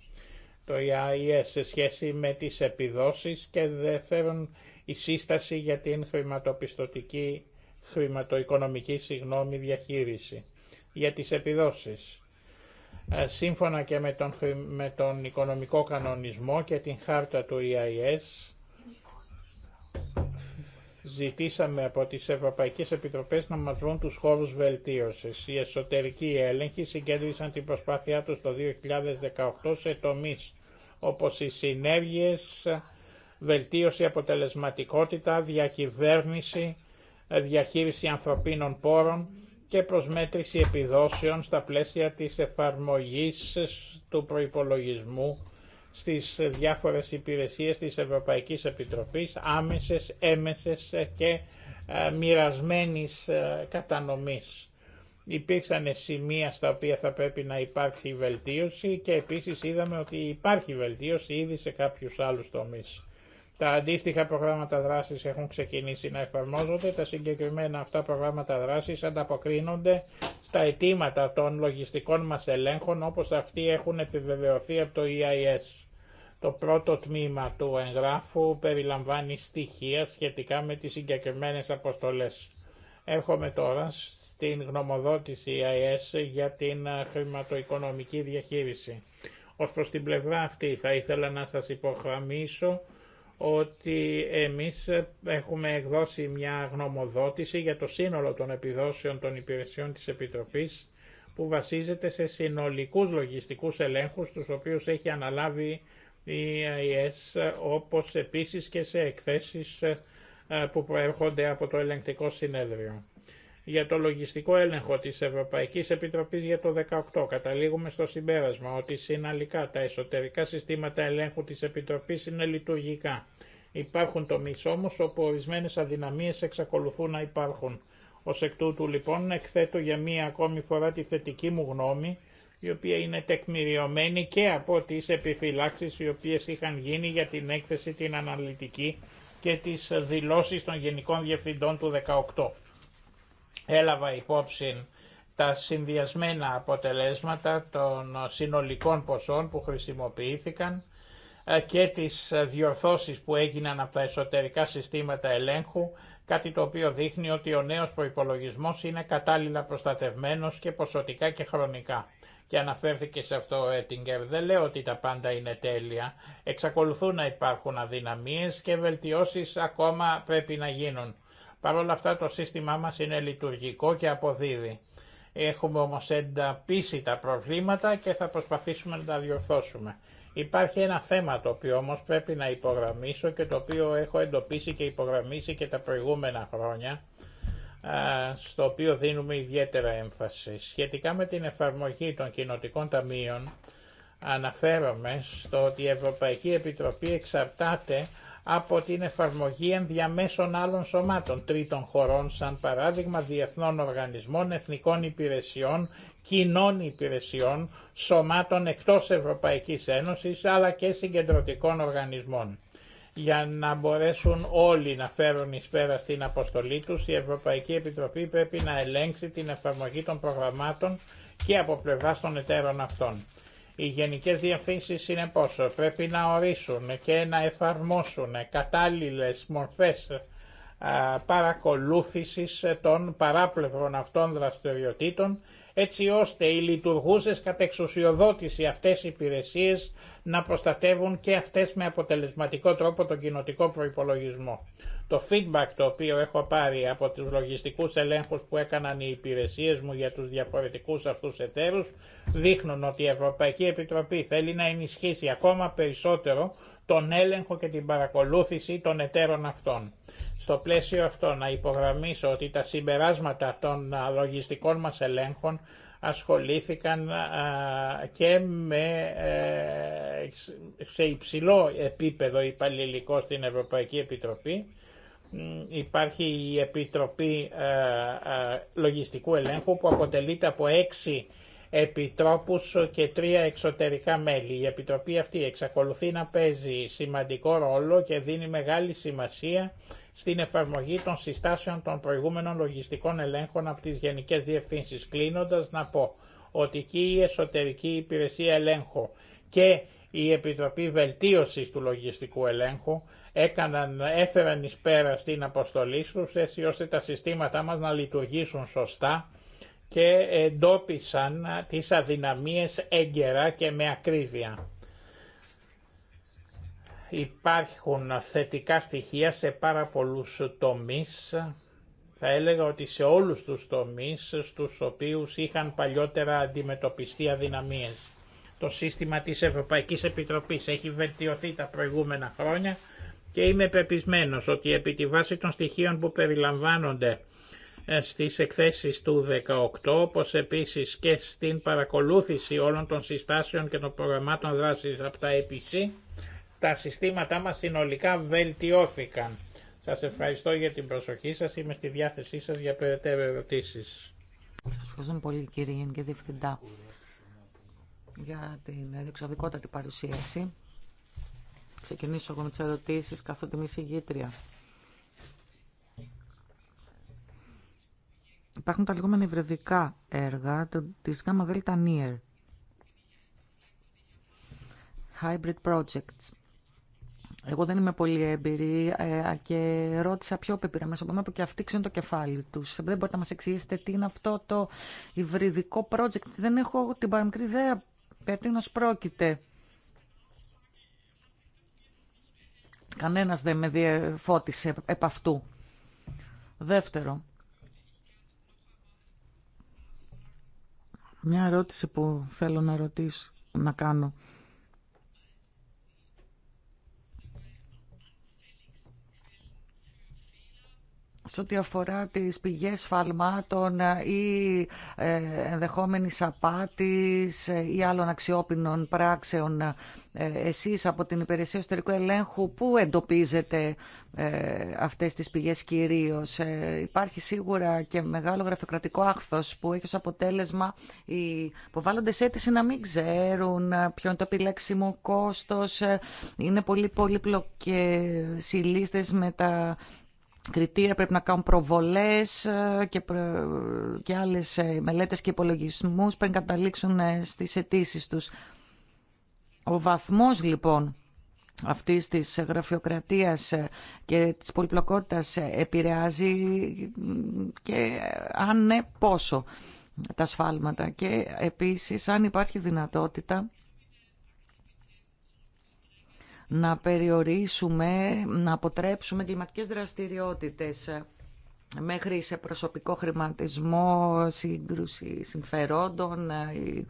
το EIS σε σχέση με τις επιδόσεις και δεύτερον η σύσταση για την χρηματοπιστωτική, χρηματοοικονομική συγγνώμη, διαχείριση για τις επιδόσεις. Ε, σύμφωνα και με τον, με τον οικονομικό κανονισμό και την χάρτα του EIS, Ζητήσαμε από τις Ευρωπαϊκές Επιτροπές να μας βρουν τους χώρους βελτίωσης. Οι εσωτερικοί έλεγχοι συγκέντρισαν την προσπάθειά τους το 2018 σε τομείς όπως οι συνέργειες, βελτίωση αποτελεσματικότητα, διακυβέρνηση, διαχείριση ανθρωπίνων πόρων και προσμέτρηση επιδόσεων στα πλαίσια της εφαρμογής του προϋπολογισμού στις διάφορες υπηρεσίες της Ευρωπαϊκής Επιτροπής άμεσες, έμεσες και ε, μοιρασμένης ε, κατανομής. Υπήρξαν σημεία στα οποία θα πρέπει να υπάρχει βελτίωση και επίσης είδαμε ότι υπάρχει βελτίωση ήδη σε κάποιους άλλους τομείς. Τα αντίστοιχα προγράμματα δράσης έχουν ξεκινήσει να εφαρμόζονται. Τα συγκεκριμένα αυτά προγράμματα δράσης ανταποκρίνονται στα αιτήματα των λογιστικών μας ελέγχων όπως αυτοί έχουν επιβεβαιωθεί από το EIS. Το πρώτο τμήμα του εγγράφου περιλαμβάνει στοιχεία σχετικά με τις συγκεκριμένες αποστολές. Έρχομαι τώρα στην γνωμοδότηση EIS για την χρηματοοικονομική διαχείριση. Ως προς την πλευρά αυτή θα ήθελα να σας υποχραμίσω ότι εμείς έχουμε εκδώσει μια γνωμοδότηση για το σύνολο των επιδόσεων των υπηρεσιών της Επιτροπής που βασίζεται σε συνολικούς λογιστικούς ελέγχους τους οποίους έχει αναλάβει η ΑΕΣ όπως επίσης και σε εκθέσεις ε, που προέρχονται από το ελεγκτικό συνέδριο για το λογιστικό έλεγχο της Ευρωπαϊκής Επιτροπής για το 2018 καταλήγουμε στο συμπέρασμα ότι συναλλικά τα εσωτερικά συστήματα ελέγχου της Επιτροπής είναι λειτουργικά. Υπάρχουν τομείς όμως όπου ορισμένες αδυναμίες εξακολουθούν να υπάρχουν. Ως εκ τούτου λοιπόν εκθέτω για μία ακόμη φορά τη θετική μου γνώμη η οποία είναι τεκμηριωμένη και από τις επιφυλάξεις οι οποίες είχαν γίνει για την έκθεση την αναλυτική και τις δηλώσεις των Γενικών Διευθυντών του 18 έλαβα υπόψη τα συνδυασμένα αποτελέσματα των συνολικών ποσών που χρησιμοποιήθηκαν ε, και τις διορθώσεις που έγιναν από τα εσωτερικά συστήματα ελέγχου, κάτι το οποίο δείχνει ότι ο νέος προϋπολογισμός είναι κατάλληλα προστατευμένος και ποσοτικά και χρονικά. Και αναφέρθηκε σε αυτό ο Έτιγκερ. Δεν λέω ότι τα πάντα είναι τέλεια. Εξακολουθούν να υπάρχουν αδυναμίες και βελτιώσεις ακόμα πρέπει να γίνουν. Παρ' όλα αυτά το σύστημά μας είναι λειτουργικό και αποδίδει. Έχουμε όμως ενταπίσει τα προβλήματα και θα προσπαθήσουμε να τα διορθώσουμε. Υπάρχει ένα θέμα το οποίο όμως πρέπει να υπογραμμίσω και το οποίο έχω εντοπίσει και υπογραμμίσει και τα προηγούμενα χρόνια, στο οποίο δίνουμε ιδιαίτερα έμφαση. Σχετικά με την εφαρμογή των κοινοτικών ταμείων, αναφέρομαι στο ότι η Ευρωπαϊκή Επιτροπή εξαρτάται από την εφαρμογή ενδιαμέσων άλλων σωμάτων τρίτων χωρών, σαν παράδειγμα διεθνών οργανισμών, εθνικών υπηρεσιών, κοινών υπηρεσιών, σωμάτων εκτός Ευρωπαϊκής Ένωσης, αλλά και συγκεντρωτικών οργανισμών. Για να μπορέσουν όλοι να φέρουν εις πέρα στην αποστολή τους, η Ευρωπαϊκή Επιτροπή πρέπει να ελέγξει την εφαρμογή των προγραμμάτων και από πλευρά των εταίρων αυτών. Οι γενικές είναι πόσο πρέπει να ορίσουν και να εφαρμόσουν κατάλληλες μορφές παρακολούθησης των παράπλευρων αυτών δραστηριοτήτων έτσι ώστε οι λειτουργούσες κατ' εξουσιοδότηση αυτές οι υπηρεσίες να προστατεύουν και αυτές με αποτελεσματικό τρόπο τον κοινοτικό προϋπολογισμό. Το feedback το οποίο έχω πάρει από τους λογιστικούς ελέγχους που έκαναν οι υπηρεσίες μου για τους διαφορετικούς αυτούς εταίρους δείχνουν ότι η Ευρωπαϊκή Επιτροπή θέλει να ενισχύσει ακόμα περισσότερο τον έλεγχο και την παρακολούθηση των εταίρων αυτών. Στο πλαίσιο αυτό να υπογραμμίσω ότι τα συμπεράσματα των λογιστικών μας ελέγχων ασχολήθηκαν και με, ε, σε υψηλό επίπεδο υπαλληλικό στην Ευρωπαϊκή Επιτροπή. Υπάρχει η Επιτροπή ε, ε, Λογιστικού Ελέγχου που αποτελείται από έξι επιτρόπους και τρία εξωτερικά μέλη. Η Επιτροπή αυτή εξακολουθεί να παίζει σημαντικό ρόλο και δίνει μεγάλη σημασία στην εφαρμογή των συστάσεων των προηγούμενων λογιστικών ελέγχων από τις Γενικές Διευθύνσεις. Κλείνοντας να πω ότι και η Εσωτερική Υπηρεσία Ελέγχου και η Επιτροπή Βελτίωσης του Λογιστικού Ελέγχου έφεραν εις πέρα στην αποστολή τους έτσι ώστε τα συστήματά μας να λειτουργήσουν σωστά και εντόπισαν τις αδυναμίες έγκαιρα και με ακρίβεια. Υπάρχουν θετικά στοιχεία σε πάρα πολλούς τομείς. Θα έλεγα ότι σε όλους τους τομείς στους οποίους είχαν παλιότερα αντιμετωπιστεί αδυναμίες. Το σύστημα της Ευρωπαϊκής Επιτροπής έχει βελτιωθεί τα προηγούμενα χρόνια και είμαι πεπισμένος ότι επί τη βάση των στοιχείων που περιλαμβάνονται στις εκθέσεις του 18, όπως επίσης και στην παρακολούθηση όλων των συστάσεων και των προγραμμάτων δράσης από τα EPC, τα συστήματά μας συνολικά βελτιώθηκαν. Σας ευχαριστώ για την προσοχή σας, είμαι στη διάθεσή σας για περαιτέρω ερωτήσεις. Σας ευχαριστώ πολύ κύριε Γενική Διευθυντά για την διεξοδικότατη παρουσίαση. Ξεκινήσω εγώ με τις ερωτήσεις καθότι είμαι συγγήτρια. Υπάρχουν τα λεγόμενα ευρεδικά έργα της ΓΑΜΑ ΔΕΛΤΑ ΝΙΕΡ. Hybrid projects. Εγώ δεν είμαι πολύ έμπειρη ε, και ρώτησα πιο μέσα από που και αυτοί ξέρουν το κεφάλι τους. Δεν μπορείτε να μα εξηγήσετε τι είναι αυτό το υβριδικό project. Δεν έχω την παραμικρή ιδέα περί τίνο πρόκειται. Κανένα δεν με διεφώτισε επ' αυτού. Δεύτερο, Μια ερώτηση που θέλω να ρωτήσω, να κάνω. σε ό,τι αφορά τις πηγές φαλμάτων ή ε, ενδεχόμενης απάτης ή άλλων αξιόπινων πράξεων ε, εσείς από την Υπηρεσία Εσωτερικού Ελέγχου πού εντοπίζετε ε, αυτές τις πηγές κυρίως. Υπάρχει σίγουρα και μεγάλο γραφειοκρατικό άχθος που έχει ως αποτέλεσμα οι υποβάλλοντες αίτηση να μην ξέρουν ποιο είναι το επιλέξιμο κόστος. Είναι πολύ πολύπλοκες οι λίστες με τα κριτήρια, πρέπει να κάνουν προβολές ε, και, και άλλες ε, μελέτες και υπολογισμούς πριν καταλήξουν ε, στις αιτήσει τους. Ο βαθμός λοιπόν αυτή τη γραφειοκρατίας και της πολυπλοκότητας επηρεάζει και αν ναι πόσο τα σφάλματα και επίσης αν υπάρχει δυνατότητα να περιορίσουμε, να αποτρέψουμε κλιματικές δραστηριότητες μέχρι σε προσωπικό χρηματισμό, σύγκρουση συμφερόντων ε, ή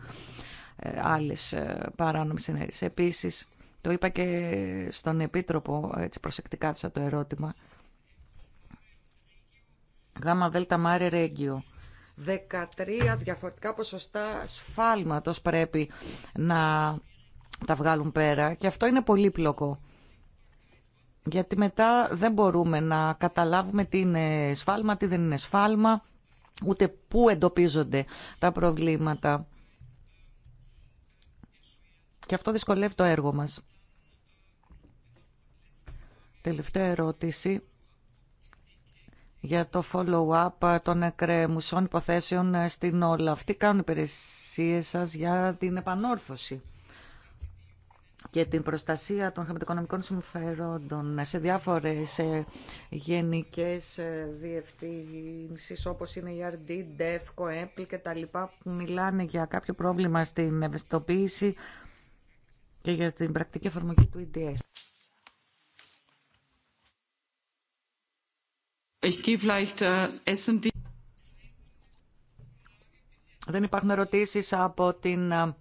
ε, άλλες ε, παράνομες ενέργειες. Επίσης, το είπα και στον Επίτροπο, έτσι προσεκτικά του το ερώτημα, γάμα δέλτα μάρε ρέγγιο. 13 διαφορετικά ποσοστά σφάλματος πρέπει να τα βγάλουν πέρα και αυτό είναι πολύ πολύπλοκο. Γιατί μετά δεν μπορούμε να καταλάβουμε τι είναι σφάλμα, τι δεν είναι σφάλμα, ούτε πού εντοπίζονται τα προβλήματα. Και αυτό δυσκολεύει το έργο μας. Τελευταία ερώτηση για το follow-up των εκκρεμουσών υποθέσεων στην όλα. Αυτή κάνουν υπηρεσίες σας για την επανόρθωση και την προστασία των χρηματοοικονομικών συμφερόντων σε διάφορες ε, γενικές ε, διευθύνσεις όπως είναι η RD, DEFCO, Apple και τα λοιπά που μιλάνε για κάποιο πρόβλημα στην ευαισθητοποίηση και για την πρακτική εφαρμογή του EDS. Ich gehe vielleicht die. Äh, Δεν υπάρχουν ερωτήσεις από την ε,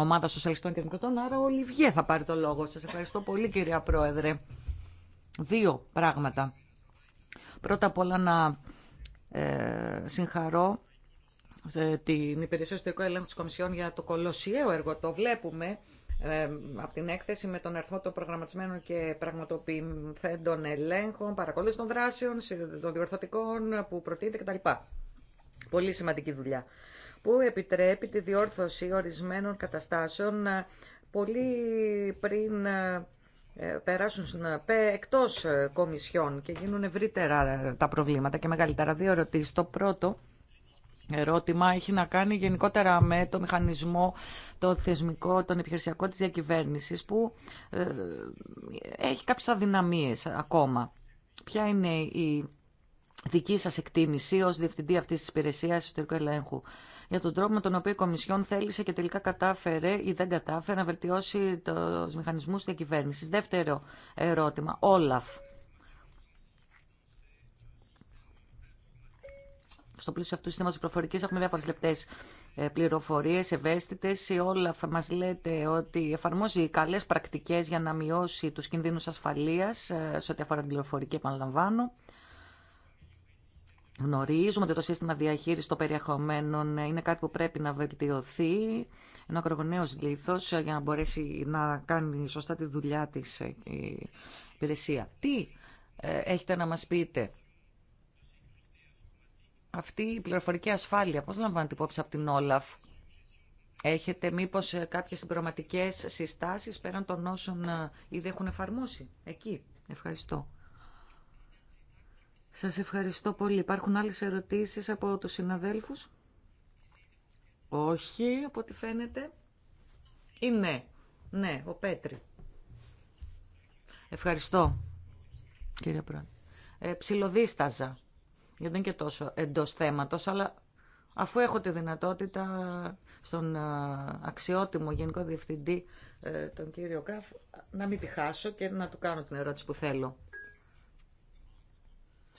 ομάδα Σοσιαλιστών και Δημοκρατών. Άρα ο Ολιβιέ θα πάρει το λόγο. Σα ευχαριστώ πολύ κυρία Πρόεδρε. Δύο πράγματα. Πρώτα απ' όλα να ε, συγχαρώ ε, την Υπηρεσία Ιστορικού Ελέγχου τη Κομισιόν για το κολοσιαίο έργο. Το βλέπουμε ε, από την έκθεση με τον αριθμό των προγραμματισμένων και πραγματοποιηθέντων ελέγχων, παρακολούθηση των δράσεων, των διορθωτικών που προτείνεται κτλ. Πολύ σημαντική δουλειά που επιτρέπει τη διόρθωση ορισμένων καταστάσεων ε, πολύ πριν ε, ε, περάσουν στην εκτός κομισιών και γίνουν ευρύτερα τα προβλήματα και μεγαλύτερα. Δύο ερωτήσεις. Το πρώτο ερώτημα έχει να κάνει γενικότερα με το μηχανισμό, το θεσμικό, τον επιχειρησιακό της διακυβέρνησης που έχει κάποιες αδυναμίες ακόμα. Ποια είναι η δική σας εκτίμηση ως διευθυντή αυτής της υπηρεσίας εσωτερικού ελέγχου για τον τρόπο με τον οποίο η Κομισιόν θέλησε και τελικά κατάφερε ή δεν κατάφερε να βελτιώσει του μηχανισμού διακυβέρνηση. Δεύτερο ερώτημα, Όλαφ. στο πλαίσιο αυτού του συστήματο προφορική έχουμε διάφορε λεπτέ ε, πληροφορίε, ευαίσθητε. Η Όλαφ μα λέτε ότι εφαρμόζει καλέ πρακτικέ για να μειώσει του κινδύνου ασφαλεία ε, σε ό,τι αφορά την πληροφορική, επαναλαμβάνω. Γνωρίζουμε ότι το σύστημα διαχείριση των περιεχομένων είναι κάτι που πρέπει να βελτιωθεί. Ένα ακρογωνιαίο λήθο για να μπορέσει να κάνει σωστά τη δουλειά τη η υπηρεσία. Τι ε, έχετε να μα πείτε. Αυτή η πληροφορική ασφάλεια, πώς λαμβάνετε υπόψη από την Όλαφ. Έχετε μήπως ε, κάποιες συμπροματικές συστάσεις πέραν των όσων ε, ήδη έχουν εφαρμόσει. Εκεί. Ευχαριστώ. Σας ευχαριστώ πολύ. Υπάρχουν άλλες ερωτήσεις από τους συναδέλφους. Όχι, από ό,τι φαίνεται. Ή ναι. Ναι, ο Πέτρη. Ευχαριστώ, κύριε Πρόεδρε. Ε, ψιλοδίσταζα, γιατί δεν και τόσο εντός θέματος, αλλά αφού έχω τη δυνατότητα στον ε, αξιότιμο Γενικό Διευθυντή, ε, τον κύριο Καφ, να μην τη χάσω και να του κάνω την ερώτηση που θέλω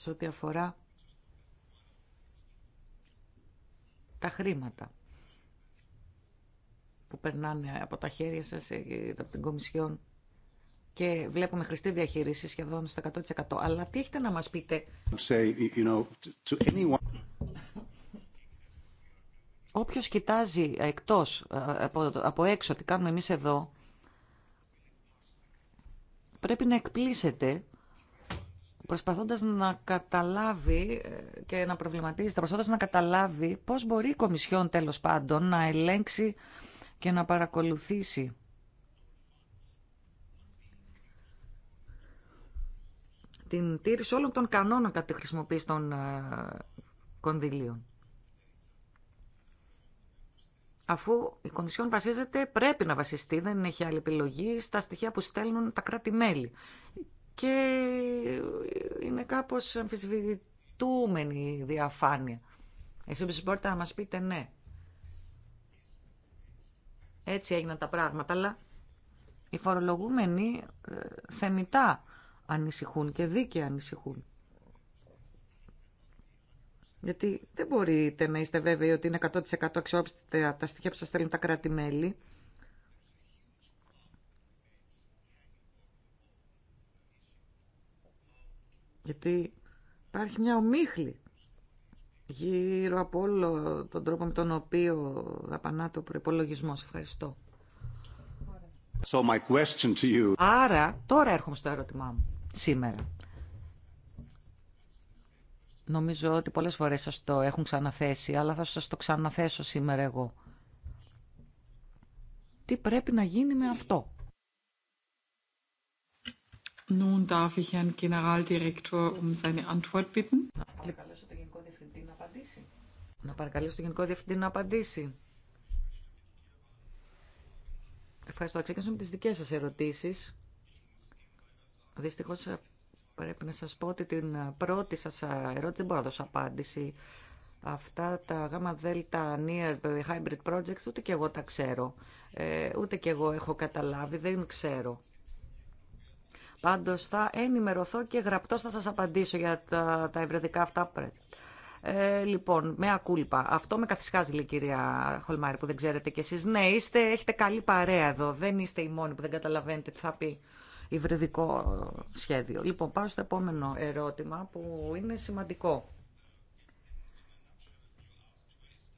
σε ό,τι αφορά τα χρήματα που περνάνε από τα χέρια σας, ε, από την Κομισιόν και βλέπουμε χρηστή διαχείριση σχεδόν στο 100%. Αλλά τι έχετε να μας πείτε. Say, you know, to anyone... Όποιος κοιτάζει εκτός, ε, από, από έξω, τι κάνουμε εμείς εδώ, πρέπει να εκπλήσετε προσπαθώντας να καταλάβει ε, και να προβληματίζεται, προσπαθώντας να καταλάβει πώς μπορεί η Κομισιόν τέλος πάντων να ελέγξει και να παρακολουθήσει την τήρηση όλων των κανόνων κατά τη χρησιμοποίηση των ε, κονδυλίων. Αφού η Κομισιόν βασίζεται, πρέπει να βασιστεί, δεν έχει άλλη επιλογή, στα στοιχεία που στέλνουν τα κράτη-μέλη και είναι κάπως αμφισβητούμενη η διαφάνεια. Εσείς μπορείτε να μας πείτε ναι. Έτσι έγιναν τα πράγματα, αλλά οι φορολογούμενοι ε, θεμητά ανησυχούν και δίκαια ανησυχούν. Γιατί δεν μπορείτε να είστε βέβαιοι ότι είναι 100% αξιόπιστα τα στοιχεία που σας στέλνουν τα κράτη-μέλη. Γιατί υπάρχει μια ομίχλη γύρω από όλο τον τρόπο με τον οποίο δαπανά το προπολογισμό. Ευχαριστώ. So my to you... Άρα, τώρα έρχομαι στο ερώτημά μου σήμερα. Νομίζω ότι πολλές φορές σας το έχουν ξαναθέσει, αλλά θα σας το ξαναθέσω σήμερα εγώ. Τι πρέπει να γίνει με αυτό. Nun darf ich Herrn Generaldirektor um seine Antwort bitten. Να παρακαλέσω τον Γενικό Διευθυντή να απαντήσει. Ευχαριστώ. Ξεκινήσουμε με τις δικές σας ερωτήσεις. Δυστυχώς ε, πρέπει να σας πω ότι την ε, πρώτη σας ε, ερώτηση δεν μπορώ να δώσω απάντηση. Αυτά τα γάμα δέλτα near hybrid projects ούτε και εγώ τα ξέρω. Ε, ούτε και εγώ έχω καταλάβει, δεν ξέρω. Πάντω θα ενημερωθώ και γραπτό θα σα απαντήσω για τα, τα αυτά που πρέπει. Ε, λοιπόν, με ακούλπα. Αυτό με καθισκάζει λέει η κυρία Χολμάρη, που δεν ξέρετε κι εσεί. Ναι, είστε, έχετε καλή παρέα εδώ. Δεν είστε οι μόνοι που δεν καταλαβαίνετε τι θα πει υβριδικό σχέδιο. Λοιπόν, πάω στο επόμενο ερώτημα που είναι σημαντικό.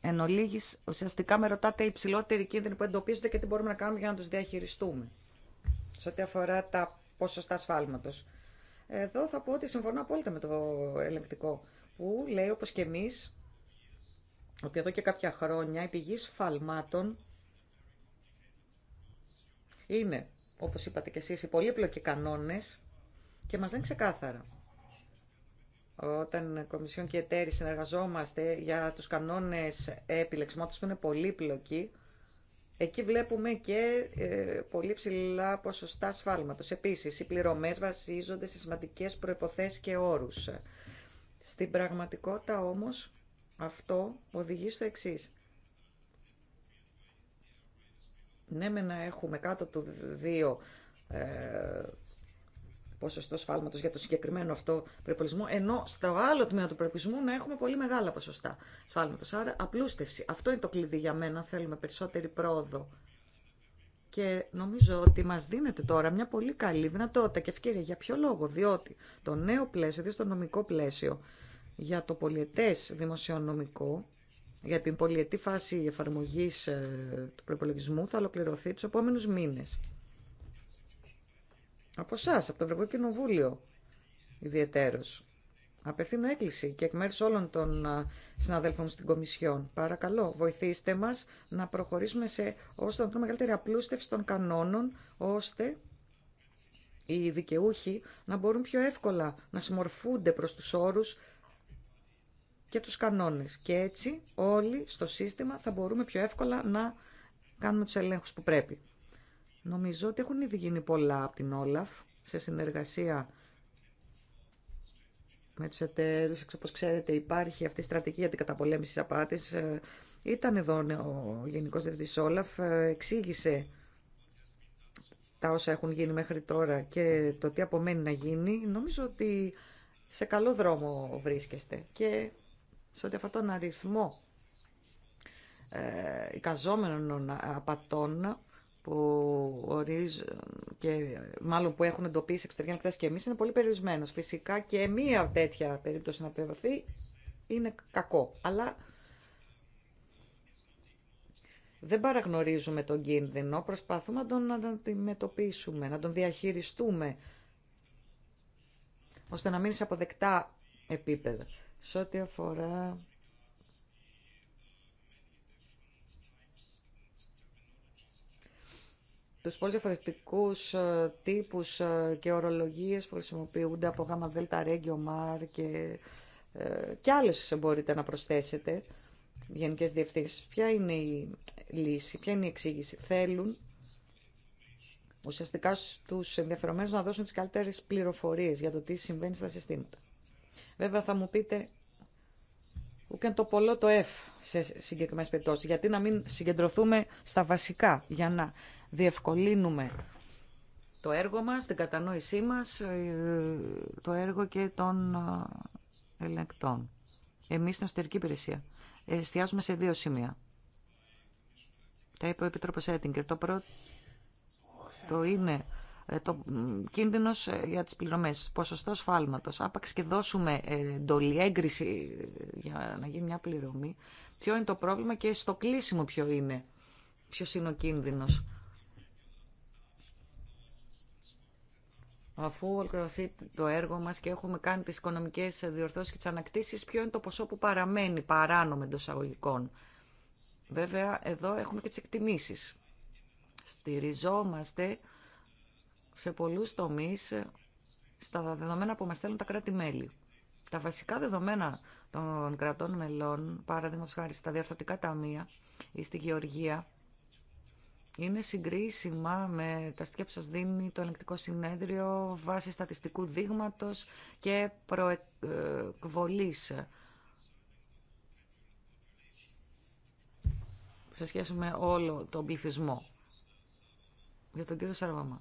Εν ολίγης, ουσιαστικά με ρωτάτε οι υψηλότεροι κίνδυνοι που εντοπίζονται και τι μπορούμε να κάνουμε για να τους διαχειριστούμε. Σε ό,τι αφορά τα ποσοστά σφάλματο. Εδώ θα πω ότι συμφωνώ απόλυτα με το ελεγκτικό που λέει όπως και εμείς ότι εδώ και κάποια χρόνια η πηγή σφαλμάτων είναι, όπως είπατε και εσείς, οι πολύπλοκοι κανόνες και μας δεν ξεκάθαρα. Όταν Κομισιόν και εταίροι συνεργαζόμαστε για τους κανόνες επιλεξμάτων που είναι πολύπλοκοι, Εκεί βλέπουμε και ε, πολύ ψηλά ποσοστά σφάλματος. Επίσης, οι πληρωμές βασίζονται σε σημαντικές προϋποθέσεις και όρους. Στην πραγματικότητα όμως αυτό οδηγεί στο εξής. Ναι, με να έχουμε κάτω του δύο... Ε, ποσοστό σφάλματος για το συγκεκριμένο αυτό προπολογισμό, ενώ στο άλλο τμήμα του προπολογισμού να έχουμε πολύ μεγάλα ποσοστά σφάλματο. Άρα απλούστευση. Αυτό είναι το κλειδί για μένα. Θέλουμε περισσότερη πρόοδο. Και νομίζω ότι μα δίνεται τώρα μια πολύ καλή δυνατότητα και ευκαιρία. Για ποιο λόγο, διότι το νέο πλαίσιο, διότι το νομικό πλαίσιο για το πολιετέ δημοσιονομικό, για την πολιετή φάση εφαρμογής ε, του προπολογισμού θα ολοκληρωθεί του επόμενου μήνες από εσά, από το Ευρωπαϊκό Κοινοβούλιο ιδιαιτέρως. Απευθύνω έκκληση και εκ μέρου όλων των συναδέλφων στην Κομισιόν. Παρακαλώ, βοηθήστε μας να προχωρήσουμε σε όσο το μεγαλύτερη απλούστευση των κανόνων, ώστε οι δικαιούχοι να μπορούν πιο εύκολα να συμμορφούνται προς τους όρους και τους κανόνες. Και έτσι όλοι στο σύστημα θα μπορούμε πιο εύκολα να κάνουμε τους ελέγχους που πρέπει. Νομίζω ότι έχουν ήδη γίνει πολλά από την Όλαφ σε συνεργασία με τους εταίρους. Όπως ξέρετε υπάρχει αυτή η στρατηγική για την καταπολέμηση της απάτης. Ε, ήταν εδώ ο Γενικός Διευθυντής Όλαφ, ε, εξήγησε τα όσα έχουν γίνει μέχρι τώρα και το τι απομένει να γίνει. Νομίζω ότι σε καλό δρόμο βρίσκεστε και σε ό,τι αφορά τον αριθμό ε, εικαζόμενων απατών που και μάλλον που έχουν εντοπίσει εξωτερικά και εμείς είναι πολύ περιορισμένος. Φυσικά και μία τέτοια περίπτωση να πληρωθεί είναι κακό. Αλλά δεν παραγνωρίζουμε τον κίνδυνο, προσπαθούμε να τον αντιμετωπίσουμε, να τον διαχειριστούμε, ώστε να μείνει σε αποδεκτά επίπεδα. Σε ό,τι αφορά τους πολύ διαφορετικούς ε, τύπους ε, και ορολογίες που χρησιμοποιούνται από γάμα δέλτα ρέγγιο μάρ και, ε, και άλλες μπορείτε να προσθέσετε γενικές διευθύνσεις. Ποια είναι η λύση, ποια είναι η εξήγηση. Θέλουν ουσιαστικά στους ενδιαφερομένους να δώσουν τις καλύτερες πληροφορίες για το τι συμβαίνει στα συστήματα. Βέβαια θα μου πείτε και το πολλό το F σε συγκεκριμένες περιπτώσεις. Γιατί να μην συγκεντρωθούμε στα βασικά για να διευκολύνουμε το έργο μας, την κατανόησή μας, ε, το έργο και των ε, ελεγκτών. Εμείς στην εσωτερική υπηρεσία εστιάζουμε σε δύο σημεία. Τα είπε ο Επίτροπος Έτιγκερ. Το πρώτο είναι ε, το κίνδυνος για τις πληρωμές, ποσοστό φάλματος, Άπαξ και δώσουμε εντολή, έγκριση για να γίνει μια πληρωμή. Ποιο είναι το πρόβλημα και στο κλείσιμο ποιο είναι, ποιος είναι ο κίνδυνος. αφού ολοκληρωθεί το έργο μας και έχουμε κάνει τις οικονομικές διορθώσεις και τις ανακτήσεις, ποιο είναι το ποσό που παραμένει παράνομο εντό αγωγικών. Βέβαια, εδώ έχουμε και τις εκτιμήσεις. Στηριζόμαστε σε πολλούς τομείς στα δεδομένα που μας στέλνουν τα κράτη-μέλη. Τα βασικά δεδομένα των κρατών μελών, παραδείγματος χάρη στα διαφθορτικά ταμεία ή στη γεωργία, είναι συγκρίσιμα με τα στοιχεία που σας δίνει το ελεγκτικό συνέδριο βάσει στατιστικού δείγματος και προεκβολής. σε σχέση με όλο τον πληθυσμό. Για τον κύριο Σαρβαμά.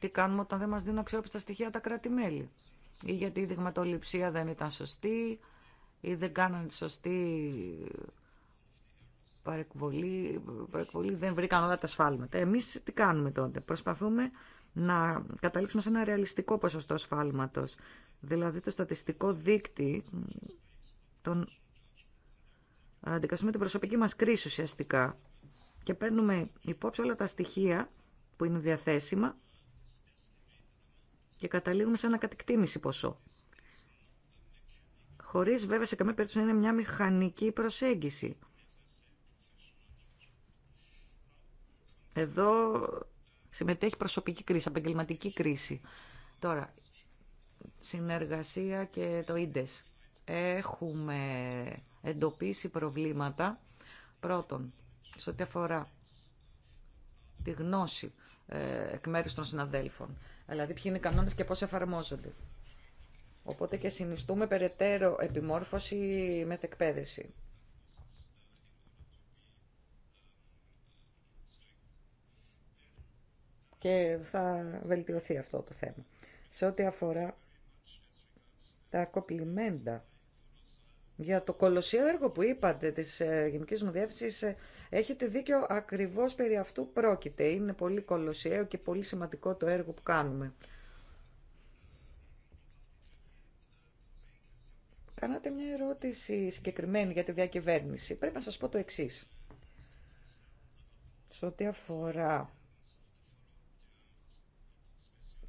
Τι κάνουμε όταν δεν μας δίνουν αξιόπιστα στοιχεία τα κράτη-μέλη. Ή γιατί η δειγματοληψία δεν ήταν σωστή, ή δεν κάνανε σωστή παρεκβολή, παρεκβολή δεν βρήκαν όλα τα σφάλματα. Εμείς τι κάνουμε τότε. Προσπαθούμε να καταλήξουμε σε ένα ρεαλιστικό ποσοστό σφάλματος. Δηλαδή το στατιστικό δίκτυ τον αντικαστούμε την προσωπική μας κρίση ουσιαστικά και παίρνουμε υπόψη όλα τα στοιχεία που είναι διαθέσιμα και καταλήγουμε σε ένα κατεκτήμηση ποσό. Χωρίς βέβαια σε καμία περίπτωση να είναι μια μηχανική προσέγγιση. Εδώ συμμετέχει προσωπική κρίση, επαγγελματική κρίση. Τώρα, συνεργασία και το ίντες. Έχουμε εντοπίσει προβλήματα. Πρώτον, σε ό,τι αφορά τη γνώση ε, εκ μέρους των συναδέλφων. Δηλαδή, ποιοι είναι οι κανόνες και πώς εφαρμόζονται. Οπότε και συνιστούμε περαιτέρω επιμόρφωση με εκπαίδευση. και θα βελτιωθεί αυτό το θέμα. Σε ό,τι αφορά τα κοπλιμέντα για το κολοσσίο έργο που είπατε της ε, Γενικής μου ε, έχετε δίκιο ακριβώς περί αυτού πρόκειται. Είναι πολύ κολοσιαίο και πολύ σημαντικό το έργο που κάνουμε. Κάνατε μια ερώτηση συγκεκριμένη για τη διακυβέρνηση. Πρέπει να σας πω το εξής. Σε ό,τι αφορά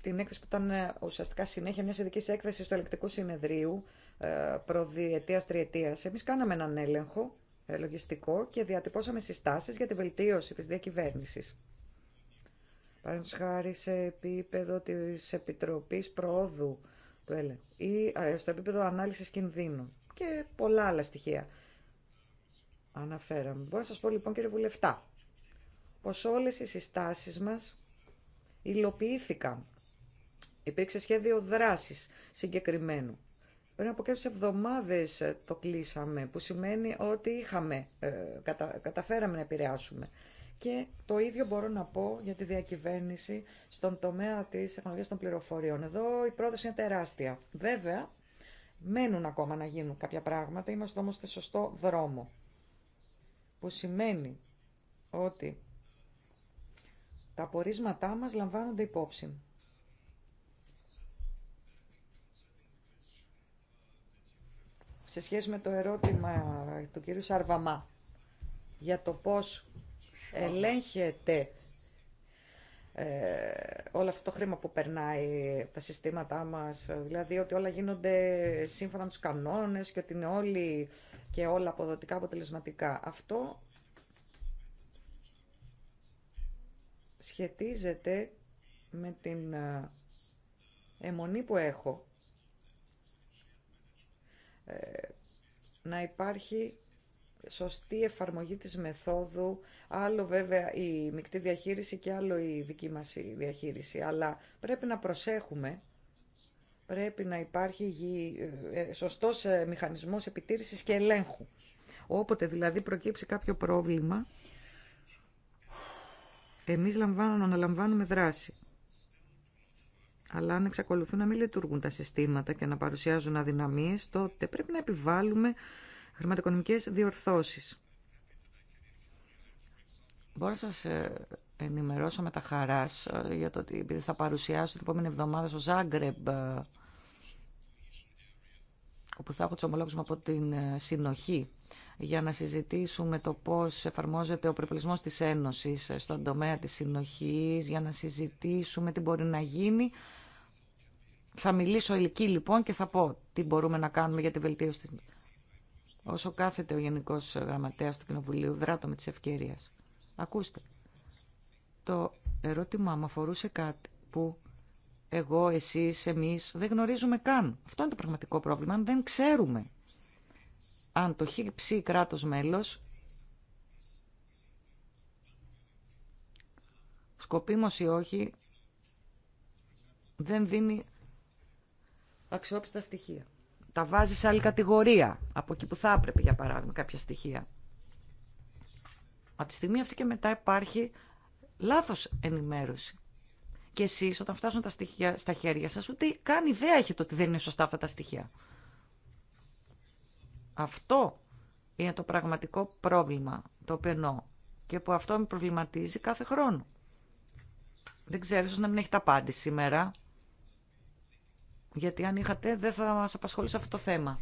την έκθεση που ήταν ε, ουσιαστικά συνέχεια μια ειδική έκθεση του ελεκτικού συνεδρίου ε, προδιετία τριετία. Εμεί κάναμε έναν έλεγχο ε, λογιστικό και διατυπώσαμε συστάσεις για τη βελτίωση τη διακυβέρνηση. Παραδείγματο χάρη σε επίπεδο τη επιτροπή Προόδου του ΕΛΕ ή στο επίπεδο ανάλυση κινδύνου και πολλά άλλα στοιχεία αναφέραμε. Μπορώ να σα πω λοιπόν κύριε Βουλευτά Πώ όλε οι συστάσει μα υλοποιήθηκαν Υπήρξε σχέδιο δράσης συγκεκριμένου. Πριν από κάποιες εβδομάδες ε, το κλείσαμε, που σημαίνει ότι είχαμε, ε, καταφέραμε να επηρεάσουμε. Και το ίδιο μπορώ να πω για τη διακυβέρνηση στον τομέα της τεχνολογίας των πληροφοριών. Εδώ η πρόταση είναι τεράστια. Βέβαια, μένουν ακόμα να γίνουν κάποια πράγματα, είμαστε όμως στο σωστό δρόμο. Που σημαίνει ότι τα πορίσματά μας λαμβάνονται υπόψη. σε σχέση με το ερώτημα του κυρίου Σαρβαμά για το πώς ελέγχεται ε, όλο αυτό το χρήμα που περνάει τα συστήματά μας, δηλαδή ότι όλα γίνονται σύμφωνα με τους κανόνες και ότι είναι όλοι και όλα αποδοτικά αποτελεσματικά. Αυτό σχετίζεται με την ε, αιμονή που έχω ε, να υπάρχει σωστή εφαρμογή της μεθόδου, άλλο βέβαια η μεικτή διαχείριση και άλλο η δική μας διαχείριση. Αλλά πρέπει να προσέχουμε, πρέπει να υπάρχει ε, ε, σωστός μηχανισμός επιτήρησης και ελέγχου. Όποτε δηλαδή προκύψει κάποιο πρόβλημα, εμείς λαμβάνουμε, αναλαμβάνουμε δράση αλλά αν εξακολουθούν να μην λειτουργούν τα συστήματα και να παρουσιάζουν αδυναμίες, τότε πρέπει να επιβάλλουμε χρηματοοικονομικές διορθώσεις. Μπορώ να σας ε, ενημερώσω με τα χαράς ε, για το ότι επειδή θα παρουσιάσω την επόμενη εβδομάδα στο Ζάγκρεμπ ε, όπου θα έχω του ομολόγους από την συνοχή για να συζητήσουμε το πώς εφαρμόζεται ο προπολισμός της Ένωσης στον τομέα της συνοχής, για να συζητήσουμε τι μπορεί να γίνει θα μιλήσω ηλική λοιπόν και θα πω τι μπορούμε να κάνουμε για τη βελτίωση. Όσο κάθεται ο Γενικό Γραμματέα του Κοινοβουλίου, δράτω με τη ευκαιρία. Ακούστε. Το ερώτημά μου αφορούσε κάτι που εγώ, εσεί, εμεί δεν γνωρίζουμε καν. Αυτό είναι το πραγματικό πρόβλημα. Αν δεν ξέρουμε αν το χύψη κράτο μέλο. σκοπίμως ή όχι δεν δίνει αξιόπιστα στοιχεία. Τα βάζει σε άλλη κατηγορία, από εκεί που θα έπρεπε, για παράδειγμα, κάποια στοιχεία. Από τη στιγμή αυτή και μετά υπάρχει λάθος ενημέρωση. Και εσεί όταν φτάσουν τα στοιχεία στα χέρια σας, ούτε καν ιδέα έχετε ότι δεν είναι σωστά αυτά τα στοιχεία. Αυτό είναι το πραγματικό πρόβλημα το οποίο εννοώ και που αυτό με προβληματίζει κάθε χρόνο. Δεν ξέρω, ίσως να μην τα απάντηση σήμερα γιατί αν είχατε δεν θα μας απασχολήσει αυτό το θέμα.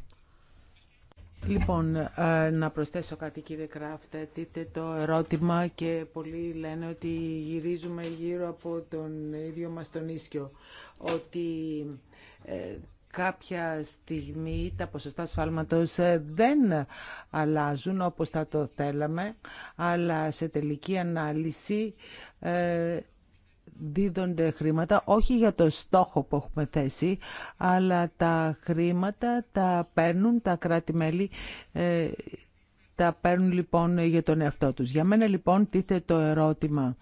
Λοιπόν, ε, να προσθέσω κάτι κύριε Κράφτε. τίτε το ερώτημα και πολλοί λένε ότι γυρίζουμε γύρω από τον ίδιο μας τον ίσκιο, ότι ε, κάποια στιγμή τα ποσοστά σφάλματος ε, δεν αλλάζουν όπως θα το θέλαμε, αλλά σε τελική ανάλυση ε, δίδονται χρήματα όχι για το στόχο που έχουμε θέσει, αλλά τα χρήματα τα παίρνουν τα κράτη-μέλη ε, τα παίρνουν λοιπόν για τον εαυτό τους. Για μένα λοιπόν τίθε το ερώτημα.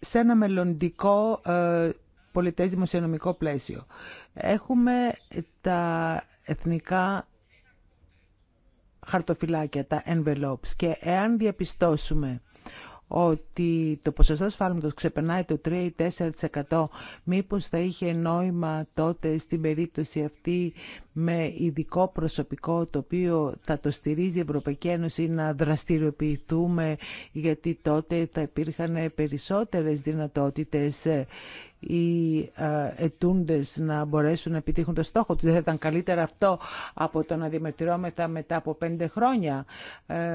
Σε ένα μελλοντικό ε, πολιτές δημοσιονομικό πλαίσιο έχουμε τα εθνικά χαρτοφυλάκια, τα envelopes και εάν διαπιστώσουμε ότι το ποσοστό ασφάλματος ξεπερνάει το 3 ή 4%. Μήπως θα είχε νόημα τότε στην περίπτωση αυτή με ειδικό προσωπικό το οποίο θα το στηρίζει η Ευρωπαϊκή Ένωση να δραστηριοποιηθούμε γιατί τότε θα υπήρχαν περισσότερες δυνατότητες ε, οι ε, ετούντες να μπορέσουν να επιτύχουν το στόχο τους. Δεν θα ήταν καλύτερα αυτό από το να διαμετρώμεθα μετά από πέντε χρόνια. Ε,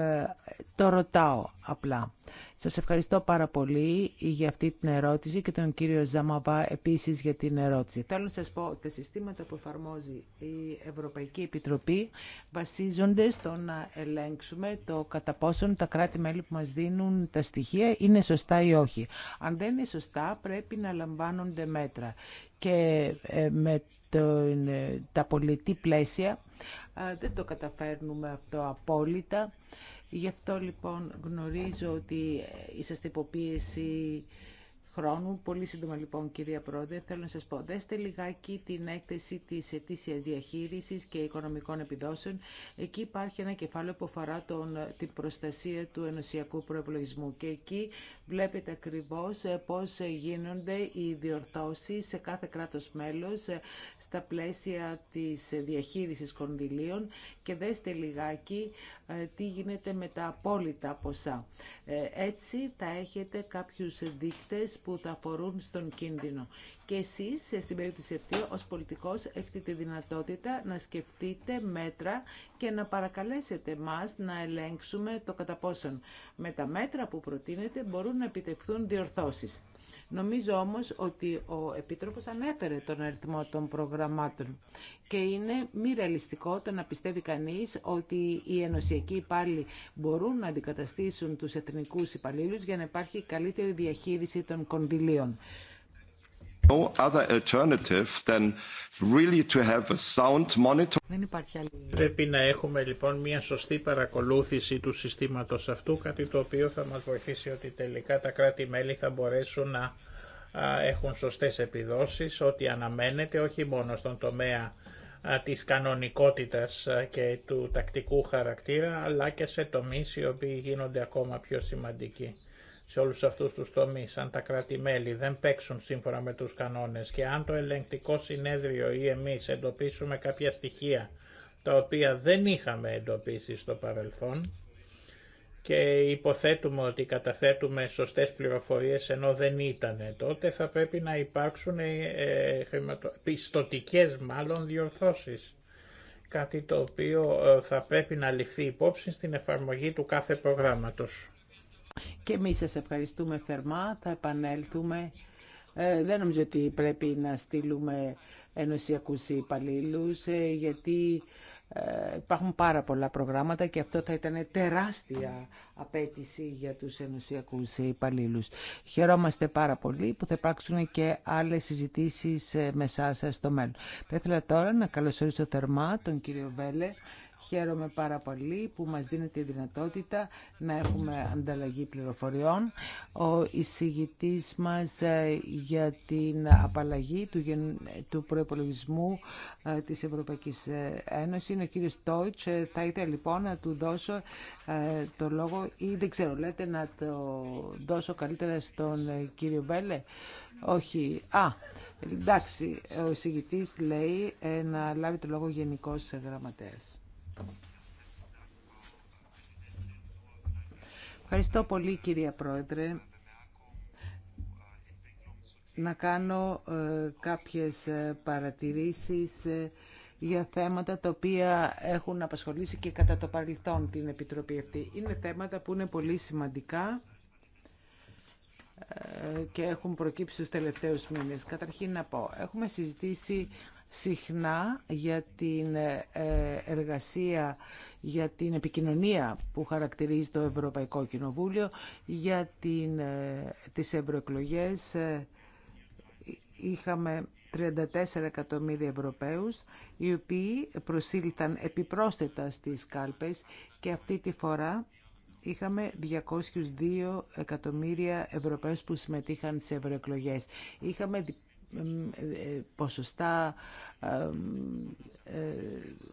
το ρωτάω απλά. Σας ευχαριστώ πάρα πολύ για αυτή την ερώτηση και τον κύριο Ζαμαβά επίσης για την ερώτηση. Θέλω να σας πω ότι τα συστήματα που εφαρμόζει η Ευρωπαϊκή Επιτροπή βασίζονται στο να ελέγξουμε το κατά πόσον τα κράτη-μέλη που μας δίνουν τα στοιχεία είναι σωστά ή όχι. Αν δεν είναι σωστά πρέπει να λαμβάνονται μέτρα και ε, με ε, τα πολιτή πλαίσια ε, δεν το καταφέρνουμε αυτό απόλυτα. Γι' αυτό λοιπόν γνωρίζω ότι είσαστε υποπίεση χρόνου. Πολύ σύντομα λοιπόν κυρία Πρόεδρε, θέλω να σας πω, δέστε λιγάκι την έκθεση της ετήσια διαχείρισης και οικονομικών επιδόσεων. Εκεί υπάρχει ένα κεφάλαιο που αφορά τον, την προστασία του ενωσιακού προεπλογισμού και εκεί βλέπετε ακριβώς ε, πώς γίνονται οι διορθώσεις σε κάθε κράτος μέλος ε, στα πλαίσια της διαχείρισης κονδυλίων και δέστε λιγάκι ε, τι γίνεται με τα απόλυτα ποσά. Ε, έτσι θα έχετε κάποιους δείκτες που τα αφορούν στον κίνδυνο. Και εσείς ε, στην περίπτωση αυτή ως πολιτικός έχετε τη δυνατότητα να σκεφτείτε μέτρα και να παρακαλέσετε μας να ελέγξουμε το κατά πόσον με τα μέτρα που προτείνετε μπορούν να επιτευχθούν διορθώσεις. Νομίζω όμως ότι ο Επίτροπος ανέφερε τον αριθμό των προγραμμάτων και είναι μη ρεαλιστικό το να πιστεύει κανείς ότι οι ενωσιακοί υπάλληλοι μπορούν να αντικαταστήσουν τους εθνικούς υπαλλήλους για να υπάρχει καλύτερη διαχείριση των κονδυλίων. No other alternative than really to have a sound monitor. Δεν υπάρχει άλλη. Πρέπει να έχουμε λοιπόν μια σωστή παρακολούθηση του συστήματος αυτού, κάτι το οποίο θα μας βοηθήσει ότι τελικά τα κράτη-μέλη θα μπορέσουν να έχουν σωστές επιδόσεις, ότι αναμένεται όχι μόνο στον τομέα της κανονικότητας και του τακτικού χαρακτήρα, αλλά και σε τομείς οι οποίοι γίνονται ακόμα πιο σημαντικοί σε όλους αυτούς τους τομείς. Αν τα κράτη-μέλη δεν παίξουν σύμφωνα με τους κανόνες και αν το ελεγκτικό συνέδριο ή εμείς εντοπίσουμε κάποια στοιχεία τα οποία δεν είχαμε εντοπίσει στο παρελθόν και υποθέτουμε ότι καταθέτουμε σωστές πληροφορίες ενώ δεν ήταν τότε θα πρέπει να υπάρξουν ε, ε, πιστοτικές μάλλον διορθώσεις κάτι το οποίο ε, θα πρέπει να ληφθεί υπόψη στην εφαρμογή του κάθε προγράμματος. Και εμείς σας ευχαριστούμε θερμά, θα επανέλθουμε. Ε, δεν νομίζω ότι πρέπει να στείλουμε ενωσιακούς υπαλλήλου, ε, γιατί ε, υπάρχουν πάρα πολλά προγράμματα και αυτό θα ήταν τεράστια απέτηση για τους ενωσιακούς υπαλλήλου. Χαιρόμαστε πάρα πολύ που θα υπάρξουν και άλλες συζητήσεις ε, με εσάς στο μέλλον. Θα ήθελα τώρα να καλωσορίσω θερμά τον κύριο Βέλε, Χαίρομαι πάρα πολύ που μας δίνεται η δυνατότητα να έχουμε ανταλλαγή πληροφοριών. Ο εισηγητής μας ε, για την απαλλαγή του, του προϋπολογισμού ε, της Ευρωπαϊκής ε, Ένωσης είναι ο κύριος Τόιτς. Θα ήθελα λοιπόν να του δώσω το λόγο ή δεν ξέρω λέτε να το δώσω καλύτερα στον κύριο Μπέλε. Όχι. Α, εντάξει. Ο εισηγητής λέει να λάβει το λόγο γενικός γραμματέας. Ευχαριστώ πολύ κυρία Πρόεδρε. Να κάνω ε, κάποιες ε, παρατηρήσεις ε, για θέματα τα οποία έχουν απασχολήσει και κατά το παρελθόν την Επιτροπή αυτή. Είναι θέματα που είναι πολύ σημαντικά και έχουν προκύψει στους τελευταίους μήνες. Καταρχήν να πω, έχουμε συζητήσει συχνά για την ε, εργασία, για την επικοινωνία που χαρακτηρίζει το Ευρωπαϊκό Κοινοβούλιο, για την, ε, τις ευρωεκλογές ε, είχαμε 34 εκατομμύρια Ευρωπαίους, οι οποίοι προσήλθαν επιπρόσθετα στις κάλπες και αυτή τη φορά είχαμε 202 εκατομμύρια Ευρωπαίους που συμμετείχαν σε ευρωεκλογέ. Είχαμε ε, ποσοστά ε,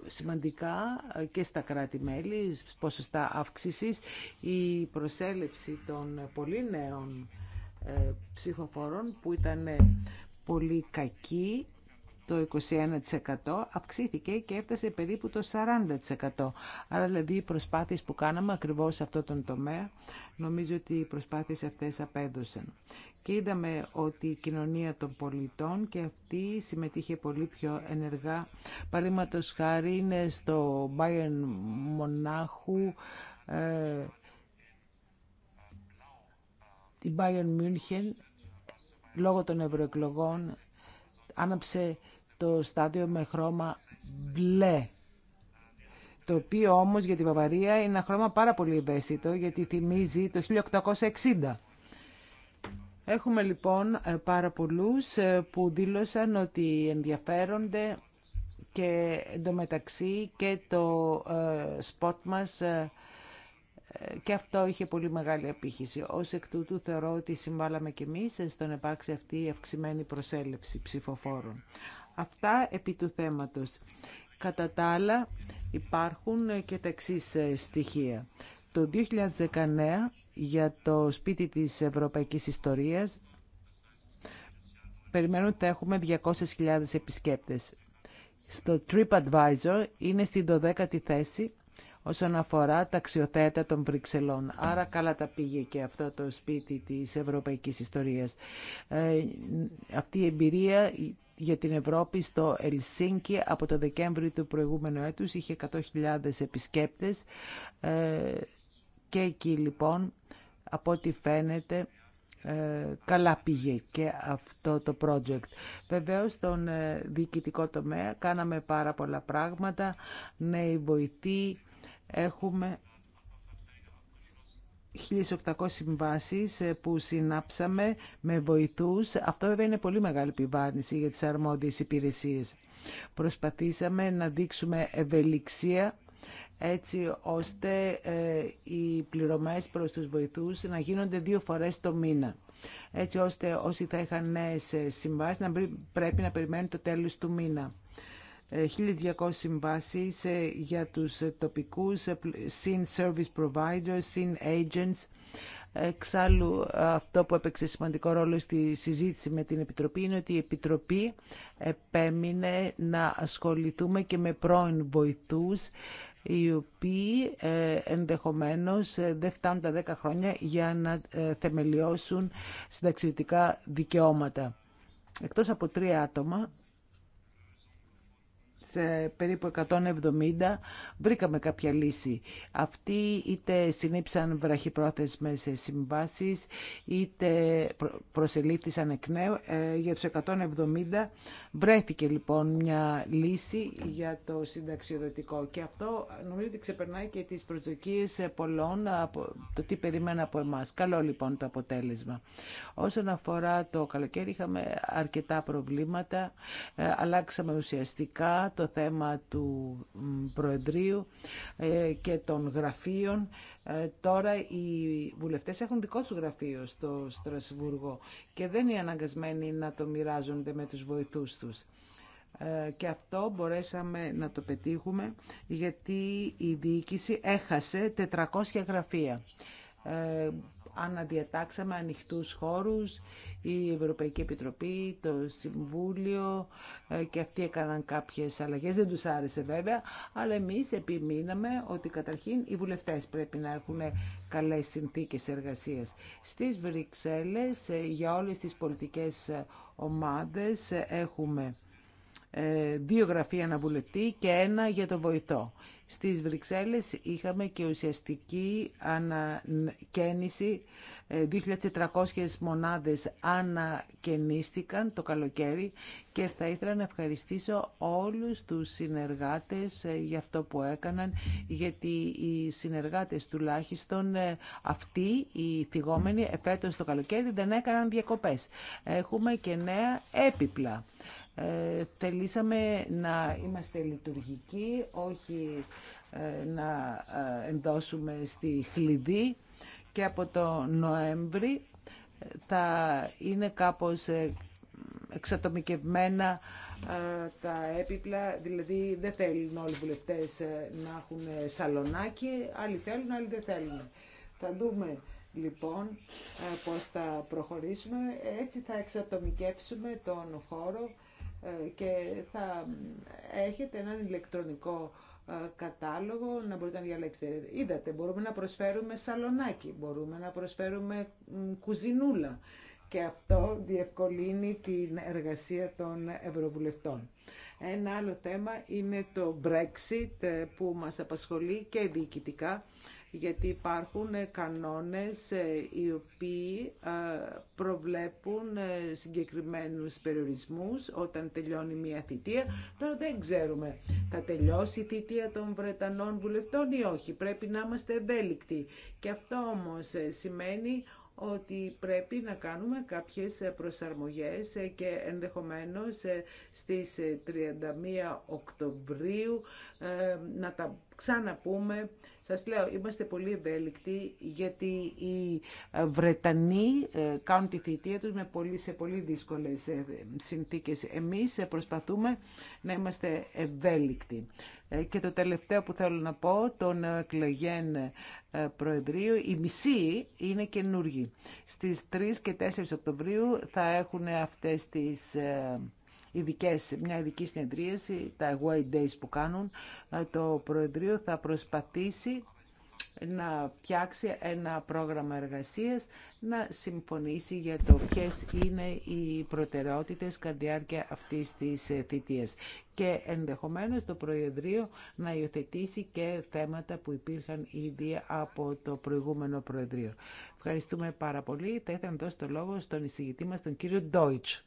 σημαντικά ε, και στα κράτη-μέλη, ποσοστά αύξησης. Η προσέλευση των πολύ νέων ψηφοφόρων που ήταν πολύ κακή το 21% αυξήθηκε και έφτασε περίπου το 40%. Άρα δηλαδή οι προσπάθειες που κάναμε ακριβώς σε αυτό τον τομέα, νομίζω ότι οι προσπάθειες αυτές απέδωσαν. Και είδαμε ότι η κοινωνία των πολιτών και αυτή συμμετείχε πολύ πιο ενεργά. Παραδείγματο χάρη είναι στο Bayern Μονάχου, ε, την Bayern München, λόγω των ευρωεκλογών, άναψε το στάδιο με χρώμα μπλε το οποίο όμως για τη Βαβαρία είναι ένα χρώμα πάρα πολύ ευαίσθητο γιατί θυμίζει το 1860. Έχουμε λοιπόν ε, πάρα πολλούς ε, που δήλωσαν ότι ενδιαφέρονται και εντωμεταξύ και το σποτ ε, μας και αυτό είχε πολύ μεγάλη απήχηση. Ως εκ τούτου θεωρώ ότι συμβάλαμε και εμείς στον να αυτή η αυξημένη προσέλευση ψηφοφόρων. Αυτά επί του θέματος. Κατά τα άλλα υπάρχουν και τα εξή ε, στοιχεία. Το 2019 για το σπίτι της Ευρωπαϊκής Ιστορίας περιμένουν ότι θα έχουμε 200.000 επισκέπτες. Στο TripAdvisor είναι στην 12η θέση όσον αφορά τα αξιοθέατα των Βρυξελών. Άρα καλά τα πήγε και αυτό το σπίτι της Ευρωπαϊκής Ιστορίας. Ε, αυτή η θεση οσον αφορα τα αξιοθεατα των βρυξελων αρα καλα τα πηγε και αυτο το σπιτι της ευρωπαικης ιστοριας αυτη η εμπειρια για την Ευρώπη στο Ελσίνκι από το Δεκέμβριο του προηγούμενου έτους. Είχε 100.000 επισκέπτες ε, και εκεί λοιπόν από ό,τι φαίνεται ε, καλά πήγε και αυτό το project. Βεβαίως στον ε, διοικητικό τομέα κάναμε πάρα πολλά πράγματα, νέοι βοηθοί, έχουμε 1.800 συμβάσεις ε, που συνάψαμε με βοηθούς. Αυτό βέβαια είναι πολύ μεγάλη επιβάρυνση για τις αρμόδιες υπηρεσίες. Προσπαθήσαμε να δείξουμε ευελιξία έτσι ώστε ε, οι πληρωμές προς τους βοηθούς να γίνονται δύο φορές το μήνα. Έτσι ώστε όσοι θα είχαν νέες ε, συμβάσεις να πρέπει να περιμένουν το τέλος του μήνα. 1.200 συμβάσεις ε, για τους ε, τοπικούς, ε, συν service providers, συν agents. Εξάλλου αυτό που έπαιξε σημαντικό ρόλο στη συζήτηση με την Επιτροπή είναι ότι η Επιτροπή επέμεινε να ασχοληθούμε και με πρώην βοηθού οι οποίοι ενδεχομένως δεν φτάνουν τα 10 χρόνια για να θεμελιώσουν συνταξιωτικά δικαιώματα. Εκτός από τρία άτομα ε, περίπου 170 βρήκαμε κάποια λύση. Αυτοί είτε συνήψαν βραχυπρόθεσμες συμβάσεις είτε προσελήφθησαν εκ νέου. Ε, για τους 170 βρέθηκε λοιπόν μια λύση για το συνταξιοδοτικό και αυτό νομίζω ότι ξεπερνάει και τις προσδοκίες πολλών από το τι περιμένουν από εμάς. Καλό λοιπόν το αποτέλεσμα. Όσον αφορά το καλοκαίρι είχαμε αρκετά προβλήματα, ε, αλλάξαμε ουσιαστικά το το θέμα του Προεδρείου ε, και των γραφείων. Ε, τώρα οι βουλευτές έχουν δικό τους γραφείο στο Στρασβούργο και δεν είναι αναγκασμένοι να το μοιράζονται με τους βοηθούς τους ε, και αυτό μπορέσαμε να το πετύχουμε γιατί η διοίκηση έχασε 400 γραφεία αναδιατάξαμε ανοιχτούς χώρους, η Ευρωπαϊκή Επιτροπή, το Συμβούλιο ε, και αυτοί έκαναν κάποιες αλλαγές, δεν τους άρεσε βέβαια, αλλά εμείς επιμείναμε ότι καταρχήν οι βουλευτές πρέπει να έχουν καλές συνθήκες εργασίας. Στις Βρυξέλλες ε, για όλες τις πολιτικές ομάδες ε, έχουμε δύο γραφεία αναβουλευτή και ένα για το βοηθό. Στις Βρυξέλλες είχαμε και ουσιαστική ανακαίνιση. 2.400 ε, μονάδες ανακαινίστηκαν το καλοκαίρι και θα ήθελα να ευχαριστήσω όλους τους συνεργάτες ε, για αυτό που έκαναν, γιατί οι συνεργάτες τουλάχιστον ε, αυτοί, οι θυγόμενοι, επέτος το καλοκαίρι δεν έκαναν διακοπές. Έχουμε και νέα έπιπλα ε, θελήσαμε να είμαστε λειτουργικοί, όχι ε, να ε, ενδώσουμε στη χλειδί και από το Νοέμβρη ε, θα είναι κάπως εξατομικευμένα τα έπιπλα, δηλαδή δεν θέλουν όλοι οι βουλευτές να έχουν σαλονάκι, άλλοι θέλουν, άλλοι δεν θέλουν. Θα δούμε λοιπόν πώς θα προχωρήσουμε, έτσι θα εξατομικεύσουμε τον χώρο και θα έχετε έναν ηλεκτρονικό ε, κατάλογο να μπορείτε να διαλέξετε. Είδατε, μπορούμε να προσφέρουμε σαλονάκι, μπορούμε να προσφέρουμε κουζινούλα και αυτό διευκολύνει την εργασία των Ευρωβουλευτών. Ένα άλλο θέμα είναι το Brexit ε, που μας απασχολεί και διοικητικά γιατί υπάρχουν ε, κανόνες ε, οι οποίοι ε, προβλέπουν συγκεκριμένους περιορισμούς όταν τελειώνει μια θητεία. Τώρα δεν ξέρουμε θα τελειώσει η θητεία των Βρετανών βουλευτών ή όχι. Πρέπει να είμαστε ευέλικτοι. Και αυτό όμως σημαίνει ότι πρέπει να κάνουμε κάποιες προσαρμογές και ενδεχομένως στις 31 Οκτωβρίου να τα ξαναπούμε, σας λέω, είμαστε πολύ ευέλικτοι γιατί οι ε, Βρετανοί ε, κάνουν τη θητεία τους με πολύ, σε πολύ δύσκολες ε, συνθήκες. Εμείς προσπαθούμε να είμαστε ευέλικτοι. Και το τελευταίο που θέλω να πω, τον εκλογέν Προεδρείο, η μισή είναι καινούργοι. Στις 3 και 4 Οκτωβρίου θα έχουν αυτές τις ειδικές, μια ειδική συνεδρίαση, τα White Days που κάνουν, ε, το Προεδρείο θα προσπαθήσει να φτιάξει ένα πρόγραμμα εργασίας, να συμφωνήσει για το ποιες είναι οι προτεραιότητες κατά τη διάρκεια αυτής της ε, θητείας. Και ενδεχομένως το Προεδρείο να υιοθετήσει και θέματα που υπήρχαν ήδη από το προηγούμενο Προεδρείο. Ευχαριστούμε πάρα πολύ. Θα ήθελα να δώσω το λόγο στον εισηγητή μας, τον κύριο Ντόιτς.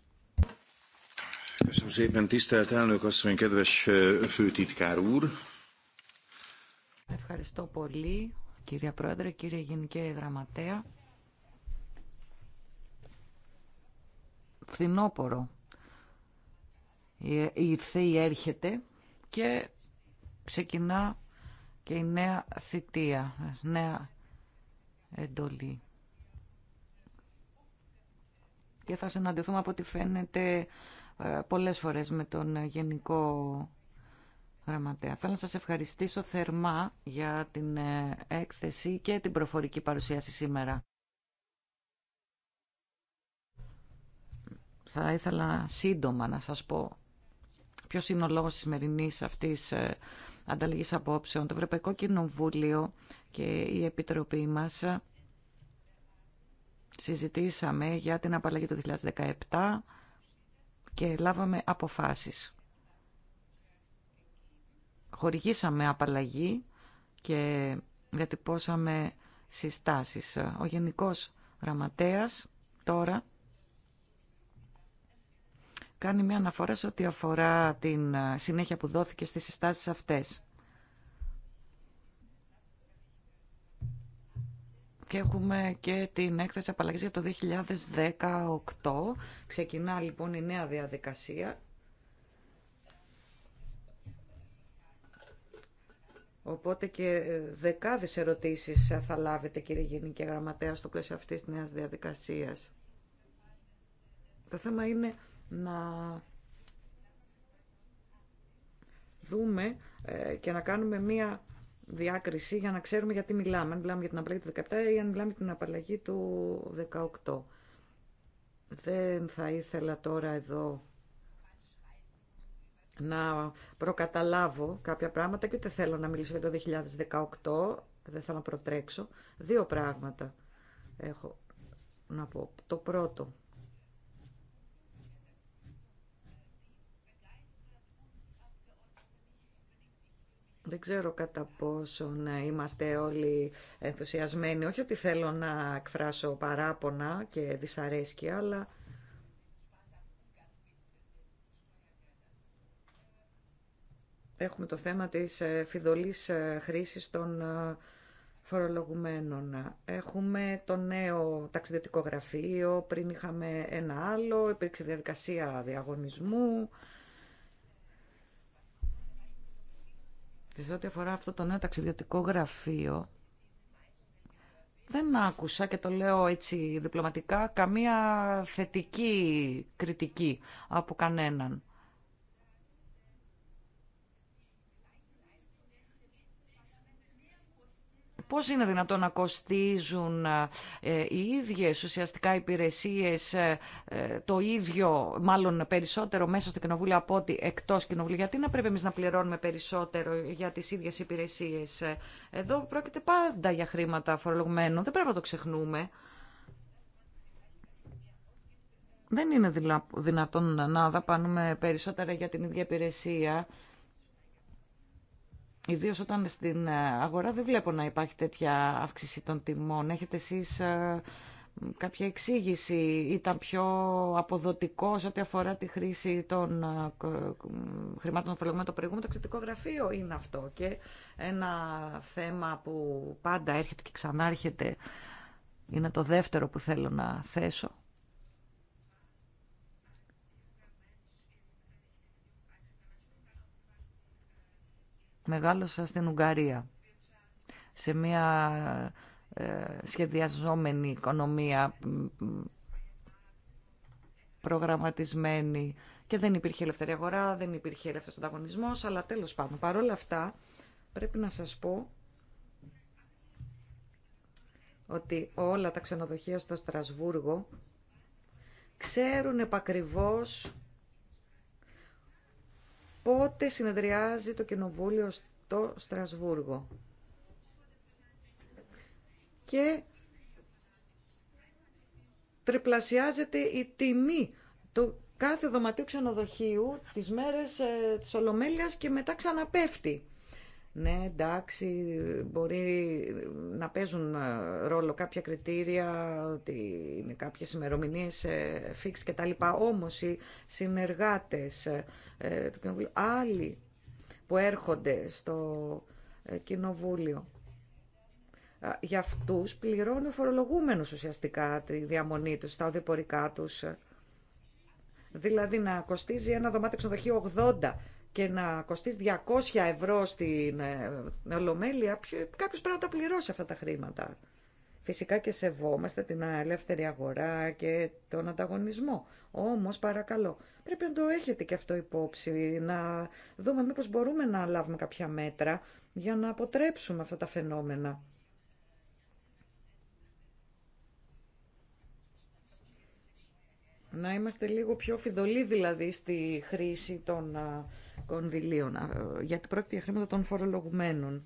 Ευχαριστώ πολύ, κυρία Πρόεδρε, κύριε Γενική Γραμματέα. Φθινόπορο Η ή έρχεται και ξεκινά και η νέα θητεία, νέα εντολή. Και θα συναντηθούμε από ό,τι φαίνεται ε, πολλές φορές με τον Γενικό Γραμματέα. Θέλω να σας ευχαριστήσω θερμά για την ε, έκθεση και την προφορική παρουσίαση σήμερα. Θα ήθελα σύντομα να σας πω ποιος είναι ο λόγος της σημερινής αυτής ε, ανταλλαγής απόψεων. Το Ευρωπαϊκό Κοινοβούλιο και η Επιτροπή μας συζητήσαμε για την απαλλαγή του 2017 και λάβαμε αποφάσεις. Χορηγήσαμε απαλλαγή και διατυπώσαμε συστάσεις. Ο Γενικός Γραμματέας τώρα κάνει μια αναφορά σε ό,τι αφορά την συνέχεια που δόθηκε στις συστάσεις αυτές. Και έχουμε και την έκθεση απαλλαγής για το 2018. Ξεκινά λοιπόν η νέα διαδικασία. Οπότε και ε, δεκάδες ερωτήσεις ε, θα λάβετε κύριε Γενική Γραμματέα στο πλαίσιο αυτής της νέας διαδικασίας. Το θέμα είναι να δούμε ε, και να κάνουμε μία διάκριση για να ξέρουμε γιατί μιλάμε, αν μιλάμε για την απαλλαγή του 17 ή αν μιλάμε για την απαλλαγή του 18. Δεν θα ήθελα τώρα εδώ να προκαταλάβω κάποια πράγματα και ούτε θέλω να μιλήσω για το 2018, δεν θέλω να προτρέξω. Δύο πράγματα έχω να πω. Το πρώτο, Δεν ξέρω κατά πόσο να είμαστε όλοι ενθουσιασμένοι. Όχι ότι θέλω να εκφράσω παράπονα και δυσαρέσκεια, αλλά... Έχουμε το θέμα της ε, φιδωλής ε, χρήσης των ε, φορολογουμένων. Έχουμε το νέο ταξιδιωτικό γραφείο, πριν είχαμε ένα άλλο, υπήρξε διαδικασία διαγωνισμού. σε ό,τι αφορά αυτό το νέο ταξιδιωτικό γραφείο, δεν άκουσα και το λέω έτσι διπλωματικά καμία θετική κριτική από κανέναν. Πώς είναι δυνατόν να κοστίζουν ε, ε, οι ίδιες ουσιαστικά υπηρεσίες ε, το ίδιο, μάλλον περισσότερο μέσα στο κοινοβούλιο από ότι εκτός κοινοβούλιο. Γιατί να πρέπει εμείς να πληρώνουμε περισσότερο για τις ίδιες υπηρεσίες. Εδώ πρόκειται πάντα για χρήματα φορολογμένων. Δεν πρέπει να το ξεχνούμε. Δεν είναι δυνατόν να δαπάνουμε περισσότερα για την ίδια υπηρεσία Ιδίω όταν στην ε, αγορά δεν βλέπω να υπάρχει τέτοια αύξηση των τιμών. Έχετε εσεί ε, κάποια εξήγηση. Ήταν πιο αποδοτικό ό,τι αφορά τη χρήση των ε, χρημάτων φορολογουμένων. το προηγούμενο εξωτικό γραφείο είναι αυτό. Και ένα θέμα που πάντα έρχεται και ξανάρχεται είναι το δεύτερο που θέλω να θέσω. Μεγάλωσα στην Ουγγαρία, σε μια ε, σχεδιαζόμενη οικονομία, προγραμματισμένη και δεν υπήρχε ελεύθερη αγορά, δεν υπήρχε ελεύθερος ανταγωνισμός, αλλά τέλος πάντων, όλα αυτά, πρέπει να σας πω ότι όλα τα ξενοδοχεία στο Στρασβούργο ξέρουν επακριβώς πότε συνεδριάζει το Κοινοβούλιο στο Στρασβούργο. Και τριπλασιάζεται η τιμή του κάθε δωματίου ξενοδοχείου τις μέρες ε, της Ολομέλειας και μετά ξαναπέφτει ναι, εντάξει, μπορεί να παίζουν ε, ρόλο κάποια κριτήρια, ότι είναι κάποιες ημερομηνίε φίξ ε, και τα λοιπά. Όμως οι συνεργάτες ε, του Κοινοβουλίου, άλλοι που έρχονται στο Κοινοβούλιο, για αυτούς πληρώνουν φορολογούμενους ουσιαστικά τη διαμονή τους, τα οδηπορικά τους. Δηλαδή να κοστίζει ένα δωμάτιο ξενοδοχείο 80 και να κοστίσει 200 ευρώ στην ε, Ολομέλεια, κάποιος πρέπει να τα πληρώσει αυτά τα χρήματα. Φυσικά και σεβόμαστε την ελεύθερη αγορά και τον ανταγωνισμό. Όμως παρακαλώ, πρέπει να το έχετε και αυτό υπόψη, να δούμε μήπως μπορούμε να λάβουμε κάποια μέτρα για να αποτρέψουμε αυτά τα φαινόμενα. Να είμαστε λίγο πιο φιδωλοί δηλαδή στη χρήση των κονδυλίων, γιατί πρόκειται για χρήματα των φορολογουμένων.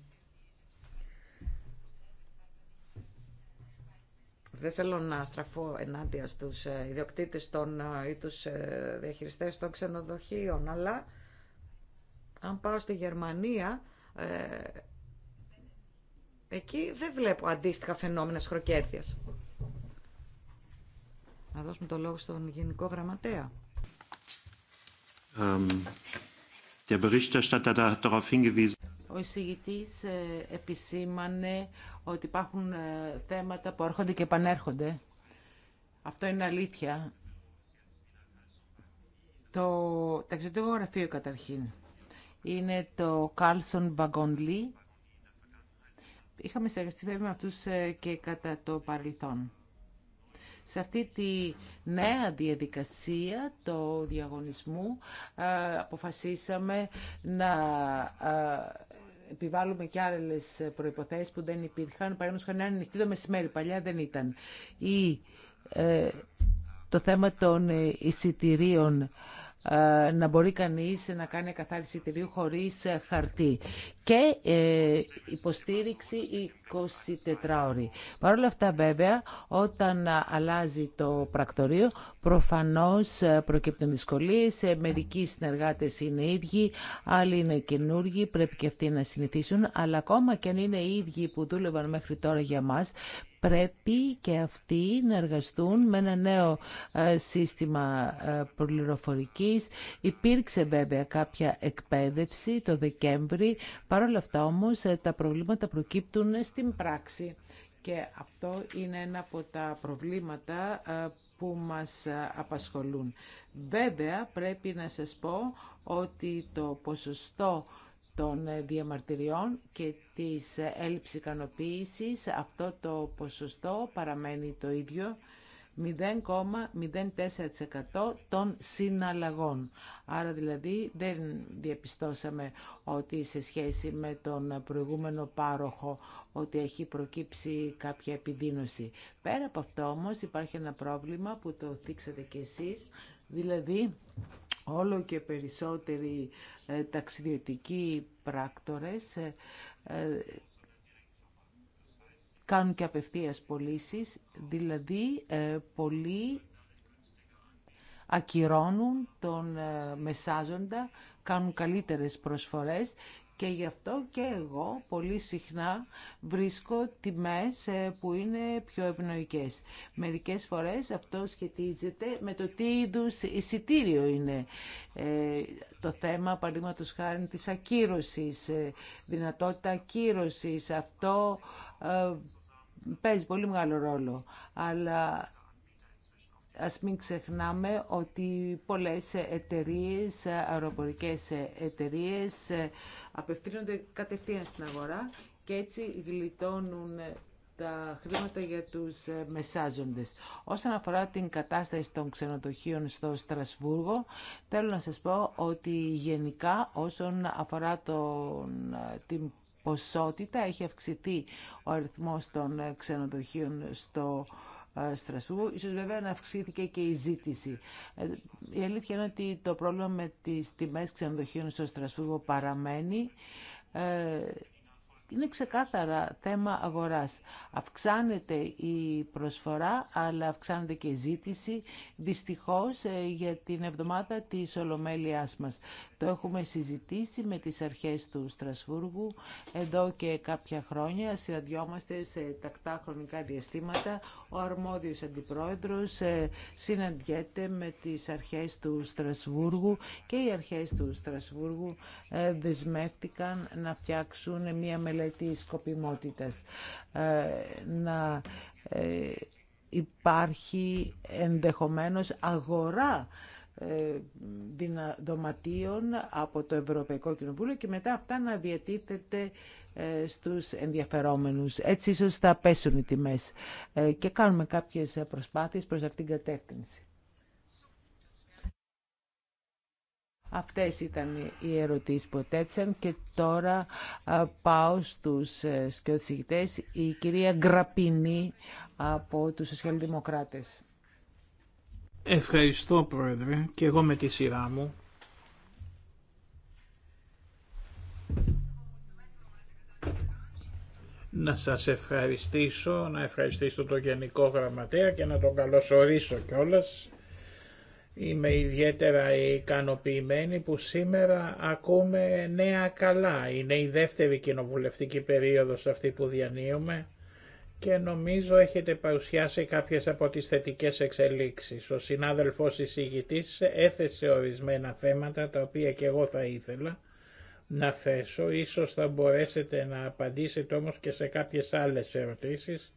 Δεν θέλω να στραφώ ενάντια στους ε, ιδιοκτήτες των, ή τους ε, διαχειριστές των ξενοδοχείων, αλλά αν πάω στη Γερμανία, ε, εκεί δεν βλέπω αντίστοιχα φαινόμενα σχροκέρδειας. Να δώσουμε το λόγο στον Γενικό Γραμματέα. Ο εισηγητή ε, επισήμανε ότι υπάρχουν ε, θέματα που έρχονται και επανέρχονται. Αυτό είναι αλήθεια. Το ταξιδιωτικό γραφείο καταρχήν είναι το Carlson Wagon Lee. Είχαμε συνεργαστεί με αυτούς ε, και κατά το παρελθόν σε αυτή τη νέα διαδικασία του διαγωνισμού ε, αποφασίσαμε να ε, επιβάλλουμε και άλλε προϋποθέσεις που δεν υπήρχαν. Παραδείγματος χάρη ανοιχτή το μεσημέρι, παλιά δεν ήταν. Ή ε, το θέμα των εισιτηρίων ε, να μπορεί κανείς να κάνει καθάριση εταιρείου χωρίς ε, χαρτί και ε, υποστήριξη 24 ώρη. Παρ' όλα αυτά βέβαια όταν αλλάζει το πρακτορείο Προφανώς ε, προκύπτουν δυσκολίες, ε, μερικοί συνεργάτες είναι ίδιοι, άλλοι είναι καινούργοι, πρέπει και αυτοί να συνηθίσουν, αλλά ακόμα και αν είναι οι ίδιοι που δούλευαν μέχρι τώρα για μας, πρέπει και αυτοί να εργαστούν με ένα νέο ε, σύστημα πληροφορικής. Υπήρξε βέβαια κάποια εκπαίδευση το Δεκέμβρη, παρόλα αυτά όμως τα προβλήματα προκύπτουν στην πράξη και αυτό είναι ένα από τα προβλήματα ε, που μας ε, απασχολούν. Βέβαια πρέπει να σας πω ότι το ποσοστό των διαμαρτυριών και της ε, έλλειψης ικανοποίηση, αυτό το ποσοστό παραμένει το ίδιο 0,04% των συναλλαγών. Άρα δηλαδή δεν διαπιστώσαμε ότι σε σχέση με τον προηγούμενο πάροχο ότι έχει προκύψει κάποια επιδείνωση. Πέρα από αυτό όμως υπάρχει ένα πρόβλημα που το θίξατε κι εσείς, δηλαδή όλο και περισσότεροι ε, ταξιδιωτικοί πράκτορες ε, ε, κάνουν και απευθείας πωλήσει, δηλαδή ε, πολλοί ακυρώνουν τον ε, μεσάζοντα, κάνουν καλύτερες προσφορές και γι' αυτό και εγώ πολύ συχνά βρίσκω τιμές ε, που είναι πιο ευνοϊκές. Μερικές φορές αυτό σχετίζεται με το τι είδου εισιτήριο είναι. Ε, το θέμα, παραδείγματο χάρη, της ακύρωσης, δυνατότητα ακύρωσης. Αυτό παίζει πολύ μεγάλο ρόλο. Αλλά ας μην ξεχνάμε ότι πολλές εταιρείες, αεροπορικές εταιρείες απευθύνονται κατευθείαν στην αγορά και έτσι γλιτώνουν τα χρήματα για τους μεσάζοντες. Όσον αφορά την κατάσταση των ξενοδοχείων στο Στρασβούργο, θέλω να σας πω ότι γενικά όσον αφορά τον, την ποσότητα, έχει αυξηθεί ο αριθμός των ε, ξενοδοχείων στο ε, Στρασβούργο. Ίσως βέβαια να αυξήθηκε και η ζήτηση. Ε, η αλήθεια είναι ότι το πρόβλημα με τις τιμές ξενοδοχείων στο Στρασβούργο παραμένει είναι ξεκάθαρα θέμα αγοράς. Αυξάνεται η προσφορά, αλλά αυξάνεται και η ζήτηση, δυστυχώς, ε, για την εβδομάδα της Ολομέλειάς μας. Το έχουμε συζητήσει με τις αρχές του Στρασβούργου εδώ και κάποια χρόνια. Συναντιόμαστε σε τακτά χρονικά διαστήματα. Ο αρμόδιος αντιπρόεδρος ε, συναντιέται με τις αρχές του Στρασβούργου και οι αρχές του Στρασβούργου ε, δεσμεύτηκαν να φτιάξουν μια μελέτη μελέτη σκοπιμότητας. Ε, να ε, υπάρχει ενδεχομένως αγορά ε, δωματίων από το Ευρωπαϊκό Κοινοβούλιο και μετά αυτά να διατίθεται στους ενδιαφερόμενους. Έτσι ίσως θα πέσουν οι τιμές και κάνουμε κάποιες προσπάθειες προς αυτήν την κατεύθυνση. Αυτές ήταν οι ερωτήσεις που τέτσαν και τώρα πάω στους ε, σκιοδησηγητές η κυρία Γκραπίνη από τους Σοσιαλδημοκράτες. Ευχαριστώ Πρόεδρε και εγώ με τη σειρά μου. Να σας ευχαριστήσω, να ευχαριστήσω τον Γενικό Γραμματέα και να τον καλωσορίσω κιόλας Είμαι ιδιαίτερα ικανοποιημένη που σήμερα ακούμε νέα καλά. Είναι η δεύτερη κοινοβουλευτική περίοδος αυτή που διανύουμε και νομίζω έχετε παρουσιάσει κάποιες από τις θετικές εξελίξεις. Ο συνάδελφος εισηγητής έθεσε ορισμένα θέματα τα οποία και εγώ θα ήθελα να θέσω. Ίσως θα μπορέσετε να απαντήσετε όμως και σε κάποιες άλλες ερωτήσεις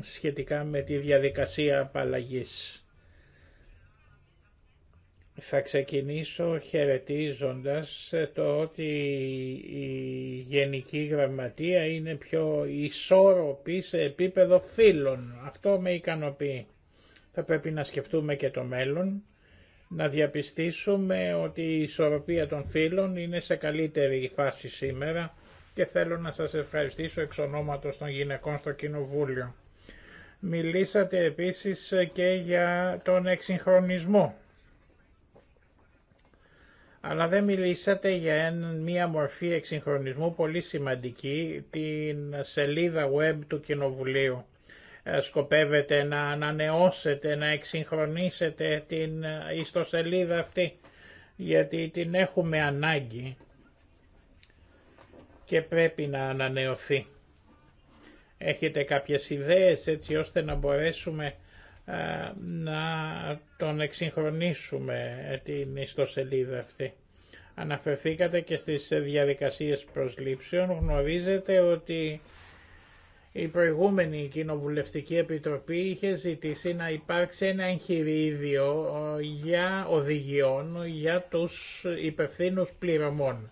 σχετικά με τη διαδικασία απαλλαγής. Θα ξεκινήσω χαιρετίζοντας το ότι η Γενική Γραμματεία είναι πιο ισόρροπη σε επίπεδο φίλων. Αυτό με ικανοποιεί. Θα πρέπει να σκεφτούμε και το μέλλον, να διαπιστήσουμε ότι η ισορροπία των φίλων είναι σε καλύτερη φάση σήμερα και θέλω να σας ευχαριστήσω εξ ονόματος των γυναικών στο Κοινοβούλιο. Μιλήσατε επίσης και για τον εξυγχρονισμό αλλά δεν μιλήσατε για μία μορφή εξυγχρονισμού πολύ σημαντική, την σελίδα web του Κοινοβουλίου. Ε, σκοπεύετε να ανανεώσετε, να εξυγχρονίσετε την ε, ιστοσελίδα αυτή, γιατί την έχουμε ανάγκη και πρέπει να ανανεωθεί. Έχετε κάποιες ιδέες έτσι ώστε να μπορέσουμε ε, να τον εξυγχρονίσουμε ε, την ιστοσελίδα αυτή. Αναφερθήκατε και στις διαδικασίες προσλήψεων. Γνωρίζετε ότι η προηγούμενη Κοινοβουλευτική Επιτροπή είχε ζητήσει να υπάρξει ένα εγχειρίδιο ε, για οδηγιών για τους υπευθύνου πληρωμών.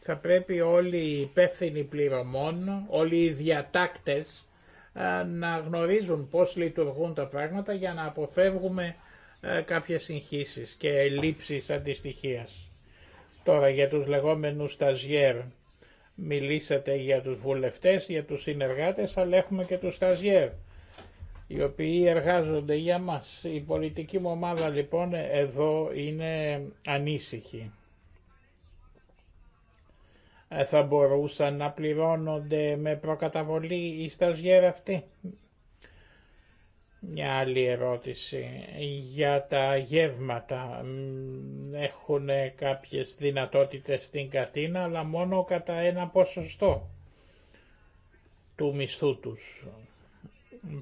Θα πρέπει όλοι οι υπεύθυνοι πληρωμών, όλοι οι διατάκτες ε, να γνωρίζουν πώς λειτουργούν τα πράγματα για να αποφεύγουμε ε, κάποιες συγχύσεις και ελλείψεις αντιστοιχίας. Τώρα για τους λεγόμενους σταζιέρ. Μιλήσατε για τους βουλευτές, για τους συνεργάτες, αλλά έχουμε και τους ταζιέρ, οι οποίοι εργάζονται για μας. Η πολιτική μου ομάδα λοιπόν εδώ είναι ανήσυχη. Ε, θα μπορούσαν να πληρώνονται με προκαταβολή η σταζιέρα αυτή. Μια άλλη ερώτηση για τα γεύματα. Έχουν κάποιες δυνατότητες στην κατίνα, αλλά μόνο κατά ένα ποσοστό του μισθού τους.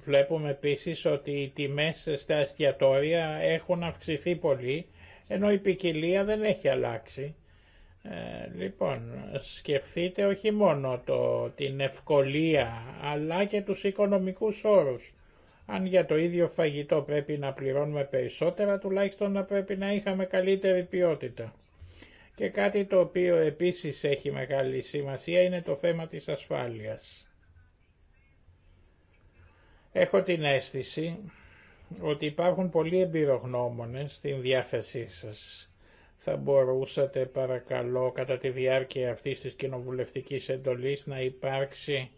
Βλέπουμε επίσης ότι οι τιμές στα εστιατόρια έχουν αυξηθεί πολύ, ενώ η ποικιλία δεν έχει αλλάξει ε, λοιπόν, σκεφτείτε όχι μόνο το, την ευκολία, αλλά και τους οικονομικούς όρους. Αν για το ίδιο φαγητό πρέπει να πληρώνουμε περισσότερα, τουλάχιστον να πρέπει να είχαμε καλύτερη ποιότητα. Και κάτι το οποίο επίσης έχει μεγάλη σημασία είναι το θέμα της ασφάλειας. Έχω την αίσθηση ότι υπάρχουν πολλοί εμπειρογνώμονες στην διάθεσή σας θα μπορούσατε παρακαλώ κατά τη διάρκεια αυτής της κοινοβουλευτικής εντολής να υπάρξει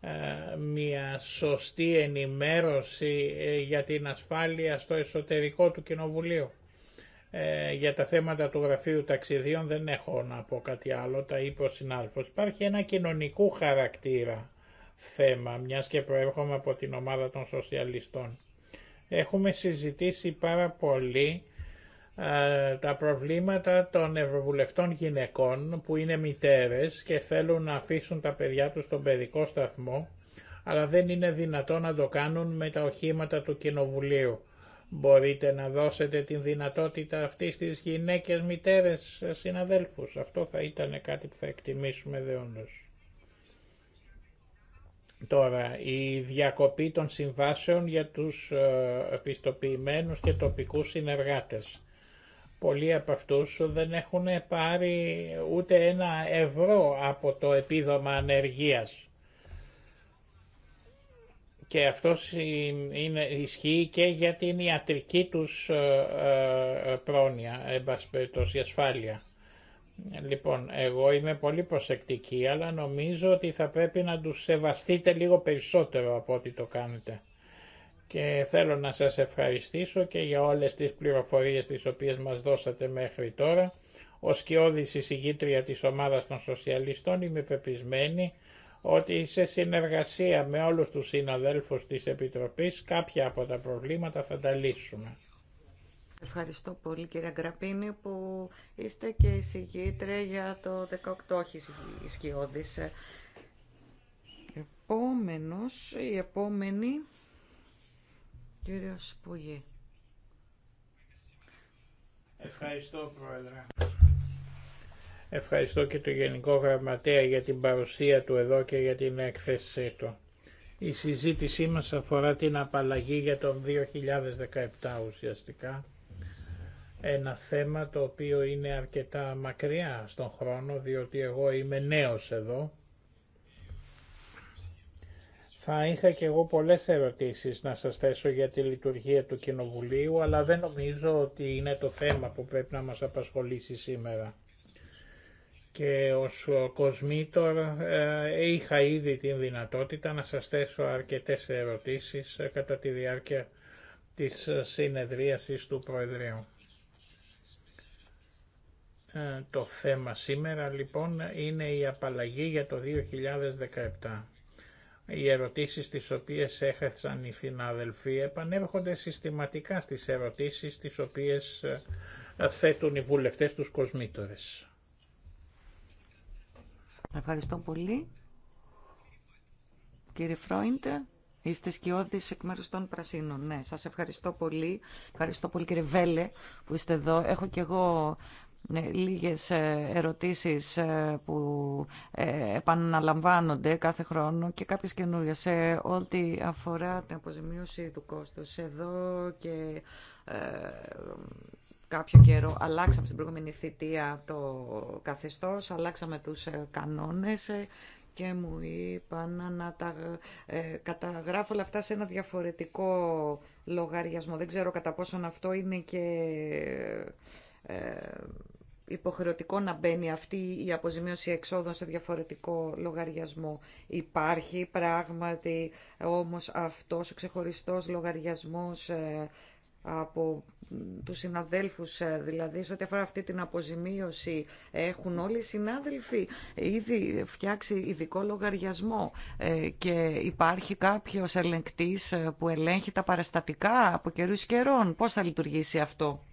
ε, μια σωστή ενημέρωση ε, για την ασφάλεια στο εσωτερικό του Κοινοβουλίου. Ε, για τα θέματα του γραφείου ταξιδίων δεν έχω να πω κάτι άλλο, τα είπε ο συνάδελφος. Υπάρχει ένα κοινωνικού χαρακτήρα θέμα, μιας και προέρχομαι από την ομάδα των σοσιαλιστών. Έχουμε συζητήσει πάρα πολύ ε, τα προβλήματα των ευρωβουλευτών γυναικών που είναι μητέρες και θέλουν να αφήσουν τα παιδιά τους στον παιδικό σταθμό αλλά δεν είναι δυνατό να το κάνουν με τα οχήματα του Κοινοβουλίου. Μπορείτε να δώσετε την δυνατότητα αυτή στις γυναίκες μητέρες συναδέλφους. Αυτό θα ήταν κάτι που θα εκτιμήσουμε δεόντως. Τώρα, η διακοπή των συμβάσεων για τους ε, επιστοποιημένους και τοπικούς συνεργάτες. Πολλοί από αυτούς δεν έχουν πάρει ούτε ένα ευρώ από το επίδομα ανεργίας. Και αυτό είναι, ισχύει και για την ιατρική τους ε, ε, πρόνοια, η ασφάλεια. Λοιπόν, εγώ είμαι πολύ προσεκτική, αλλά νομίζω ότι θα πρέπει να τους σεβαστείτε λίγο περισσότερο από ό,τι το κάνετε και θέλω να σας ευχαριστήσω και για όλες τις πληροφορίες τις οποίες μας δώσατε μέχρι τώρα. Ω σκιώδης εισηγήτρια της ομάδας των σοσιαλιστών είμαι πεπισμένη ότι σε συνεργασία με όλους τους συναδέλφους της Επιτροπής κάποια από τα προβλήματα θα τα λύσουμε. Ευχαριστώ πολύ κύριε Γκραπίνη που είστε και εισηγήτρια για το 18 η σκιώδης. Επόμενος, η επόμενη Ευχαριστώ, Πρόεδρε. Ευχαριστώ και τον Γενικό Γραμματέα για την παρουσία του εδώ και για την έκθεσή του. Η συζήτησή μας αφορά την απαλλαγή για τον 2017 ουσιαστικά. Ένα θέμα το οποίο είναι αρκετά μακριά στον χρόνο, διότι εγώ είμαι νέος εδώ θα είχα και εγώ πολλές ερωτήσεις να σας θέσω για τη λειτουργία του Κοινοβουλίου, αλλά δεν νομίζω ότι είναι το θέμα που πρέπει να μας απασχολήσει σήμερα. Και ως κοσμήτορ ε, είχα ήδη την δυνατότητα να σας θέσω αρκετές ερωτήσεις ε, κατά τη διάρκεια της συνεδρίασης του Προεδρείου. Ε, το θέμα σήμερα λοιπόν είναι η απαλλαγή για το 2017. Οι ερωτήσεις τις οποίες έχασαν οι συναδελφοί επανέρχονται συστηματικά στις ερωτήσεις τις οποίες ε, θέτουν οι βουλευτές τους κοσμήτορες. Ευχαριστώ πολύ. Κύριε Φρόιντε, είστε σκιώδη εκ μέρου των Πρασίνων. Ναι, σα ευχαριστώ πολύ. Ευχαριστώ πολύ, κύριε Βέλε, που είστε εδώ. Έχω και εγώ ναι, λίγες ε, ερωτήσεις ε, που ε, επαναλαμβάνονται κάθε χρόνο και κάποιες καινούργια σε ό,τι αφορά την αποζημίωση του κόστους. Εδώ και κάποιο καιρό αλλάξαμε στην προηγούμενη θητεία το καθεστώς, αλλάξαμε τους κανόνες και μου είπαν να τα καταγράφω όλα αυτά σε ένα διαφορετικό λογαριασμό. Δεν ξέρω κατά πόσον αυτό είναι και ε, υποχρεωτικό να μπαίνει αυτή η αποζημίωση εξόδων σε διαφορετικό λογαριασμό. Υπάρχει πράγματι όμως αυτός ο ξεχωριστός λογαριασμός ε, από τους συναδέλφους ε, δηλαδή σε ό,τι αφορά αυτή την αποζημίωση έχουν όλοι οι συνάδελφοι ήδη φτιάξει ειδικό λογαριασμό και υπάρχει κάποιος ελεγκτής που ελέγχει τα παραστατικά από καιρούς καιρών. Πώς θα λειτουργήσει αυτό.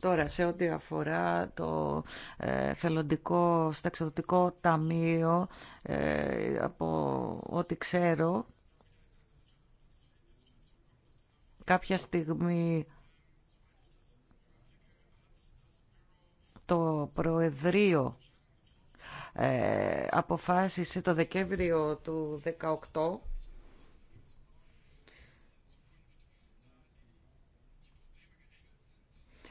Τώρα, σε ό,τι αφορά το ε, θελοντικό σταξιδοτικό ταμείο, ε, από ό,τι ξέρω, κάποια στιγμή το Προεδρείο ε, αποφάσισε το Δεκέμβριο του 2018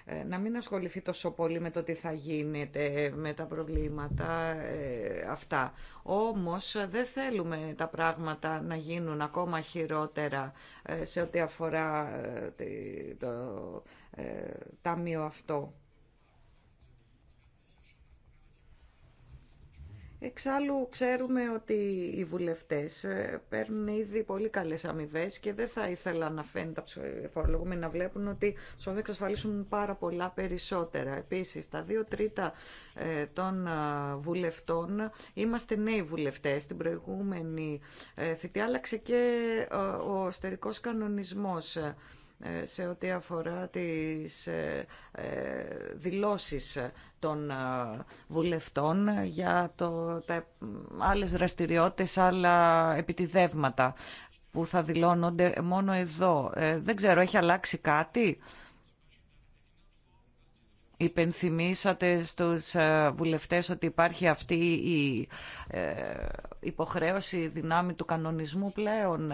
Ε, να μην ασχοληθεί τόσο πολύ με το τι θα γίνεται με τα προβλήματα ε, αυτά. Όμως δεν θέλουμε τα πράγματα να γίνουν ακόμα χειρότερα ε, σε ό,τι αφορά το ταμείο αυτό. Εξάλλου ξέρουμε ότι οι βουλευτές ε, παίρνουν ήδη πολύ καλές αμοιβέ και δεν θα ήθελα να φαίνεται από να βλέπουν ότι σου θα εξασφαλίσουν πάρα πολλά περισσότερα. Επίσης, τα δύο τρίτα ε, των ε, βουλευτών είμαστε νέοι βουλευτές. την προηγούμενη θητεία άλλαξε και ο στερικός κανονισμός ε, σε ό,τι αφορά τις ε, ε, δηλώσεις των βουλευτών για το, τα άλλες δραστηριότητες, άλλα επιτιδεύματα που θα δηλώνονται μόνο εδώ. Δεν ξέρω, έχει αλλάξει κάτι. Υπενθυμίσατε στους βουλευτές ότι υπάρχει αυτή η υποχρέωση δυνάμη του κανονισμού πλέον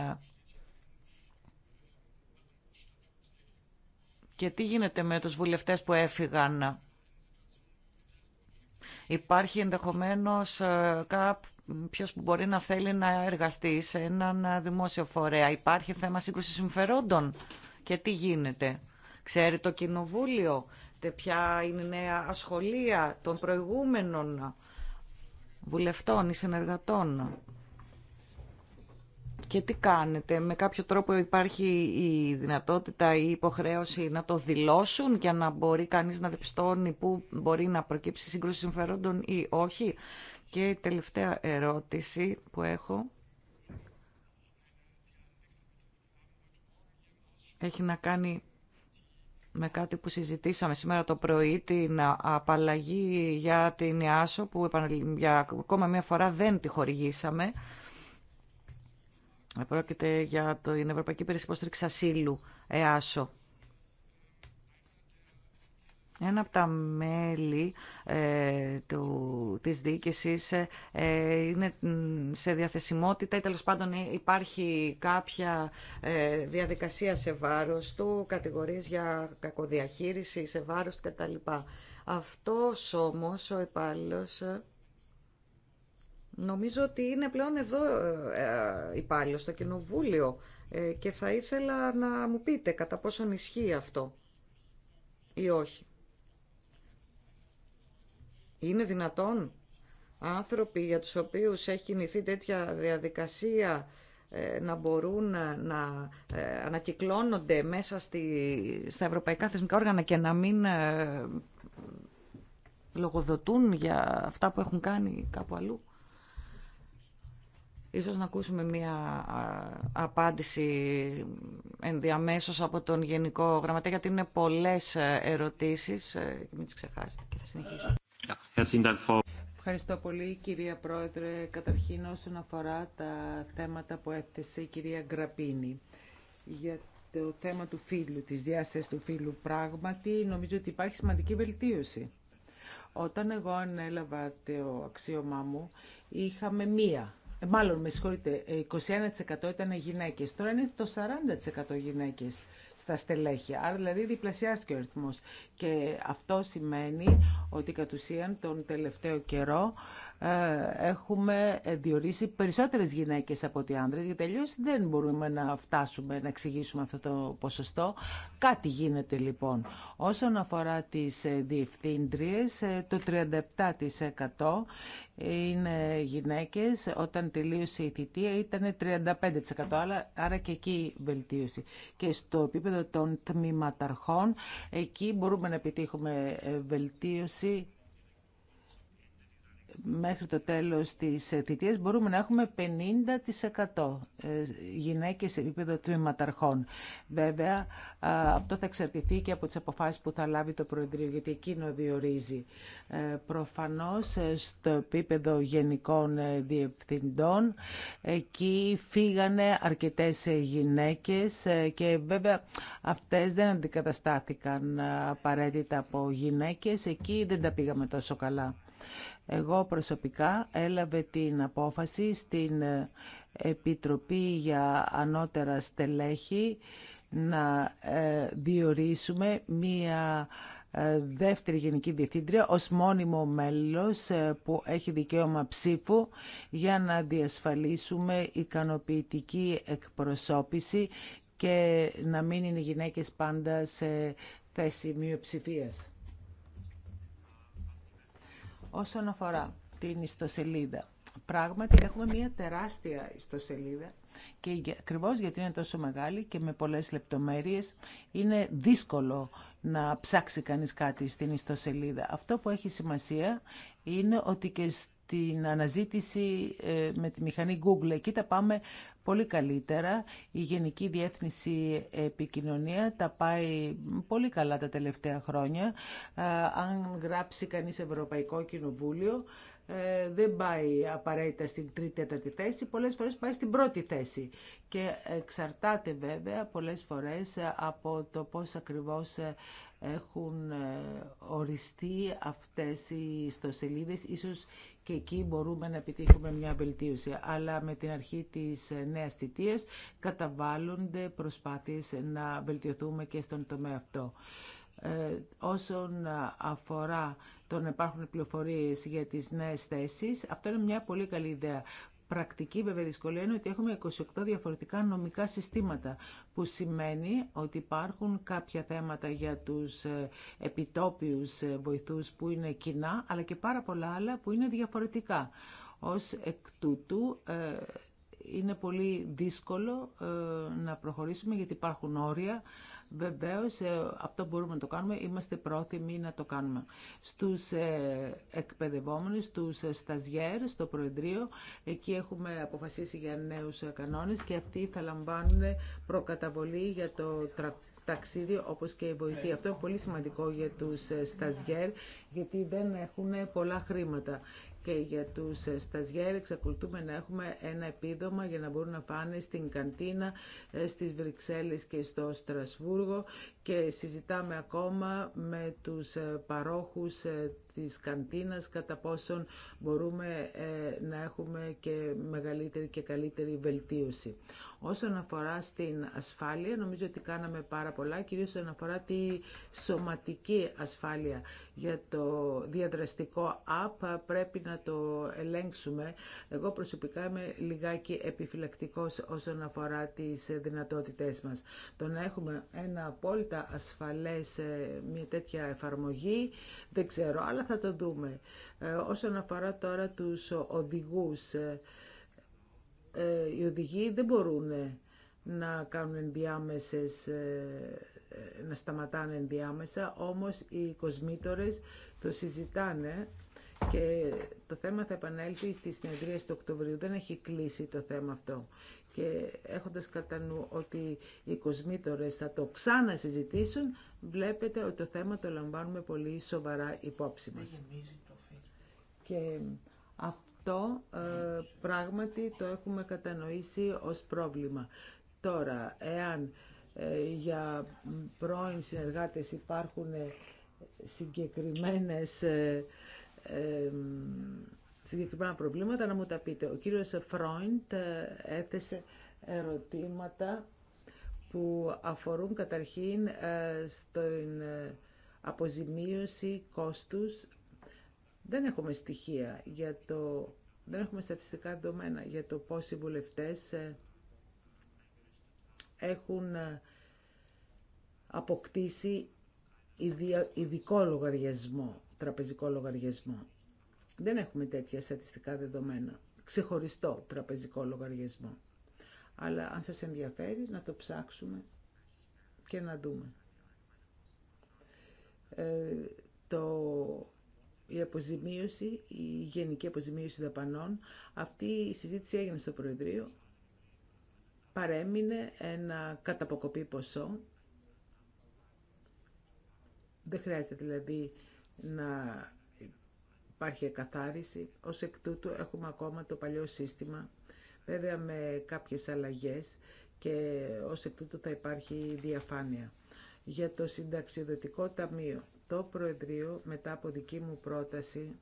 Και τι γίνεται με τους βουλευτές που έφυγαν. Υπάρχει ενδεχομένως ε, κάποιος που μπορεί να θέλει να εργαστεί σε έναν ε, δημόσιο φορέα. Υπάρχει θέμα σύγκρουση συμφερόντων και τι γίνεται. Ξέρει το κοινοβούλιο ποια είναι η νέα ασχολία των προηγούμενων βουλευτών ή συνεργατών. Και τι κάνετε, με κάποιο τρόπο υπάρχει η δυνατότητα ή η υποχρέωση να το δηλώσουν για να μπορεί κανείς να διαπιστώνει πού μπορεί να προκύψει σύγκρουση συμφερόντων ή όχι. Και η τελευταία ερώτηση που έχω έχει να κάνει με κάτι που συζητήσαμε σήμερα το πρωί, την απαλλαγή για την ΙΑΣΟ που για ακόμα μία φορά δεν τη χορηγήσαμε. Πρόκειται για την Ευρωπαϊκή Υπηρεσία Υποστήριξη Ασύλου, ΕΑΣΟ. Ένα από τα μέλη ε, του, της διοίκησης ε, ε, είναι σε διαθεσιμότητα ή τέλος πάντων υπάρχει κάποια ε, διαδικασία σε βάρος του, κατηγορίες για κακοδιαχείριση σε βάρος του κτλ. Αυτός όμως ο υπάλληλος Νομίζω ότι είναι πλέον εδώ ε, ε, υπάλληλο στο Κοινοβούλιο ε, και θα ήθελα να μου πείτε κατά πόσον ισχύει αυτό ή όχι. Είναι δυνατόν άνθρωποι για τους οποίους έχει κινηθεί τέτοια διαδικασία να μπορούν να ανακυκλώνονται μέσα στη, στα ευρωπαϊκά θεσμικά όργανα και να μην λογοδοτούν για αυτά που έχουν κάνει κάπου αλλού. Ίσως να ακούσουμε μία απάντηση ενδιαμέσως από τον Γενικό Γραμματέα, γιατί είναι πολλές ε, ερωτήσεις. Ε, μην τις ξεχάσετε και θα συνεχίσω. Ευχαριστώ πολύ κυρία Πρόεδρε. Καταρχήν όσον αφορά τα θέματα που έθεσε η κυρία Γκραπίνη για το θέμα του φίλου, της διάστασης του φίλου πράγματι νομίζω ότι υπάρχει σημαντική βελτίωση. Όταν εγώ ανέλαβα το αξίωμά μου είχαμε μία ε, μάλλον με συγχωρείτε, 21% ε, ήταν γυναίκες, τώρα είναι το 40% γυναίκες στα στελέχη. Άρα δηλαδή διπλασιάστηκε ο αριθμό. Και αυτό σημαίνει ότι κατ' ουσίαν τον τελευταίο καιρό ε, έχουμε διορίσει περισσότερες γυναίκες από ότι άνδρες, γιατί αλλιώς δεν μπορούμε να φτάσουμε να εξηγήσουμε αυτό το ποσοστό. Κάτι γίνεται λοιπόν. Όσον αφορά τις ε, διευθύντριες, ε, το 37% είναι γυναίκες. Όταν τελείωσε η θητεία ήταν 35%, άρα και εκεί βελτίωση. Και στο επίπεδο των τμήματαρχών, εκεί μπορούμε να επιτύχουμε βελτίωση μέχρι το τέλος της θητείας μπορούμε να έχουμε 50% ε, γυναίκες σε επίπεδο τμήματαρχών. Βέβαια, αυτό θα εξαρτηθεί και από τις αποφάσεις που θα λάβει το Προεδρείο, γιατί εκείνο διορίζει. Ε, προφανώς, ε, στο επίπεδο γενικών διευθυντών, εκεί φύγανε αρκετές γυναίκες και βέβαια αυτές δεν αντικαταστάθηκαν απαραίτητα από γυναίκες. Εκεί δεν τα πήγαμε τόσο καλά. Εγώ προσωπικά έλαβε την απόφαση στην ε, Επιτροπή για Ανώτερα Στελέχη να ε, διορίσουμε μία ε, δεύτερη Γενική Διευθύντρια ως μόνιμο μέλος που έχει δικαίωμα ψήφου για να διασφαλίσουμε ικανοποιητική εκπροσώπηση και να μην είναι γυναίκες πάντα σε θέση μειοψηφίας. Όσον αφορά την ιστοσελίδα, πράγματι έχουμε μια τεράστια ιστοσελίδα και ακριβώ γιατί είναι τόσο μεγάλη και με πολλές λεπτομέρειες είναι δύσκολο να ψάξει κανείς κάτι στην ιστοσελίδα. Αυτό που έχει σημασία είναι ότι και στην αναζήτηση ε, με τη μηχανή Google. Εκεί τα πάμε πολύ καλύτερα. Η Γενική Διεύθυνση Επικοινωνία τα πάει πολύ καλά τα τελευταία χρόνια. Αν γράψει κανείς Ευρωπαϊκό Κοινοβούλιο, ε, δεν πάει απαραίτητα στην τρίτη τέταρτη θέση, πολλές φορές πάει στην πρώτη θέση και εξαρτάται βέβαια πολλές φορές από το πώς ακριβώς ε, έχουν ε, οριστεί αυτές οι στοσελίδες. Ίσως και εκεί μπορούμε να επιτύχουμε μια βελτίωση. Αλλά με την αρχή της νέας θητείας καταβάλλονται προσπάθειες να βελτιωθούμε και στον τομέα αυτό. Ε, όσον αφορά το να υπάρχουν πληροφορίες για τις νέες θέσεις, αυτό είναι μια πολύ καλή ιδέα. Πρακτική βέβαια δυσκολία είναι ότι έχουμε 28 διαφορετικά νομικά συστήματα που σημαίνει ότι υπάρχουν κάποια θέματα για τους ε, επιτόπιους ε, βοηθούς που είναι κοινά αλλά και πάρα πολλά άλλα που είναι διαφορετικά. Ως εκ τούτου είναι πολύ δύσκολο να προχωρήσουμε γιατί υπάρχουν όρια Βεβαίως ε, αυτό μπορούμε να το κάνουμε, είμαστε πρόθυμοι να το κάνουμε. Στους ε, εκπαιδευόμενους, στους ε, σταζιέρ, στο Προεδρείο, εκεί έχουμε αποφασίσει για νέους κανόνες και αυτοί θα λαμβάνουν προκαταβολή για το ταξίδι όπως και η βοηθή. Αυτό είναι πολύ σημαντικό για τους σταζιέρ γιατί δεν έχουν πολλά χρήματα και για τους σταζιέρ εξακολουθούμε να έχουμε ένα επίδομα για να μπορούν να φάνε στην καντίνα ε, στις Βρυξέλλες και στο Στρασβούργο και συζητάμε ακόμα με τους ε, παρόχους ε, της καντίνας, κατά πόσον μπορούμε ε, να έχουμε και μεγαλύτερη και καλύτερη βελτίωση. Όσον αφορά στην ασφάλεια, νομίζω ότι κάναμε πάρα πολλά, κυρίως όσον αφορά τη σωματική ασφάλεια. Για το διαδραστικό app πρέπει να το ελέγξουμε. Εγώ προσωπικά είμαι λιγάκι επιφυλακτικός όσον αφορά τις δυνατότητές μας. Το να έχουμε ένα απόλυτα ασφαλές ε, μια τέτοια εφαρμογή, δεν ξέρω, αλλά θα το δούμε. Ε, όσον αφορά τώρα τους οδηγούς, ε, ε, οι οδηγοί δεν μπορούν να κάνουν ενδιάμεσες, να σταματάνε ενδιάμεσα, όμως οι κοσμήτορες το συζητάνε και το θέμα θα επανέλθει στις συνεδρίες του Οκτωβρίου. Δεν έχει κλείσει το θέμα αυτό και έχοντας κατά νου ότι οι κοσμήτορες θα το ξανά συζητήσουν, βλέπετε ότι το θέμα το λαμβάνουμε πολύ σοβαρά υπόψη μας. Και ε, αυτό ε, πράγματι το έχουμε κατανοήσει ως πρόβλημα. Τώρα, εάν ε, για πρώην συνεργάτες υπάρχουν συγκεκριμένες συγκεκριμένα προβλήματα να μου τα πείτε. Ο κύριος Φρόιντ ε, έθεσε ερωτήματα που αφορούν καταρχήν ε, στην ε, αποζημίωση κόστους. Δεν έχουμε στοιχεία για το... Δεν έχουμε στατιστικά δεδομένα για το πώς οι βουλευτές έχουν αποκτήσει ειδικό λογαριασμό, τραπεζικό λογαριασμό. Δεν έχουμε τέτοια στατιστικά δεδομένα. Ξεχωριστό τραπεζικό λογαριασμό. Αλλά αν σας ενδιαφέρει να το ψάξουμε και να δούμε. Ε, το, η αποζημίωση, η γενική αποζημίωση δαπανών, αυτή η συζήτηση έγινε στο Προεδρείο, παρέμεινε ένα καταποκοπή ποσό. Δεν χρειάζεται δηλαδή να υπάρχει εκαθάριση. Ως εκ τούτου έχουμε ακόμα το παλιό σύστημα, βέβαια με κάποιες αλλαγές και ως εκ τούτου θα υπάρχει διαφάνεια. Για το συνταξιοδοτικό ταμείο, το Προεδρείο μετά από δική μου πρόταση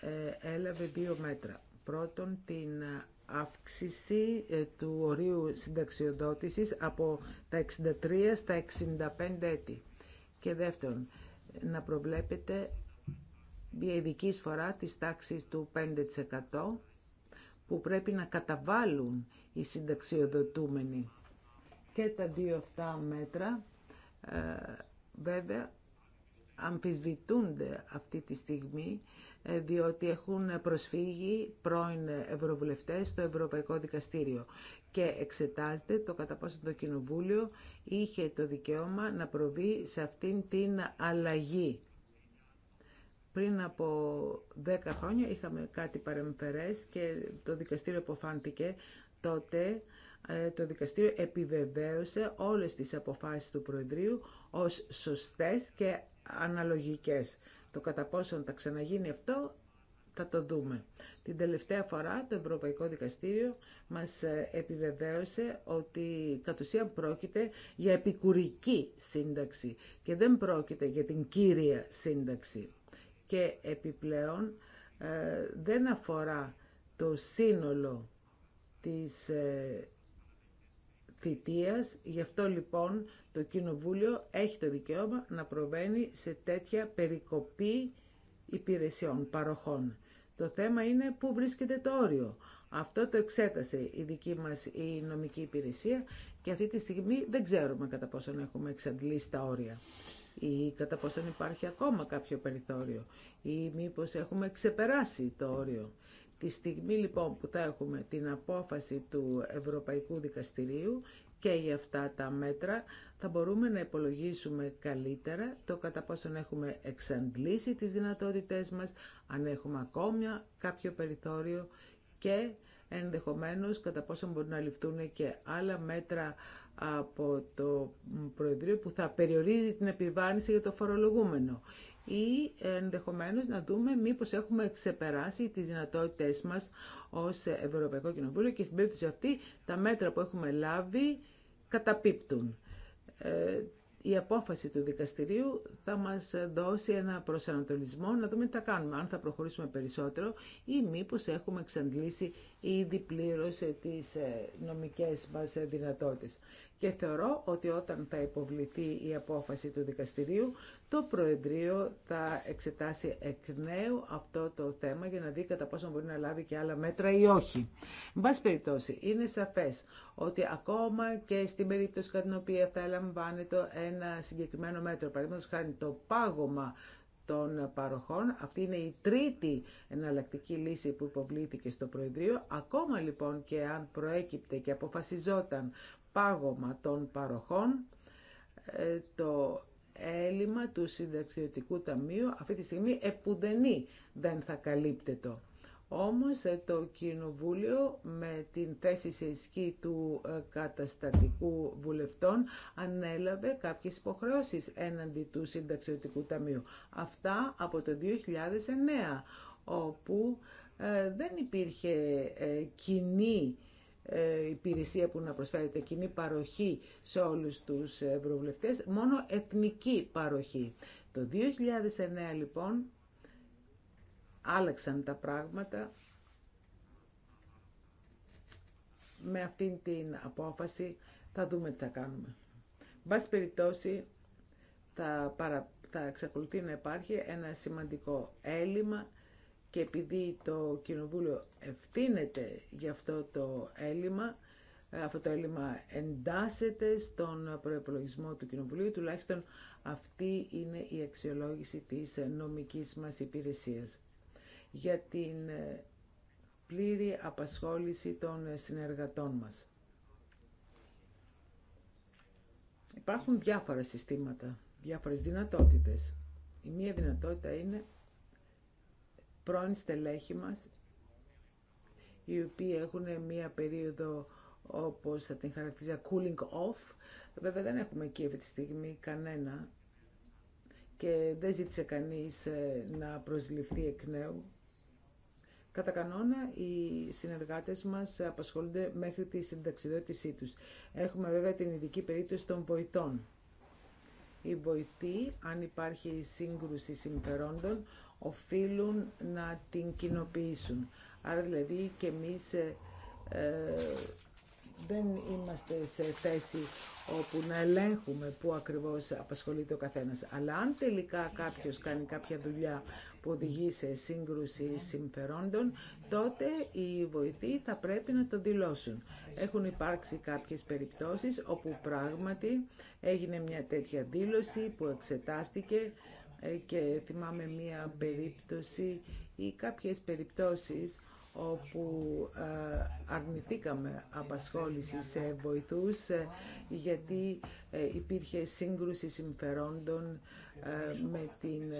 ε, έλαβε δύο μέτρα. Πρώτον, την αύξηση ε, του ορίου συνταξιοδότησης από τα 63 στα 65 έτη. Και δεύτερον, να προβλέπετε ειδική σφορά της τάξης του 5% που πρέπει να καταβάλουν οι συνταξιοδοτούμενοι. Και τα δύο αυτά μέτρα ε, βέβαια αμφισβητούνται αυτή τη στιγμή ε, διότι έχουν προσφύγει πρώην ευρωβουλευτές στο Ευρωπαϊκό Δικαστήριο και εξετάζεται το κατά πόσο το Κοινοβούλιο είχε το δικαίωμα να προβεί σε αυτήν την αλλαγή πριν από 10 χρόνια είχαμε κάτι παρεμφερές και το δικαστήριο αποφάνθηκε τότε ε, το δικαστήριο επιβεβαίωσε όλες τις αποφάσεις του Προεδρείου ως σωστές και αναλογικές. Το κατά πόσον θα ξαναγίνει αυτό θα το δούμε. Την τελευταία φορά το Ευρωπαϊκό Δικαστήριο μας ε, επιβεβαίωσε ότι κατ' ουσίαν πρόκειται για επικουρική σύνταξη και δεν πρόκειται για την κύρια σύνταξη και επιπλέον ε, δεν αφορά το σύνολο της ε, θητείας. Γι' αυτό λοιπόν το Κοινοβούλιο έχει το δικαίωμα να προβαίνει σε τέτοια περικοπή υπηρεσιών, παροχών. Το θέμα είναι πού βρίσκεται το όριο. Αυτό το εξέτασε η δική μας η νομική υπηρεσία και αυτή τη στιγμή δεν ξέρουμε κατά πόσο έχουμε εξαντλήσει τα όρια ή κατά πόσον υπάρχει ακόμα κάποιο περιθώριο ή μήπως έχουμε ξεπεράσει το όριο. Τη στιγμή λοιπόν που θα έχουμε την απόφαση του Ευρωπαϊκού Δικαστηρίου και για αυτά τα μέτρα θα μπορούμε να υπολογίσουμε καλύτερα το κατά πόσον έχουμε εξαντλήσει τις δυνατότητές μας, αν έχουμε ακόμα κάποιο περιθώριο και ενδεχομένως κατά πόσον μπορούν να ληφθούν και άλλα μέτρα από το Προεδρείο που θα περιορίζει την επιβάρυνση για το φορολογούμενο ή ενδεχομένως να δούμε μήπως έχουμε ξεπεράσει τις δυνατότητες μας ως Ευρωπαϊκό Κοινοβούλιο και στην περίπτωση αυτή τα μέτρα που έχουμε λάβει καταπίπτουν. Ε, η απόφαση του δικαστηρίου θα μας δώσει ένα προσανατολισμό να δούμε τι θα κάνουμε, αν θα προχωρήσουμε περισσότερο ή μήπως έχουμε εξαντλήσει ήδη πλήρως τις ε, νομικές μας δυνατότητες και θεωρώ ότι όταν θα υποβληθεί η απόφαση του δικαστηρίου, το Προεδρείο θα εξετάσει εκ νέου αυτό το θέμα για να δει κατά πόσο μπορεί να λάβει και άλλα μέτρα ή όχι. Εν πάση περιπτώσει, είναι σαφές ότι ακόμα και στην περίπτωση κατά την οποία θα λαμβάνεται ένα συγκεκριμένο μέτρο, παραδείγματο χάρη το πάγωμα των παροχών. Αυτή είναι η τρίτη εναλλακτική λύση που υποβλήθηκε στο Προεδρείο. Ακόμα λοιπόν και αν προέκυπτε και αποφασιζόταν των παροχών, ε, το έλλειμμα του συνταξιωτικού ταμείου αυτή τη στιγμή επουδενή δεν θα καλύπτεται. Όμως ε, το Κοινοβούλιο με την θέση σε ισχύ του ε, καταστατικού βουλευτών ανέλαβε κάποιες υποχρεώσεις έναντι του συνταξιωτικού ταμείου. Αυτά από το 2009 όπου δεν υπήρχε κοινή ε, υπηρεσία που να προσφέρεται κοινή παροχή σε όλους τους ευρωβουλευτές, μόνο εθνική παροχή. Το 2009 λοιπόν άλλαξαν τα πράγματα με αυτήν την απόφαση θα δούμε τι θα κάνουμε. πάση περιπτώσει θα, παρα... θα εξακολουθεί να υπάρχει ένα σημαντικό έλλειμμα και επειδή το Κοινοβούλιο ευθύνεται για αυτό το έλλειμμα, ε, αυτό το έλλειμμα εντάσσεται στον προεπολογισμό του Κοινοβουλίου, τουλάχιστον αυτή είναι η αξιολόγηση της νομικής μας υπηρεσίας. Για την ε, πλήρη απασχόληση των συνεργατών μας. Υπάρχουν διάφορα συστήματα, διάφορες δυνατότητες. Η μία δυνατότητα είναι πρώην στελέχη μας, οι οποίοι έχουν μία περίοδο όπως θα την χαρακτηρίζει cooling off. Βέβαια δεν έχουμε εκεί αυτή τη στιγμή κανένα και δεν ζήτησε κανείς ε, να προσληφθεί εκ νέου. Κατά κανόνα, οι συνεργάτες μας απασχολούνται μέχρι τη συνταξιδότησή τους. Έχουμε βέβαια την ειδική περίπτωση των βοηθών. Οι βοηθοί, αν υπάρχει σύγκρουση συμφερόντων, οφείλουν να την κοινοποιήσουν. Άρα δηλαδή και εμείς ε, ε, δεν είμαστε σε θέση όπου να ελέγχουμε πού ακριβώς απασχολείται ο καθένας. Αλλά αν τελικά κάποιος κάνει κάποια δουλειά που οδηγεί σε σύγκρουση συμφερόντων, τότε οι βοηθοί θα πρέπει να το δηλώσουν. Έχουν υπάρξει κάποιες περιπτώσεις όπου πράγματι έγινε μια τέτοια δήλωση που εξετάστηκε ε, και θυμάμαι μία περίπτωση ή κάποιες περιπτώσεις όπου ε, αρνηθήκαμε απασχόληση σε βοηθούς ε, γιατί υπήρχε σύγκρουση συμφερόντων με την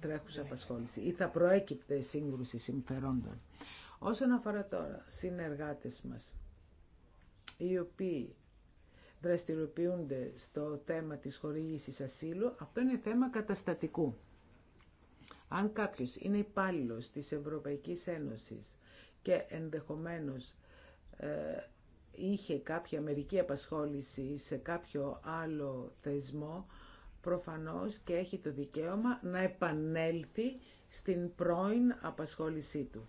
τρέχουσα απασχόληση ή θα προέκυπτε σύγκρουση συμφερόντων. Όσον αφορά τώρα συνεργάτες μας, οι οποίοι δραστηριοποιούνται στο θέμα της χορήγησης ασύλου, αυτό είναι θέμα καταστατικού. Αν κάποιος είναι υπάλληλο της Ευρωπαϊκής Ένωσης και ενδεχομένως ε, είχε κάποια μερική απασχόληση σε κάποιο άλλο θεσμό, προφανώς και έχει το δικαίωμα να επανέλθει στην πρώην απασχόλησή του.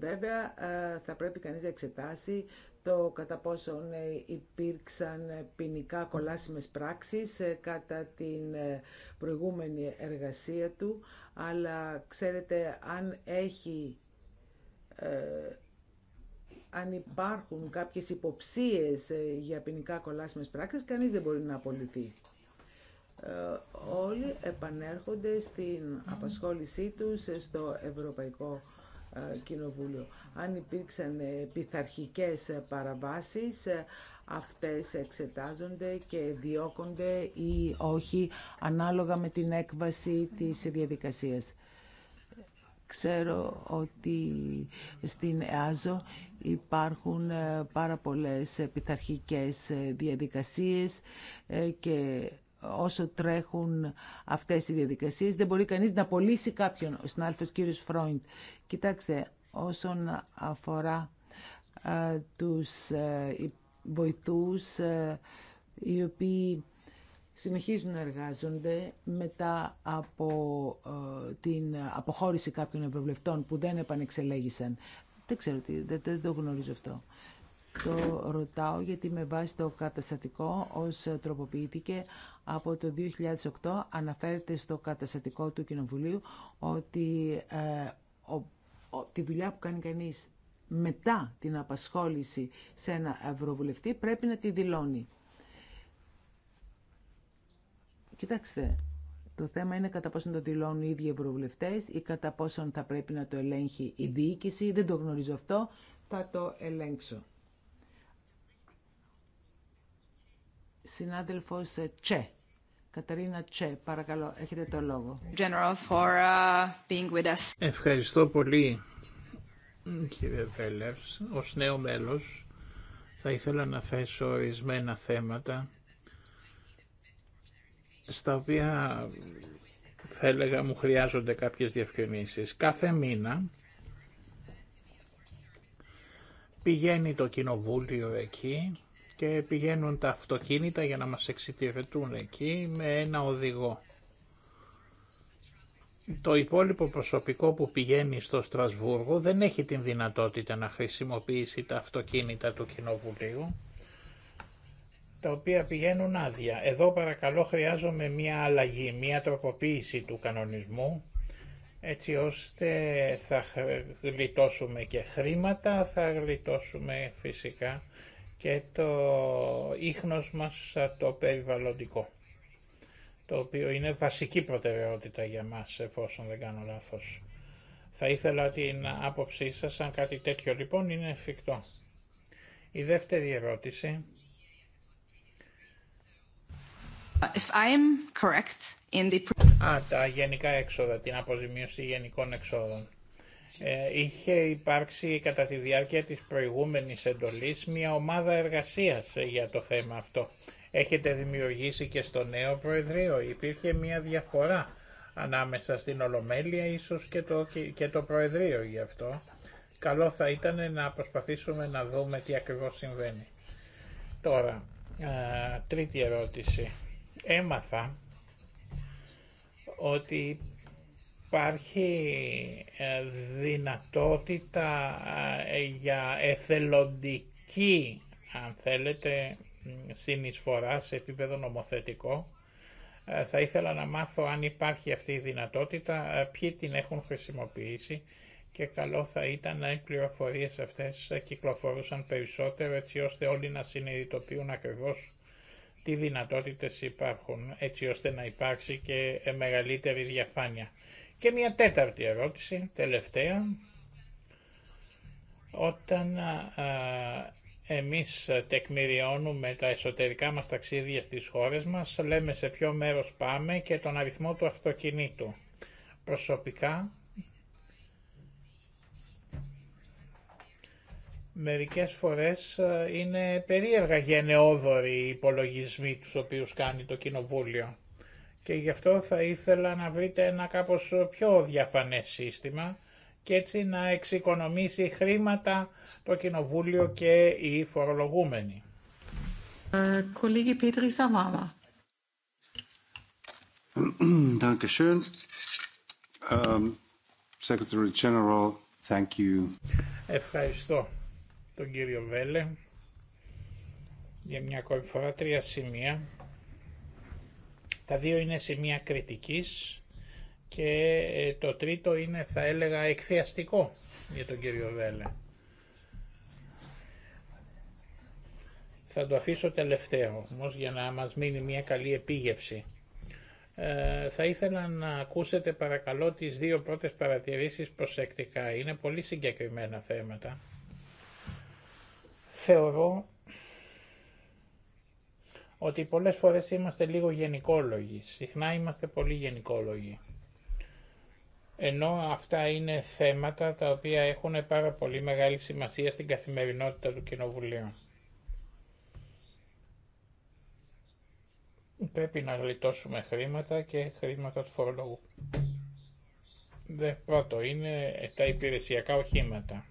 Βέβαια ε, θα πρέπει κανείς να εξετάσει το κατά πόσον ε, υπήρξαν ποινικά κολάσιμες πράξεις ε, κατά την προηγούμενη εργασία του, αλλά ξέρετε αν έχει αν υπάρχουν κάποιες υποψίες για ποινικά κολάσιμες πράξεις, κανείς δεν μπορεί να απολυθεί. όλοι επανέρχονται στην απασχόλησή τους στο ευρωπαϊκό Κοινοβούλιο. Αν υπήρξαν ε, πειθαρχικές ε, παραβάσεις, ε, αυτές εξετάζονται και διώκονται ή όχι ανάλογα με την έκβαση της διαδικασίας. Ξέρω ότι στην ΕΑΖΟ υπάρχουν πάρα πολλές πειθαρχικές διαδικασίες και όσο τρέχουν αυτές οι διαδικασίες. Δεν μπορεί κανείς να απολύσει κάποιον, ο συνάδελφος κύριος Φρόιντ. Κοιτάξτε, όσον αφορά α, τους βοηθούς οι οποίοι συνεχίζουν να εργάζονται μετά από την αποχώρηση κάποιων ευρωβουλευτών που δεν επανεξελέγησαν. Δεν ξέρω, τι, δεν το γνωρίζω αυτό. Το ρωτάω γιατί με βάση το καταστατικό ως τροποποιήθηκε από το 2008 αναφέρεται στο καταστατικό του Κοινοβουλίου ότι ε, τη δουλειά που κάνει κανείς μετά την απασχόληση σε ένα ευρωβουλευτή πρέπει να τη δηλώνει. Κοιτάξτε, το θέμα είναι κατά πόσον το δηλώνουν οι ίδιοι ευρωβουλευτές ή κατά πόσον θα πρέπει να το ελέγχει η διοίκηση. Δεν το γνωρίζω αυτό. Θα το ελέγξω. συνάδελφος ε, Τσε. Καταρίνα Τσε, παρακαλώ, έχετε το λόγο. General for, uh, being with us. Ευχαριστώ πολύ, κύριε Βέλερ. Ως νέο μέλος θα ήθελα να θέσω ορισμένα θέματα στα οποία θα έλεγα μου χρειάζονται κάποιες διευκρινήσεις. Κάθε μήνα πηγαίνει το κοινοβούλιο εκεί και πηγαίνουν τα αυτοκίνητα για να μας εξυπηρετούν εκεί με ένα οδηγό. Το υπόλοιπο προσωπικό που πηγαίνει στο Στρασβούργο δεν έχει την δυνατότητα να χρησιμοποιήσει τα αυτοκίνητα του Κοινοβουλίου, τα οποία πηγαίνουν άδεια. Εδώ παρακαλώ χρειάζομαι μία αλλαγή, μία τροποποίηση του κανονισμού, έτσι ώστε θα γλιτώσουμε και χρήματα, θα γλιτώσουμε φυσικά και το ίχνος μας το περιβαλλοντικό, το οποίο είναι βασική προτεραιότητα για μας εφόσον δεν κάνω λάθος. Θα ήθελα την άποψή σας αν κάτι τέτοιο λοιπόν είναι εφικτό. Η δεύτερη ερώτηση. If I'm correct in the... Α, τα γενικά έξοδα, την αποζημίωση γενικών εξόδων. Ε, είχε υπάρξει κατά τη διάρκεια της προηγούμενης εντολής μια ομάδα εργασίας για το θέμα αυτό. Έχετε δημιουργήσει και στο νέο Προεδρείο. Υπήρχε μια διαφορά ανάμεσα στην Ολομέλεια ίσως και το, και το Προεδρείο γι' αυτό. Καλό θα ήταν να προσπαθήσουμε να δούμε τι ακριβώς συμβαίνει. Τώρα, τρίτη ερώτηση. Έμαθα ότι υπάρχει ε, δυνατότητα ε, για εθελοντική, αν θέλετε, συνεισφορά σε επίπεδο νομοθετικό. Ε, θα ήθελα να μάθω αν υπάρχει αυτή η δυνατότητα, ποιοι την έχουν χρησιμοποιήσει και καλό θα ήταν να οι πληροφορίε αυτές κυκλοφορούσαν περισσότερο έτσι ώστε όλοι να συνειδητοποιούν ακριβώς τι δυνατότητες υπάρχουν έτσι ώστε να υπάρξει και μεγαλύτερη διαφάνεια. Και μια τέταρτη ερώτηση, τελευταία. Όταν α, εμείς τεκμηριώνουμε τα εσωτερικά μας ταξίδια στις χώρες μας, λέμε σε ποιο μέρος πάμε και τον αριθμό του αυτοκινήτου. Προσωπικά, μερικές φορές είναι περίεργα γενναιόδοροι οι υπολογισμοί τους οποίους κάνει το Κοινοβούλιο και γι' αυτό θα ήθελα να βρείτε ένα κάπως πιο διαφανές σύστημα και έτσι να εξοικονομήσει χρήματα το Κοινοβούλιο και οι φορολογούμενοι. Ε, um, Ευχαριστώ τον κύριο Βέλε για μια ακόμη φορά τρία σημεία τα δύο είναι σημεία κριτικής και ε, το τρίτο είναι θα έλεγα εκθεαστικό για τον κύριο Βέλε. Θα το αφήσω τελευταίο όμως για να μας μείνει μια καλή επίγευση. Ε, θα ήθελα να ακούσετε παρακαλώ τις δύο πρώτες παρατηρήσεις προσεκτικά. Είναι πολύ συγκεκριμένα θέματα. Θεωρώ ότι πολλές φορές είμαστε λίγο γενικόλογοι. Συχνά είμαστε πολύ γενικόλογοι. Ενώ αυτά είναι θέματα τα οποία έχουν πάρα πολύ μεγάλη σημασία στην καθημερινότητα του Κοινοβουλίου. Πρέπει να γλιτώσουμε χρήματα και χρήματα του φορολογού. Δε πρώτο είναι τα υπηρεσιακά οχήματα.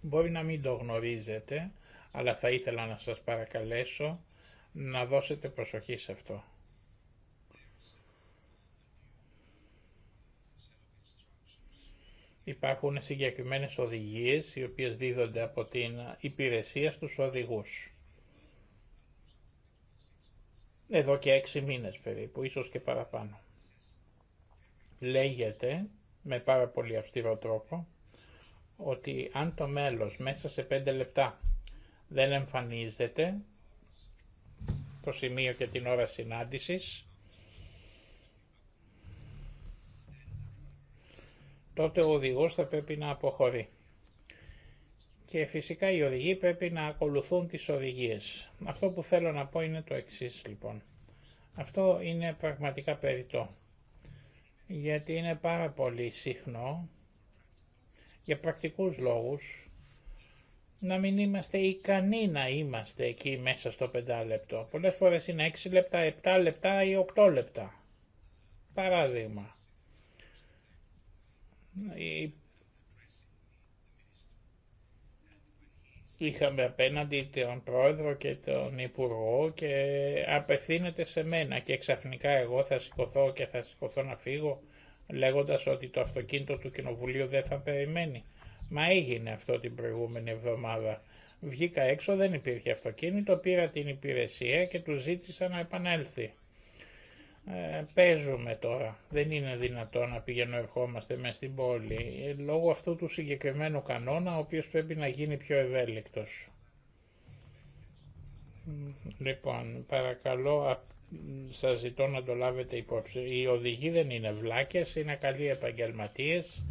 Μπορεί να μην το γνωρίζετε, αλλά θα ήθελα να σας παρακαλέσω να δώσετε προσοχή σε αυτό. Υπάρχουν συγκεκριμένες οδηγίες οι οποίες δίδονται από την υπηρεσία στους οδηγούς. Εδώ και έξι μήνες περίπου, ίσως και παραπάνω. Λέγεται με πάρα πολύ αυστηρό τρόπο ότι αν το μέλος μέσα σε πέντε λεπτά δεν εμφανίζεται το σημείο και την ώρα συνάντησης, τότε ο οδηγός θα πρέπει να αποχωρεί. Και φυσικά οι οδηγοί πρέπει να ακολουθούν τις οδηγίες. Αυτό που θέλω να πω είναι το εξής λοιπόν. Αυτό είναι πραγματικά περιττό. Γιατί είναι πάρα πολύ συχνό για πρακτικούς λόγους να μην είμαστε ικανοί να είμαστε εκεί μέσα στο πεντάλεπτο. Πολλές φορές είναι 6 λεπτά, 7 λεπτά ή 8 λεπτά. Παράδειγμα. Είχαμε απέναντι τον πρόεδρο και τον υπουργό και απευθύνεται σε μένα και ξαφνικά εγώ θα σηκωθώ και θα σηκωθώ να φύγω λέγοντας ότι το αυτοκίνητο του κοινοβουλίου δεν θα περιμένει. Μα έγινε αυτό την προηγούμενη εβδομάδα. Βγήκα έξω, δεν υπήρχε αυτοκίνητο, πήρα την υπηρεσία και του ζήτησα να επανέλθει. Ε, παίζουμε τώρα. Δεν είναι δυνατό να πηγαίνω ερχόμαστε μέσα στην πόλη. Ε, λόγω αυτού του συγκεκριμένου κανόνα, ο οποίος πρέπει να γίνει πιο ευέλικτος. Λοιπόν, παρακαλώ, σας ζητώ να το λάβετε υπόψη. Οι οδηγοί δεν είναι βλάκες, είναι καλοί επαγγελματίες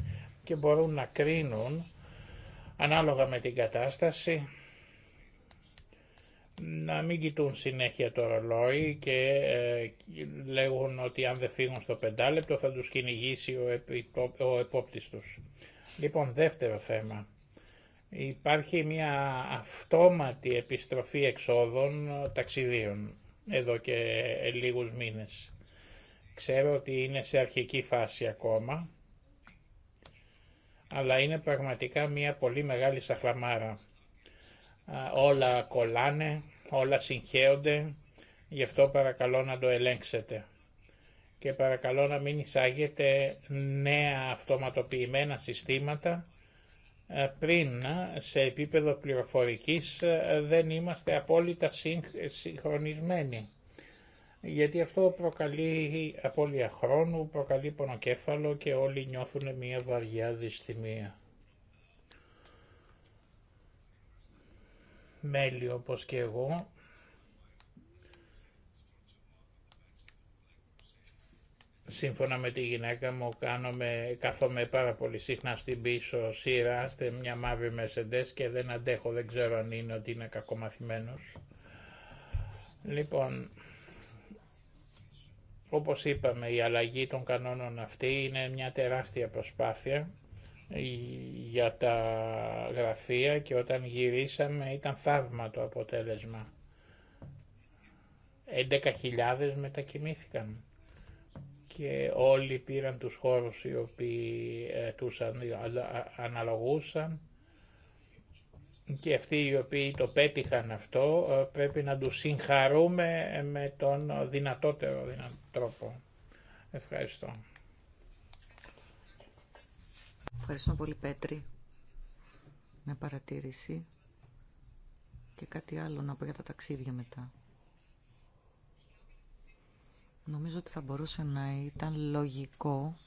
και μπορούν να κρίνουν ανάλογα με την κατάσταση να μην κοιτούν συνέχεια το ρολόι και ε, λέγουν ότι αν δεν φύγουν στο πεντάλεπτο θα τους κυνηγήσει ο, επι, το, ο επόπτης τους. Λοιπόν, δεύτερο θέμα. Υπάρχει μια αυτόματη επιστροφή εξόδων ταξιδίων εδώ και λίγους μήνες. Ξέρω ότι είναι σε αρχική φάση ακόμα, αλλά είναι πραγματικά μια πολύ μεγάλη σαχλαμάρα. Όλα κολλάνε, όλα συγχέονται, γι' αυτό παρακαλώ να το ελέγξετε. Και παρακαλώ να μην εισάγετε νέα αυτοματοποιημένα συστήματα πριν σε επίπεδο πληροφορικής δεν είμαστε απόλυτα συγχρονισμένοι γιατί αυτό προκαλεί απώλεια χρόνου, προκαλεί πονοκέφαλο και όλοι νιώθουν μια βαριά δυστημία. Μέλη όπως και εγώ σύμφωνα με τη γυναίκα μου κάνομαι, κάθομαι πάρα πολύ συχνά στην πίσω σειρά είστε μια μαύρη μεσεντές και δεν αντέχω, δεν ξέρω αν είναι ότι είναι κακομαθημένος. Λοιπόν, όπως είπαμε, η αλλαγή των κανόνων αυτή είναι μια τεράστια προσπάθεια ε, για τα γραφεία και όταν γυρίσαμε ήταν θαύμα το αποτέλεσμα. 11.000 μετακινήθηκαν και όλοι πήραν τους χώρους οι οποίοι ε, τους αναλογούσαν και αυτοί οι οποίοι το πέτυχαν αυτό ε, πρέπει να τους συγχαρούμε με τον δυνατότερο δυνατό τρόπο. Ευχαριστώ. Ευχαριστώ πολύ Πέτρη. Μια παρατήρηση και κάτι άλλο να πω για τα ταξίδια μετά. Νομίζω ότι θα μπορούσε να ήταν λογικό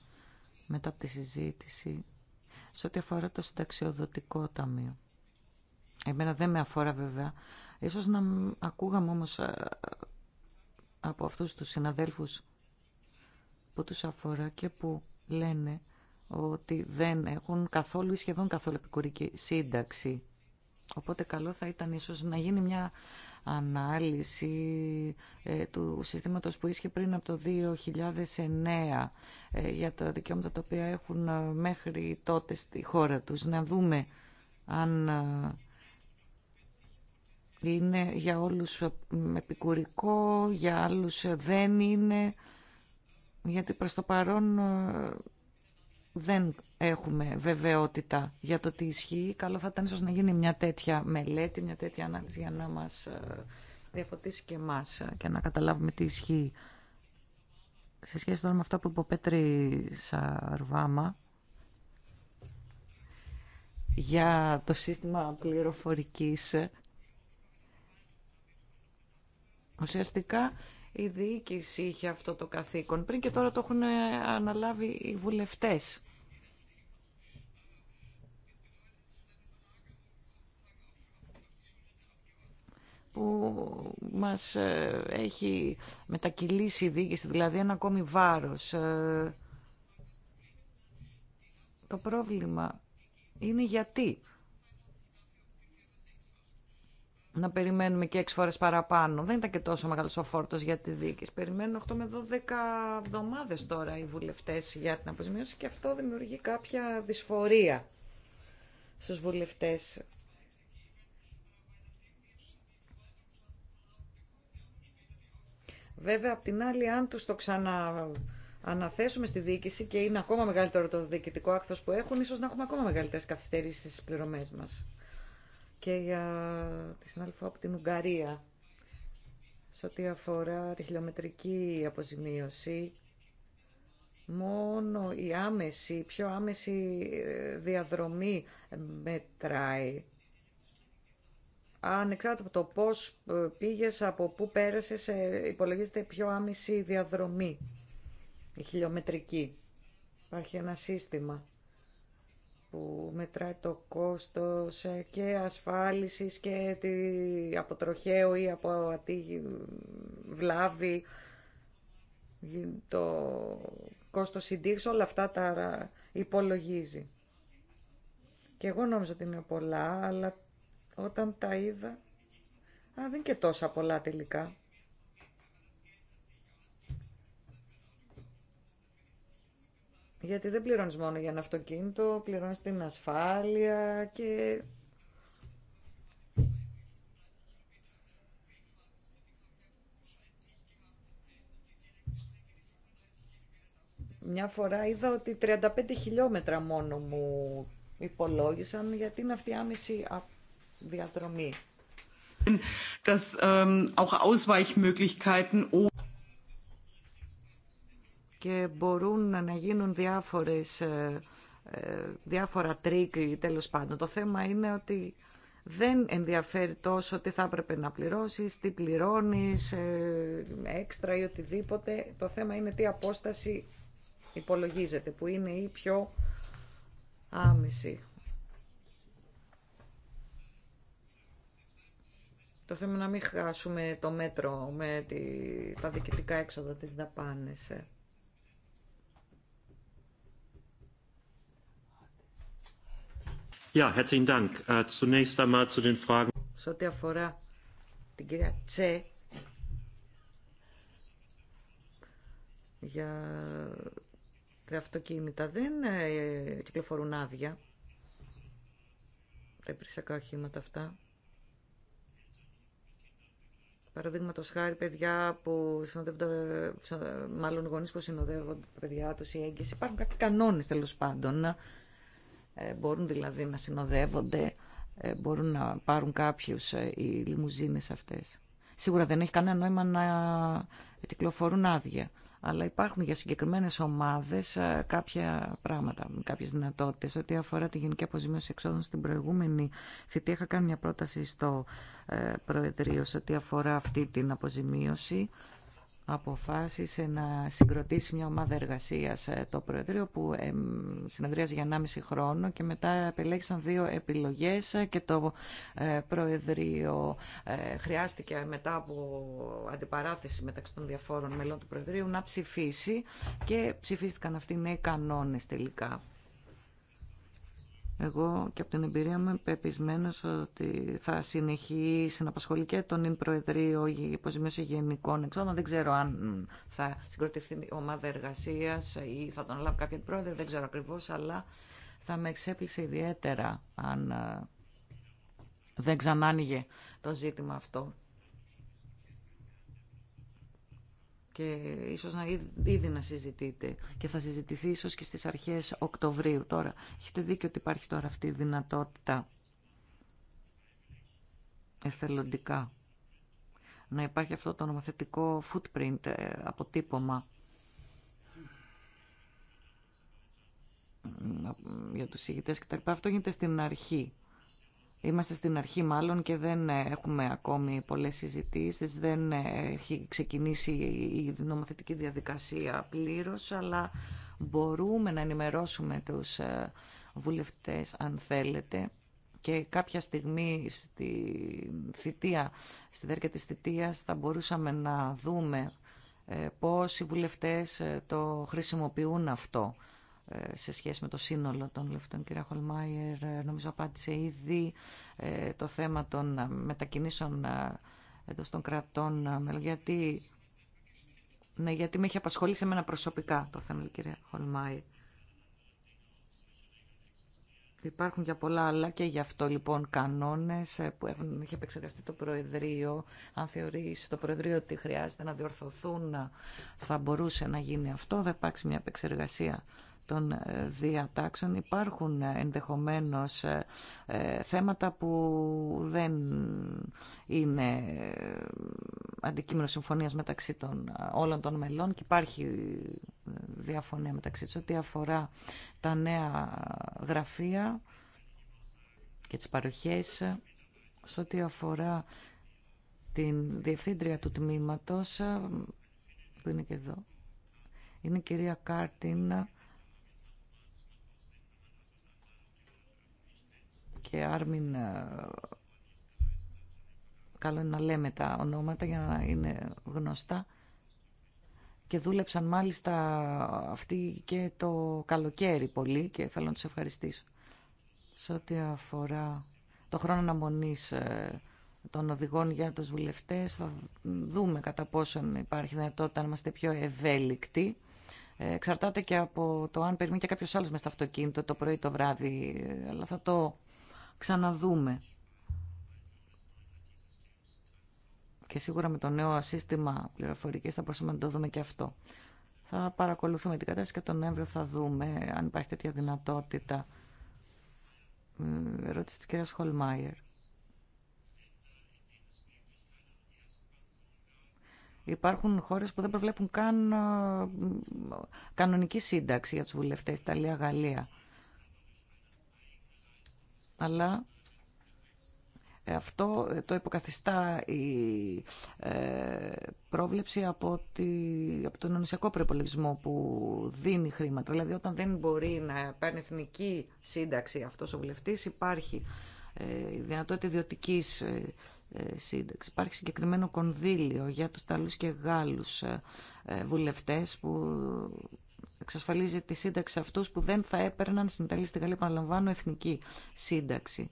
μετά από τη συζήτηση σε ό,τι αφορά το συνταξιοδοτικό ταμείο Εμένα δεν με αφορά βέβαια. Ίσως να ακούγαμε όμως ε, από αυτούς τους συναδέλφους που τους αφορά και που λένε ότι δεν έχουν καθόλου ή σχεδόν καθόλου επικουρική σύνταξη. Οπότε καλό θα ήταν ίσως να γίνει μια ανάλυση ε, του συστήματος που ίσχυε πριν από το 2009 ε, για τα δικαιώματα τα οποία έχουν μέχρι τότε στη χώρα τους. Να δούμε αν είναι για όλους επικουρικό, για άλλους δεν είναι, γιατί προς το παρόν ε, δεν έχουμε βεβαιότητα για το τι ισχύει. Καλό θα ήταν ίσως να γίνει μια τέτοια μελέτη, μια τέτοια ανάλυση για να μας ε, διαφωτίσει και εμάς ε, και να καταλάβουμε τι ισχύει. Σε σχέση τώρα με αυτά που είπε ο Πέτρη Σαρβάμα, για το σύστημα πληροφορικής Ουσιαστικά η διοίκηση είχε αυτό το καθήκον πριν και τώρα το έχουν αναλάβει οι βουλευτές. που μας ε, έχει μετακυλήσει η διοίκηση, δηλαδή ένα ακόμη βάρος. Ε, το πρόβλημα είναι γιατί να περιμένουμε και 6 φορές παραπάνω. Δεν ήταν και τόσο μεγάλο ο φόρτο για τη δίκη. Περιμένουν 8 με 12 εβδομάδες τώρα οι βουλευτέ για την αποζημίωση και αυτό δημιουργεί κάποια δυσφορία στους βουλευτέ. Βέβαια, απ' την άλλη, αν τους το ξανά στη διοίκηση και είναι ακόμα μεγαλύτερο το διοικητικό άκθος που έχουν, ίσως να έχουμε ακόμα μεγαλύτερες καθυστερήσεις στις πληρωμές μας και για τη συνάδελφο από την Ουγγαρία σε ό,τι αφορά τη χιλιομετρική αποζημίωση μόνο η άμεση, πιο άμεση ε, διαδρομή ε, μετράει ανεξάρτητα από το πώς ε, πήγες, από πού πέρασες, υπολογίζεται πιο άμεση διαδρομή, η χιλιομετρική. Υπάρχει ένα σύστημα που μετράει το κόστος ε, και ασφάλισης και τη, από τροχαίο ή από ατύγη βλάβη, το κόστος συντήρησης, όλα αυτά τα υπολογίζει. Και εγώ νόμιζα ότι είναι πολλά, αλλά όταν τα είδα, δεν είναι και τόσα πολλά τελικά. Γιατί δεν πληρώνεις μόνο για ένα αυτοκίνητο, πληρώνεις την ασφάλεια και... Μια φορά είδα ότι 35 χιλιόμετρα μόνο μου υπολόγισαν γιατί είναι αυτή άμεση διαδρομή. Das, ähm, auch και μπορούν να γίνουν διάφορες, ε, ε, διάφορα τρίκ τέλος πάντων. Το θέμα είναι ότι δεν ενδιαφέρει τόσο τι θα έπρεπε να πληρώσεις, τι πληρώνεις, ε, έξτρα ή οτιδήποτε. Το θέμα είναι τι απόσταση υπολογίζεται, που είναι η πιο άμεση. Το θέμα να μην χάσουμε το μέτρο με τη, τα διοικητικά έξοδα, τι δαπάνες. Ja, äh, ό,τι αφορά την κυρία Τσε για τα αυτοκίνητα δεν ε, κυκλοφορούν άδεια τα υπηρεσιακά οχήματα αυτά. Παραδείγματο χάρη παιδιά που συνοδεύονται, μάλλον γονεί που συνοδεύονται παιδιά του, ή έγκυση Υπάρχουν κάποιοι κανόνε τέλο πάντων ε, μπορούν δηλαδή να συνοδεύονται, ε, μπορούν να πάρουν κάποιους ε, οι λιμουζίνες αυτές. Σίγουρα δεν έχει κανένα νόημα να κυκλοφορούν άδεια, αλλά υπάρχουν για συγκεκριμένες ομάδες κάποια πράγματα, κάποιες δυνατότητες. Ό,τι αφορά τη γενική αποζημίωση εξόδων στην προηγούμενη θητή, είχα κάνει μια πρόταση στο Προεδρείο σε ό,τι αφορά αυτή την αποζημίωση αποφάσισε να συγκροτήσει μια ομάδα εργασίας ε, το Προεδρείο που συνεδρίαζε για 1,5 χρόνο και μετά επιλέξαν δύο επιλογές ε, και το ε, Προεδρείο χρειάστηκε μετά από αντιπαράθεση μεταξύ των διαφόρων μελών του Προεδρείου να ψηφίσει και ψηφίστηκαν αυτοί οι νέοι κανόνες τελικά εγώ και από την εμπειρία μου είμαι ότι θα συνεχίσει να απασχολεί και τον Ιν Προεδρείο Υποζημίωση Γενικών Εξόδων. Δεν ξέρω αν θα συγκροτηθεί η ομάδα εργασία ή θα τον λάβει κάποιον πρόεδρο, δεν ξέρω ακριβώς, αλλά θα με εξέπληξε ιδιαίτερα αν ε, δεν ξανάνοιγε το ζήτημα αυτό και ίσως να ήδη να συζητείτε και θα συζητηθεί ίσως και στις αρχές Οκτωβρίου τώρα. Έχετε δίκιο ότι υπάρχει τώρα αυτή η δυνατότητα εθελοντικά να υπάρχει αυτό το νομοθετικό footprint, ε, αποτύπωμα για τους ηγητές κτλ. Αυτό γίνεται στην αρχή Είμαστε στην αρχή μάλλον και δεν ε, έχουμε ακόμη πολλές συζητήσεις, δεν ε, έχει ξεκινήσει η νομοθετική διαδικασία πλήρως, αλλά μπορούμε να ενημερώσουμε τους ε, βουλευτές αν θέλετε και κάποια στιγμή στη θητεία, στη διάρκεια της θητείας θα μπορούσαμε να δούμε πώς οι βουλευτές το χρησιμοποιούν αυτό σε σχέση με το σύνολο των λεφτών. Κυρία Χολμάιερ, νομίζω απάντησε ήδη ε, το θέμα των ε, μετακινήσεων ε, εντό των κρατών. Γιατί, ναι, γιατί με έχει απασχολήσει εμένα προσωπικά το θέμα, κυρία Χολμάιερ. Υπάρχουν για πολλά άλλα και γι' αυτό λοιπόν κανόνες που έχουν, έχει επεξεργαστεί το Προεδρείο. Αν θεωρήσει το Προεδρείο ότι χρειάζεται να διορθωθούν, θα μπορούσε να γίνει αυτό. Θα υπάρξει μια επεξεργασία των ε, διατάξεων υπάρχουν ε, ενδεχομένως ε, θέματα που δεν είναι αντικείμενο συμφωνίας μεταξύ των όλων των μελών και υπάρχει διαφωνία μεταξύ τους ό,τι αφορά τα νέα γραφεία και τις παροχές σε ό,τι αφορά την διευθύντρια του τμήματος που είναι και εδώ είναι η κυρία Κάρτιν και Άρμιν ε, καλό είναι να λέμε τα ονόματα για να είναι γνωστά και δούλεψαν μάλιστα αυτοί και το καλοκαίρι πολύ και θέλω να τους ευχαριστήσω. Σε ό,τι αφορά το χρόνο αναμονής ε, των οδηγών για τους βουλευτές θα δούμε κατά πόσον υπάρχει δυνατότητα να είμαστε πιο ευέλικτοι. Ε, εξαρτάται και από το αν περιμένει και κάποιος άλλος με στο αυτοκίνητο το πρωί το βράδυ, αλλά θα το ξαναδούμε. Και σίγουρα με το νέο σύστημα πληροφορικής θα μπορούσαμε να το δούμε και αυτό. Θα παρακολουθούμε την κατάσταση και τον Νοέμβριο θα δούμε αν υπάρχει τέτοια δυνατότητα. Ερώτηση της κυρίας Χολμάιερ. Υπάρχουν χώρες που δεν προβλέπουν καν ε, κανονική σύνταξη για τους βουλευτές, Ιταλία, Γαλλία αλλά ε, αυτό ε, το υποκαθιστά η ε, πρόβλεψη από, τη, από τον νησιακό προπολογισμό που δίνει χρήματα. Δηλαδή όταν δεν μπορεί να παίρνει εθνική σύνταξη αυτός ο βουλευτής υπάρχει η δυνατότητα ιδιωτική σύνταξη. Υπάρχει συγκεκριμένο κονδύλιο για τους Ταλούς και Γάλλους βουλευτές που εξασφαλίζει τη σύνταξη αυτούς που δεν θα έπαιρναν στην Ιταλία στην Γαλλία, επαναλαμβάνω, εθνική σύνταξη.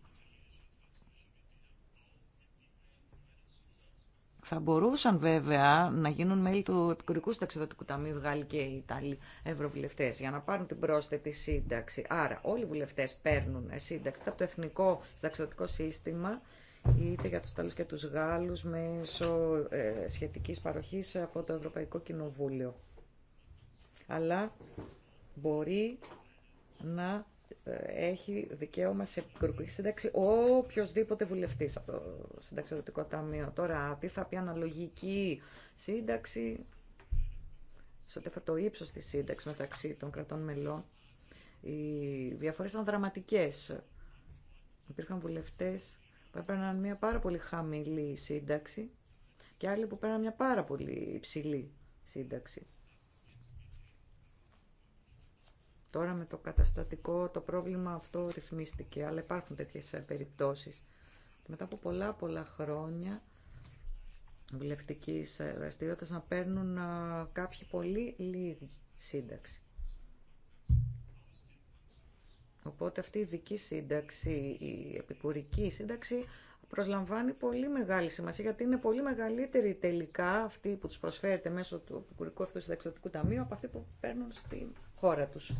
Θα μπορούσαν βέβαια να γίνουν μέλη του Επικουρικού Συνταξιδοτικού Ταμείου Γάλλοι και οι Ιταλοί Ευρωβουλευτέ για να πάρουν την πρόσθετη σύνταξη. Άρα, όλοι οι βουλευτέ παίρνουν σύνταξη από το Εθνικό Συνταξιδοτικό Σύστημα είτε για του Ιταλού και του Γάλλου, μέσω ε, σχετική από το Ευρωπαϊκό Κοινοβούλιο αλλά μπορεί να ε, έχει δικαίωμα σε επικουρική σύνταξη οποιοδήποτε βουλευτή από το Συνταξιδοτικό Ταμείο. Τώρα, τι θα πει αναλογική σύνταξη, σε ό,τι το ύψο τη σύνταξη μεταξύ των κρατών μελών, οι διαφορέ ήταν δραματικέ. Υπήρχαν βουλευτέ που έπαιρναν μια πάρα πολύ χαμηλή σύνταξη και άλλοι που πέραν μια πάρα πολύ υψηλή σύνταξη. Τώρα με το καταστατικό το πρόβλημα αυτό ρυθμίστηκε, αλλά υπάρχουν τέτοιες ε, περιπτώσεις. Μετά από πολλά πολλά χρόνια βουλευτικής ε, δραστηριότητα να παίρνουν ε, κάποιοι πολύ λίγοι σύνταξη. Οπότε αυτή η δική σύνταξη, η επικουρική σύνταξη προσλαμβάνει πολύ μεγάλη σημασία γιατί είναι πολύ μεγαλύτερη τελικά αυτή που τους προσφέρεται μέσω του επικουρικού αυτού ταμείου από αυτή που παίρνουν στη χώρα τους.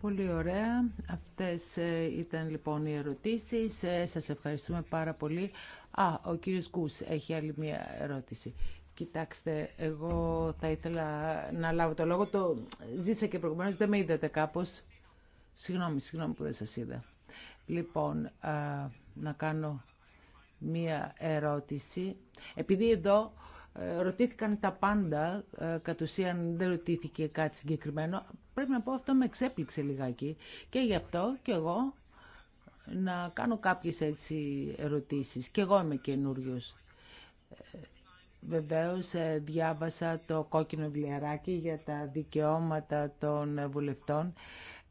Πολύ ωραία. Αυτές ε, ήταν λοιπόν οι ερωτήσεις. Ε, σας ευχαριστούμε πάρα πολύ. Α, ο κύριος Κούς έχει άλλη μία ερώτηση. Κοιτάξτε, εγώ θα ήθελα να λάβω το λόγο. Το ζήτησα και προηγουμένως, δεν με είδατε κάπως. Συγγνώμη, συγγνώμη που δεν σας είδα. Λοιπόν, να κάνω μία ερώτηση. Επειδή εδώ ε, ρωτήθηκαν τα πάντα, κατ' ουσίαν δεν ρωτήθηκε κάτι συγκεκριμένο πρέπει να πω αυτό με εξέπληξε λιγάκι και γι' αυτό και εγώ να κάνω κάποιες έτσι ερωτήσεις. Και εγώ είμαι καινούριο. Βεβαίως ε, διάβασα το κόκκινο βιβλιαράκι για τα δικαιώματα των βουλευτών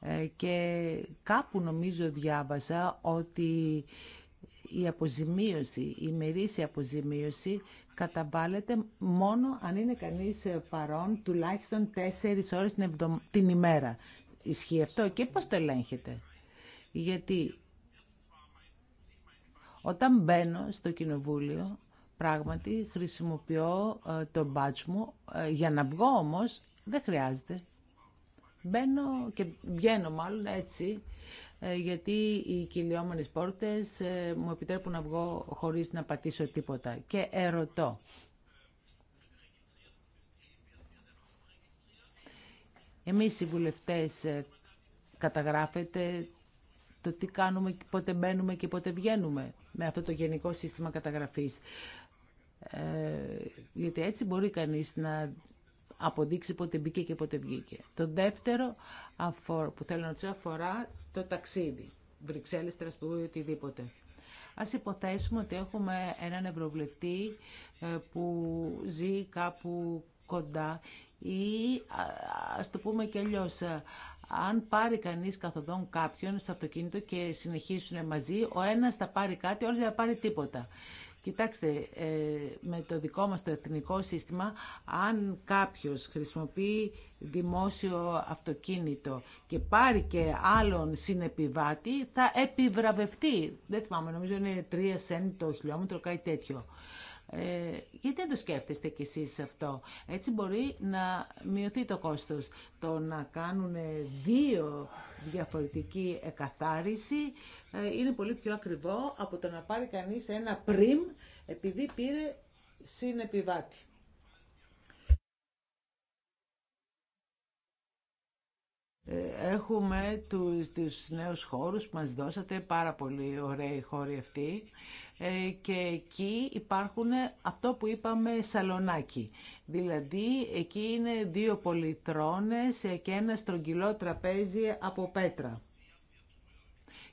ε, και κάπου νομίζω διάβασα ότι η αποζημίωση, η μερίσια αποζημίωση καταβάλλεται μόνο αν είναι κανείς παρόν τουλάχιστον 4 ώρες την ημέρα. Ισχύει αυτό και πώς το ελέγχεται. Γιατί όταν μπαίνω στο κοινοβούλιο, πράγματι χρησιμοποιώ ε, το μπάτς μου. Ε, για να βγω όμως δεν χρειάζεται. Μπαίνω και βγαίνω μάλλον έτσι. Ε, γιατί οι κυλιόμενες πόρτες ε, μου επιτρέπουν να βγω χωρίς να πατήσω τίποτα. Και ερωτώ. Εμείς οι βουλευτές ε, καταγράφεται το τι κάνουμε, πότε μπαίνουμε και πότε βγαίνουμε με αυτό το γενικό σύστημα καταγραφής. Ε, γιατί έτσι μπορεί κανείς να αποδείξει πότε μπήκε και πότε βγήκε. Το δεύτερο που θέλω να ρωτήσω αφορά το ταξίδι. Βρυξέλλες, Στρασβούργο ή οτιδήποτε. Ας υποθέσουμε ότι έχουμε έναν ευρωβουλευτή ε, που ζει κάπου κοντά ή ας το πούμε και αλλιώ. Ε, αν πάρει κανείς καθοδόν κάποιον στο αυτοκίνητο και συνεχίσουν μαζί, ο ένας θα πάρει κάτι, ο άλλος δεν θα πάρει τίποτα. Κοιτάξτε, ε, με το δικό μας το εθνικό σύστημα, αν κάποιος χρησιμοποιεί δημόσιο αυτοκίνητο και πάρει και άλλον συνεπιβάτη, θα επιβραβευτεί. Δεν θυμάμαι, νομίζω είναι 3 σέντ το χιλιόμετρο, κάτι τέτοιο. Ε, γιατί δεν το σκέφτεστε κι εσείς αυτό. Έτσι μπορεί να μειωθεί το κόστος. Το να κάνουν δύο διαφορετική εκαθάριση ε, είναι πολύ πιο ακριβό από το να πάρει κανείς ένα πριμ επειδή πήρε συνεπιβάτη. Ε, έχουμε τους, τους νέους χώρους που μας δώσατε, πάρα πολύ ωραίοι χώροι αυτοί. Ε, και εκεί υπάρχουν αυτό που είπαμε σαλονάκι. Δηλαδή εκεί είναι δύο πολυτρόνες και ένα στρογγυλό τραπέζι από πέτρα.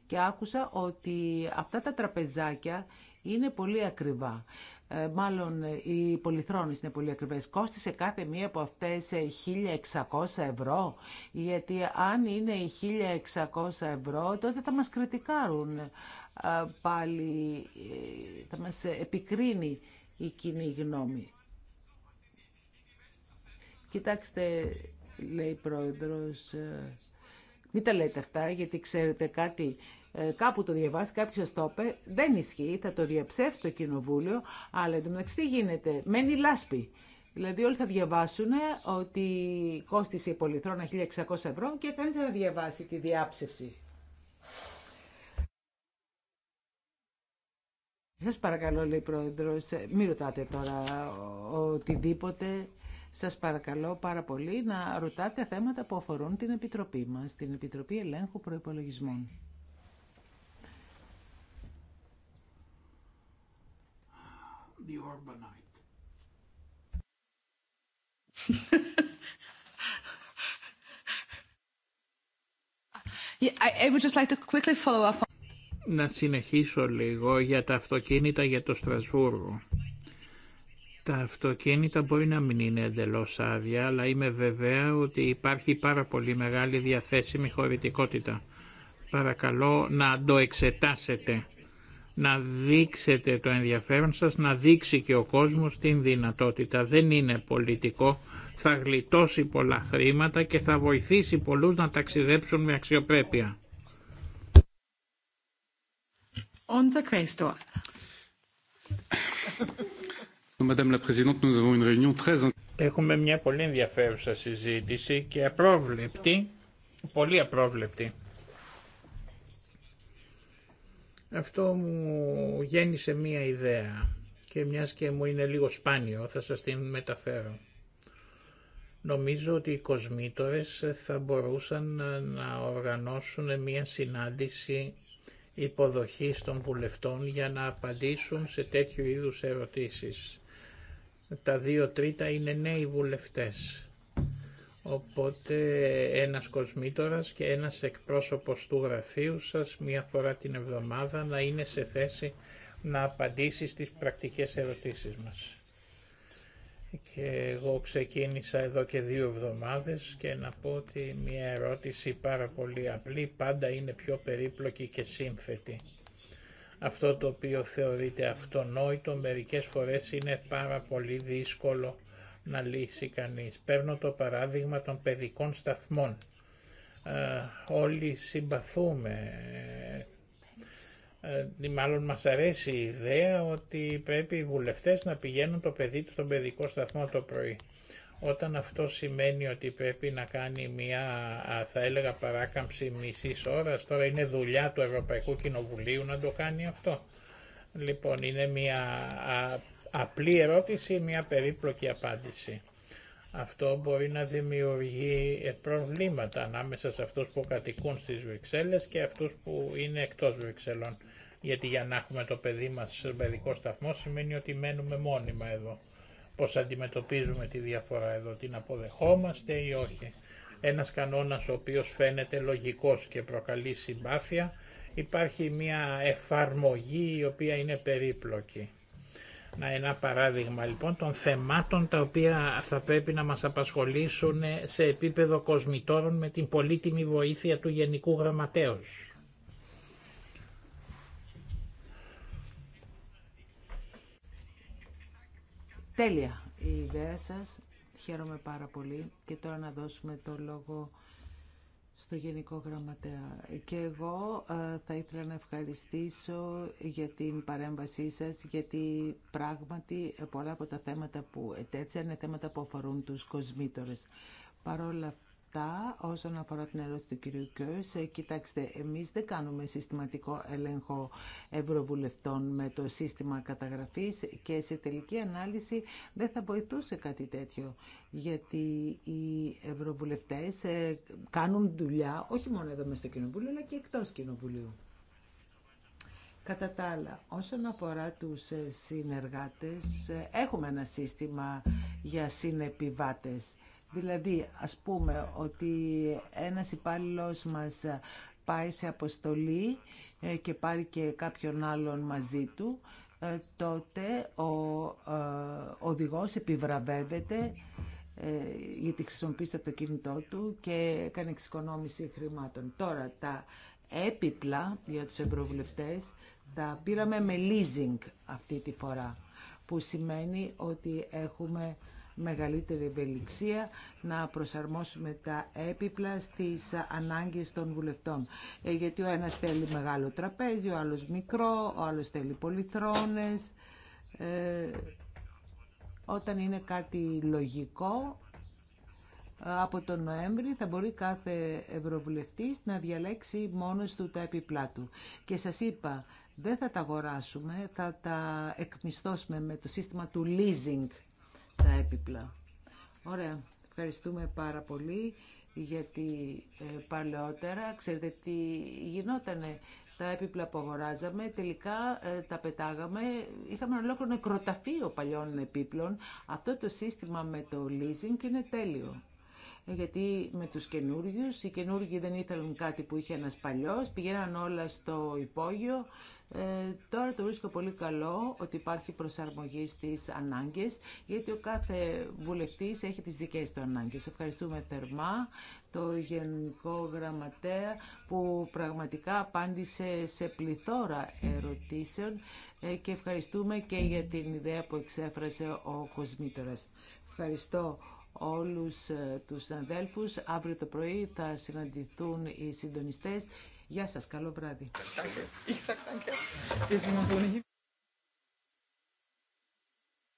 Και άκουσα ότι αυτά τα τραπεζάκια είναι πολύ ακριβά. Ε, μάλλον οι πολυθρόνε είναι πολύ ακριβές. Κόστησε κάθε μία από αυτές 1.600 ε, ευρώ, γιατί αν είναι 1.600 ευρώ, τότε θα μας κριτικάρουν ε, πάλι, θα μας επικρίνει η κοινή γνώμη. Κοιτάξτε, λέει η πρόεδρος, μην τα λέτε αυτά, γιατί ξέρετε κάτι, ε, κάπου το διαβάσει, κάποιο το είπε, δεν ισχύει, θα το διαψεύσει το κοινοβούλιο, αλλά μεταξύ τι γίνεται, μένει λάσπη. Δηλαδή όλοι θα διαβάσουν ότι κόστησε η πολυθρόνα 1600 ευρώ και κανείς δεν θα διαβάσει τη διάψευση. Σας παρακαλώ, λέει η Πρόεδρος, μην ρωτάτε τώρα οτιδήποτε. Σας παρακαλώ πάρα πολύ να ρωτάτε θέματα που αφορούν την Επιτροπή μας, την Επιτροπή Ελέγχου Προϋπολογισμών. the I would just like to quickly follow up. Να συνεχίσω λίγο για τα αυτοκίνητα για το Στρασβούργο. Τα αυτοκίνητα μπορεί να μην είναι εντελώς άδεια, αλλά είμαι βεβαία ότι υπάρχει πάρα πολύ μεγάλη διαθέσιμη χωρητικότητα. Παρακαλώ να το εξετάσετε να δείξετε το ενδιαφέρον σας, να δείξει και ο κόσμος την δυνατότητα. Δεν είναι πολιτικό, θα γλιτώσει πολλά χρήματα και θα βοηθήσει πολλούς να ταξιδέψουν με αξιοπρέπεια. Έχουμε μια πολύ ενδιαφέρουσα συζήτηση και απρόβλεπτη, πολύ απρόβλεπτη. Αυτό μου γέννησε μία ιδέα και μιας και μου είναι λίγο σπάνιο θα σας την μεταφέρω. Νομίζω ότι οι κοσμήτορες θα μπορούσαν να οργανώσουν μία συνάντηση υποδοχής των βουλευτών για να απαντήσουν σε τέτοιου είδους ερωτήσεις. Τα δύο τρίτα είναι νέοι βουλευτές. Οπότε ένας κοσμήτορας και ένας εκπρόσωπος του γραφείου σας μία φορά την εβδομάδα να είναι σε θέση να απαντήσει στις πρακτικές ερωτήσεις μας. Και εγώ ξεκίνησα εδώ και δύο εβδομάδες και να πω ότι μία ερώτηση πάρα πολύ απλή πάντα είναι πιο περίπλοκη και σύνθετη. Αυτό το οποίο θεωρείται αυτονόητο μερικές φορές είναι πάρα πολύ δύσκολο να λύσει κανείς. Παίρνω το παράδειγμα των παιδικών σταθμών. Ε, όλοι συμπαθούμε ε, ε, μάλλον μας αρέσει η ιδέα ότι πρέπει οι βουλευτές να πηγαίνουν το παιδί του στον παιδικό σταθμό το πρωί. Όταν αυτό σημαίνει ότι πρέπει να κάνει μια, θα έλεγα, παράκαμψη μισή ώρα, τώρα είναι δουλειά του Ευρωπαϊκού Κοινοβουλίου να το κάνει αυτό. Λοιπόν, είναι μια απλή ερώτηση μια περίπλοκη απάντηση. Αυτό μπορεί να δημιουργεί προβλήματα ανάμεσα σε αυτούς που κατοικούν στις Βρυξέλλες και αυτούς που είναι εκτός Βρυξελών. Γιατί για να έχουμε το παιδί μας σε παιδικό σταθμό σημαίνει ότι μένουμε μόνιμα εδώ. Πώς αντιμετωπίζουμε τη διαφορά εδώ, την αποδεχόμαστε ή όχι. Ένας κανόνας ο οποίος φαίνεται λογικός και προκαλεί συμπάθεια, υπάρχει μια εφαρμογή η οποία είναι περίπλοκη. Να Ένα παράδειγμα λοιπόν των θεμάτων τα οποία θα πρέπει να μας απασχολήσουν σε επίπεδο κοσμητόρων με την πολύτιμη βοήθεια του Γενικού Γραμματέως. Τέλεια η ιδέα σας. Χαίρομαι πάρα πολύ και τώρα να δώσουμε το λόγο στο Γενικό Γραμματέα. Και εγώ ε, θα ήθελα να ευχαριστήσω για την παρέμβασή σας, γιατί πράγματι πολλά από τα θέματα που έτσι είναι θέματα που αφορούν τους κοσμήτωρες. παρόλα όσον αφορά την ερώτηση του κυρίου Ε, κοιτάξτε, εμείς δεν κάνουμε συστηματικό έλεγχο ευρωβουλευτών με το σύστημα καταγραφής και σε τελική ανάλυση δεν θα βοηθούσε κάτι τέτοιο, γιατί οι ευρωβουλευτές ε, κάνουν δουλειά όχι μόνο εδώ μέσα στο Κοινοβούλιο, αλλά και εκτός Κοινοβουλίου. Κατά τα άλλα, όσον αφορά τους ε, συνεργάτες, ε, έχουμε ένα σύστημα για συνεπιβάτες Δηλαδή, ας πούμε ότι ένας υπάλληλος μας πάει σε αποστολή ε, και πάρει και κάποιον άλλον μαζί του, ε, τότε ο ε, οδηγός επιβραβεύεται γιατί χρησιμοποίησε το αυτοκίνητό του και έκανε εξοικονόμηση χρημάτων. Τώρα, τα έπιπλα για τους ευρωβουλευτές τα πήραμε με leasing αυτή τη φορά, που σημαίνει ότι έχουμε μεγαλύτερη ευελιξία, να προσαρμόσουμε τα έπιπλα στις ανάγκες των βουλευτών. Ε, γιατί ο ένας θέλει μεγάλο τραπέζι, ο άλλος μικρό, ο άλλος θέλει πολυθρόνες. Ε, όταν είναι κάτι λογικό, από τον Νοέμβρη θα μπορεί κάθε ευρωβουλευτής να διαλέξει μόνος του τα επιπλά του. Και σας είπα, δεν θα τα αγοράσουμε, θα τα εκμισθώσουμε με το σύστημα του leasing τα έπιπλα. Ωραία. Ευχαριστούμε πάρα πολύ γιατί ε, παλαιότερα, ξέρετε τι γινότανε, τα έπιπλα που αγοράζαμε, τελικά ε, τα πετάγαμε, είχαμε ένα ολόκληρο νεκροταφείο παλιών επίπλων. Αυτό το σύστημα με το leasing είναι τέλειο. Ε, γιατί με τους καινούριου, οι καινούργοι δεν ήθελαν κάτι που είχε ένας παλιός, πηγαίναν όλα στο υπόγειο, ε, τώρα το βρίσκω πολύ καλό ότι υπάρχει προσαρμογή στις ανάγκες, γιατί ο κάθε βουλευτής έχει τις δικές του ανάγκες. Ευχαριστούμε θερμά το Γενικό Γραμματέα που πραγματικά απάντησε σε πληθώρα ερωτήσεων ε, και ευχαριστούμε και για την ιδέα που εξέφρασε ο Κοσμήτορας. Ευχαριστώ όλους ε, τους αδέλφους. Αύριο το πρωί θα συναντηθούν οι συντονιστές Γεια σας, καλό βράδυ.